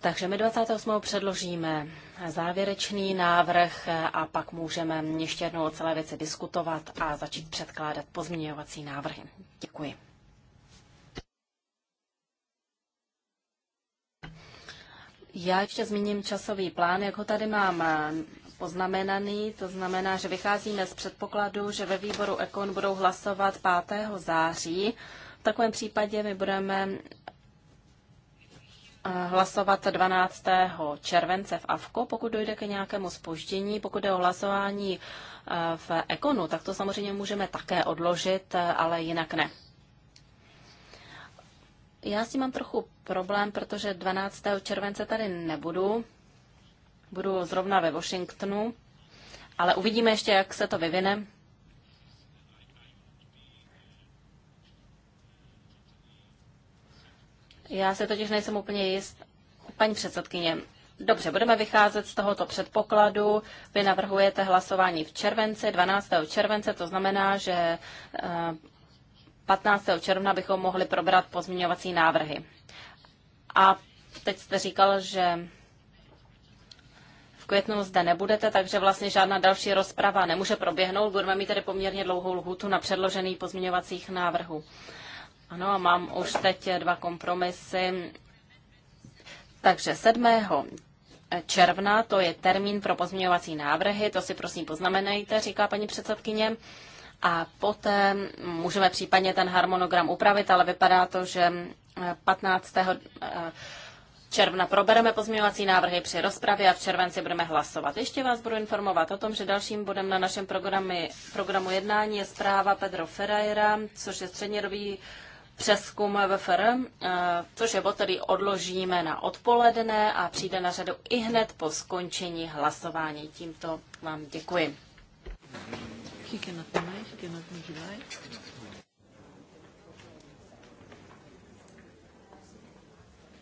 Takže my 28. předložíme závěrečný návrh a pak můžeme ještě jednou o celé věci diskutovat a začít předkládat pozměňovací návrhy. Děkuji. Já ještě zmíním časový plán, jak ho tady mám poznamenaný. To znamená, že vycházíme z předpokladu, že ve výboru Ekon budou hlasovat 5. září takovém případě my budeme eh, hlasovat 12. července v AVKO, pokud dojde ke nějakému spoždění, pokud je o hlasování eh, v Ekonu, tak to samozřejmě můžeme také odložit, eh, ale jinak ne. Já s tím mám trochu problém, protože 12. července tady nebudu. Budu zrovna ve Washingtonu, ale uvidíme ještě, jak se to vyvine. Já se totiž nejsem úplně jist. Paní předsedkyně, dobře, budeme vycházet z tohoto předpokladu. Vy navrhujete hlasování v červenci, 12. července, to znamená, že 15. Eh, června bychom mohli probrat pozměňovací návrhy. A teď jste říkal, že v květnu zde nebudete, takže vlastně žádná další rozprava nemůže proběhnout. Budeme mít tedy poměrně dlouhou lhůtu na předložený pozměňovacích návrhů. Ano, a mám už teď dva kompromisy. Takže 7. června, to je termín pro pozměňovací návrhy, to si prosím poznamenejte, říká paní předsedkyně. A poté můžeme případně ten harmonogram upravit, ale vypadá to, že 15 eh, června probereme pozměňovací návrhy při rozpravě a v červenci budeme hlasovat. Ještě vás budu informovat o tom, že dalším bodem na našem programu programu jednání je zpráva Pedro Ferreira, což je střednědobý přeskum VFR, eh, což je bod, který odložíme na odpoledne a přijde na řadu i hned po skončení hlasování. Tímto vám děkuji. He cannot deny, he cannot deny.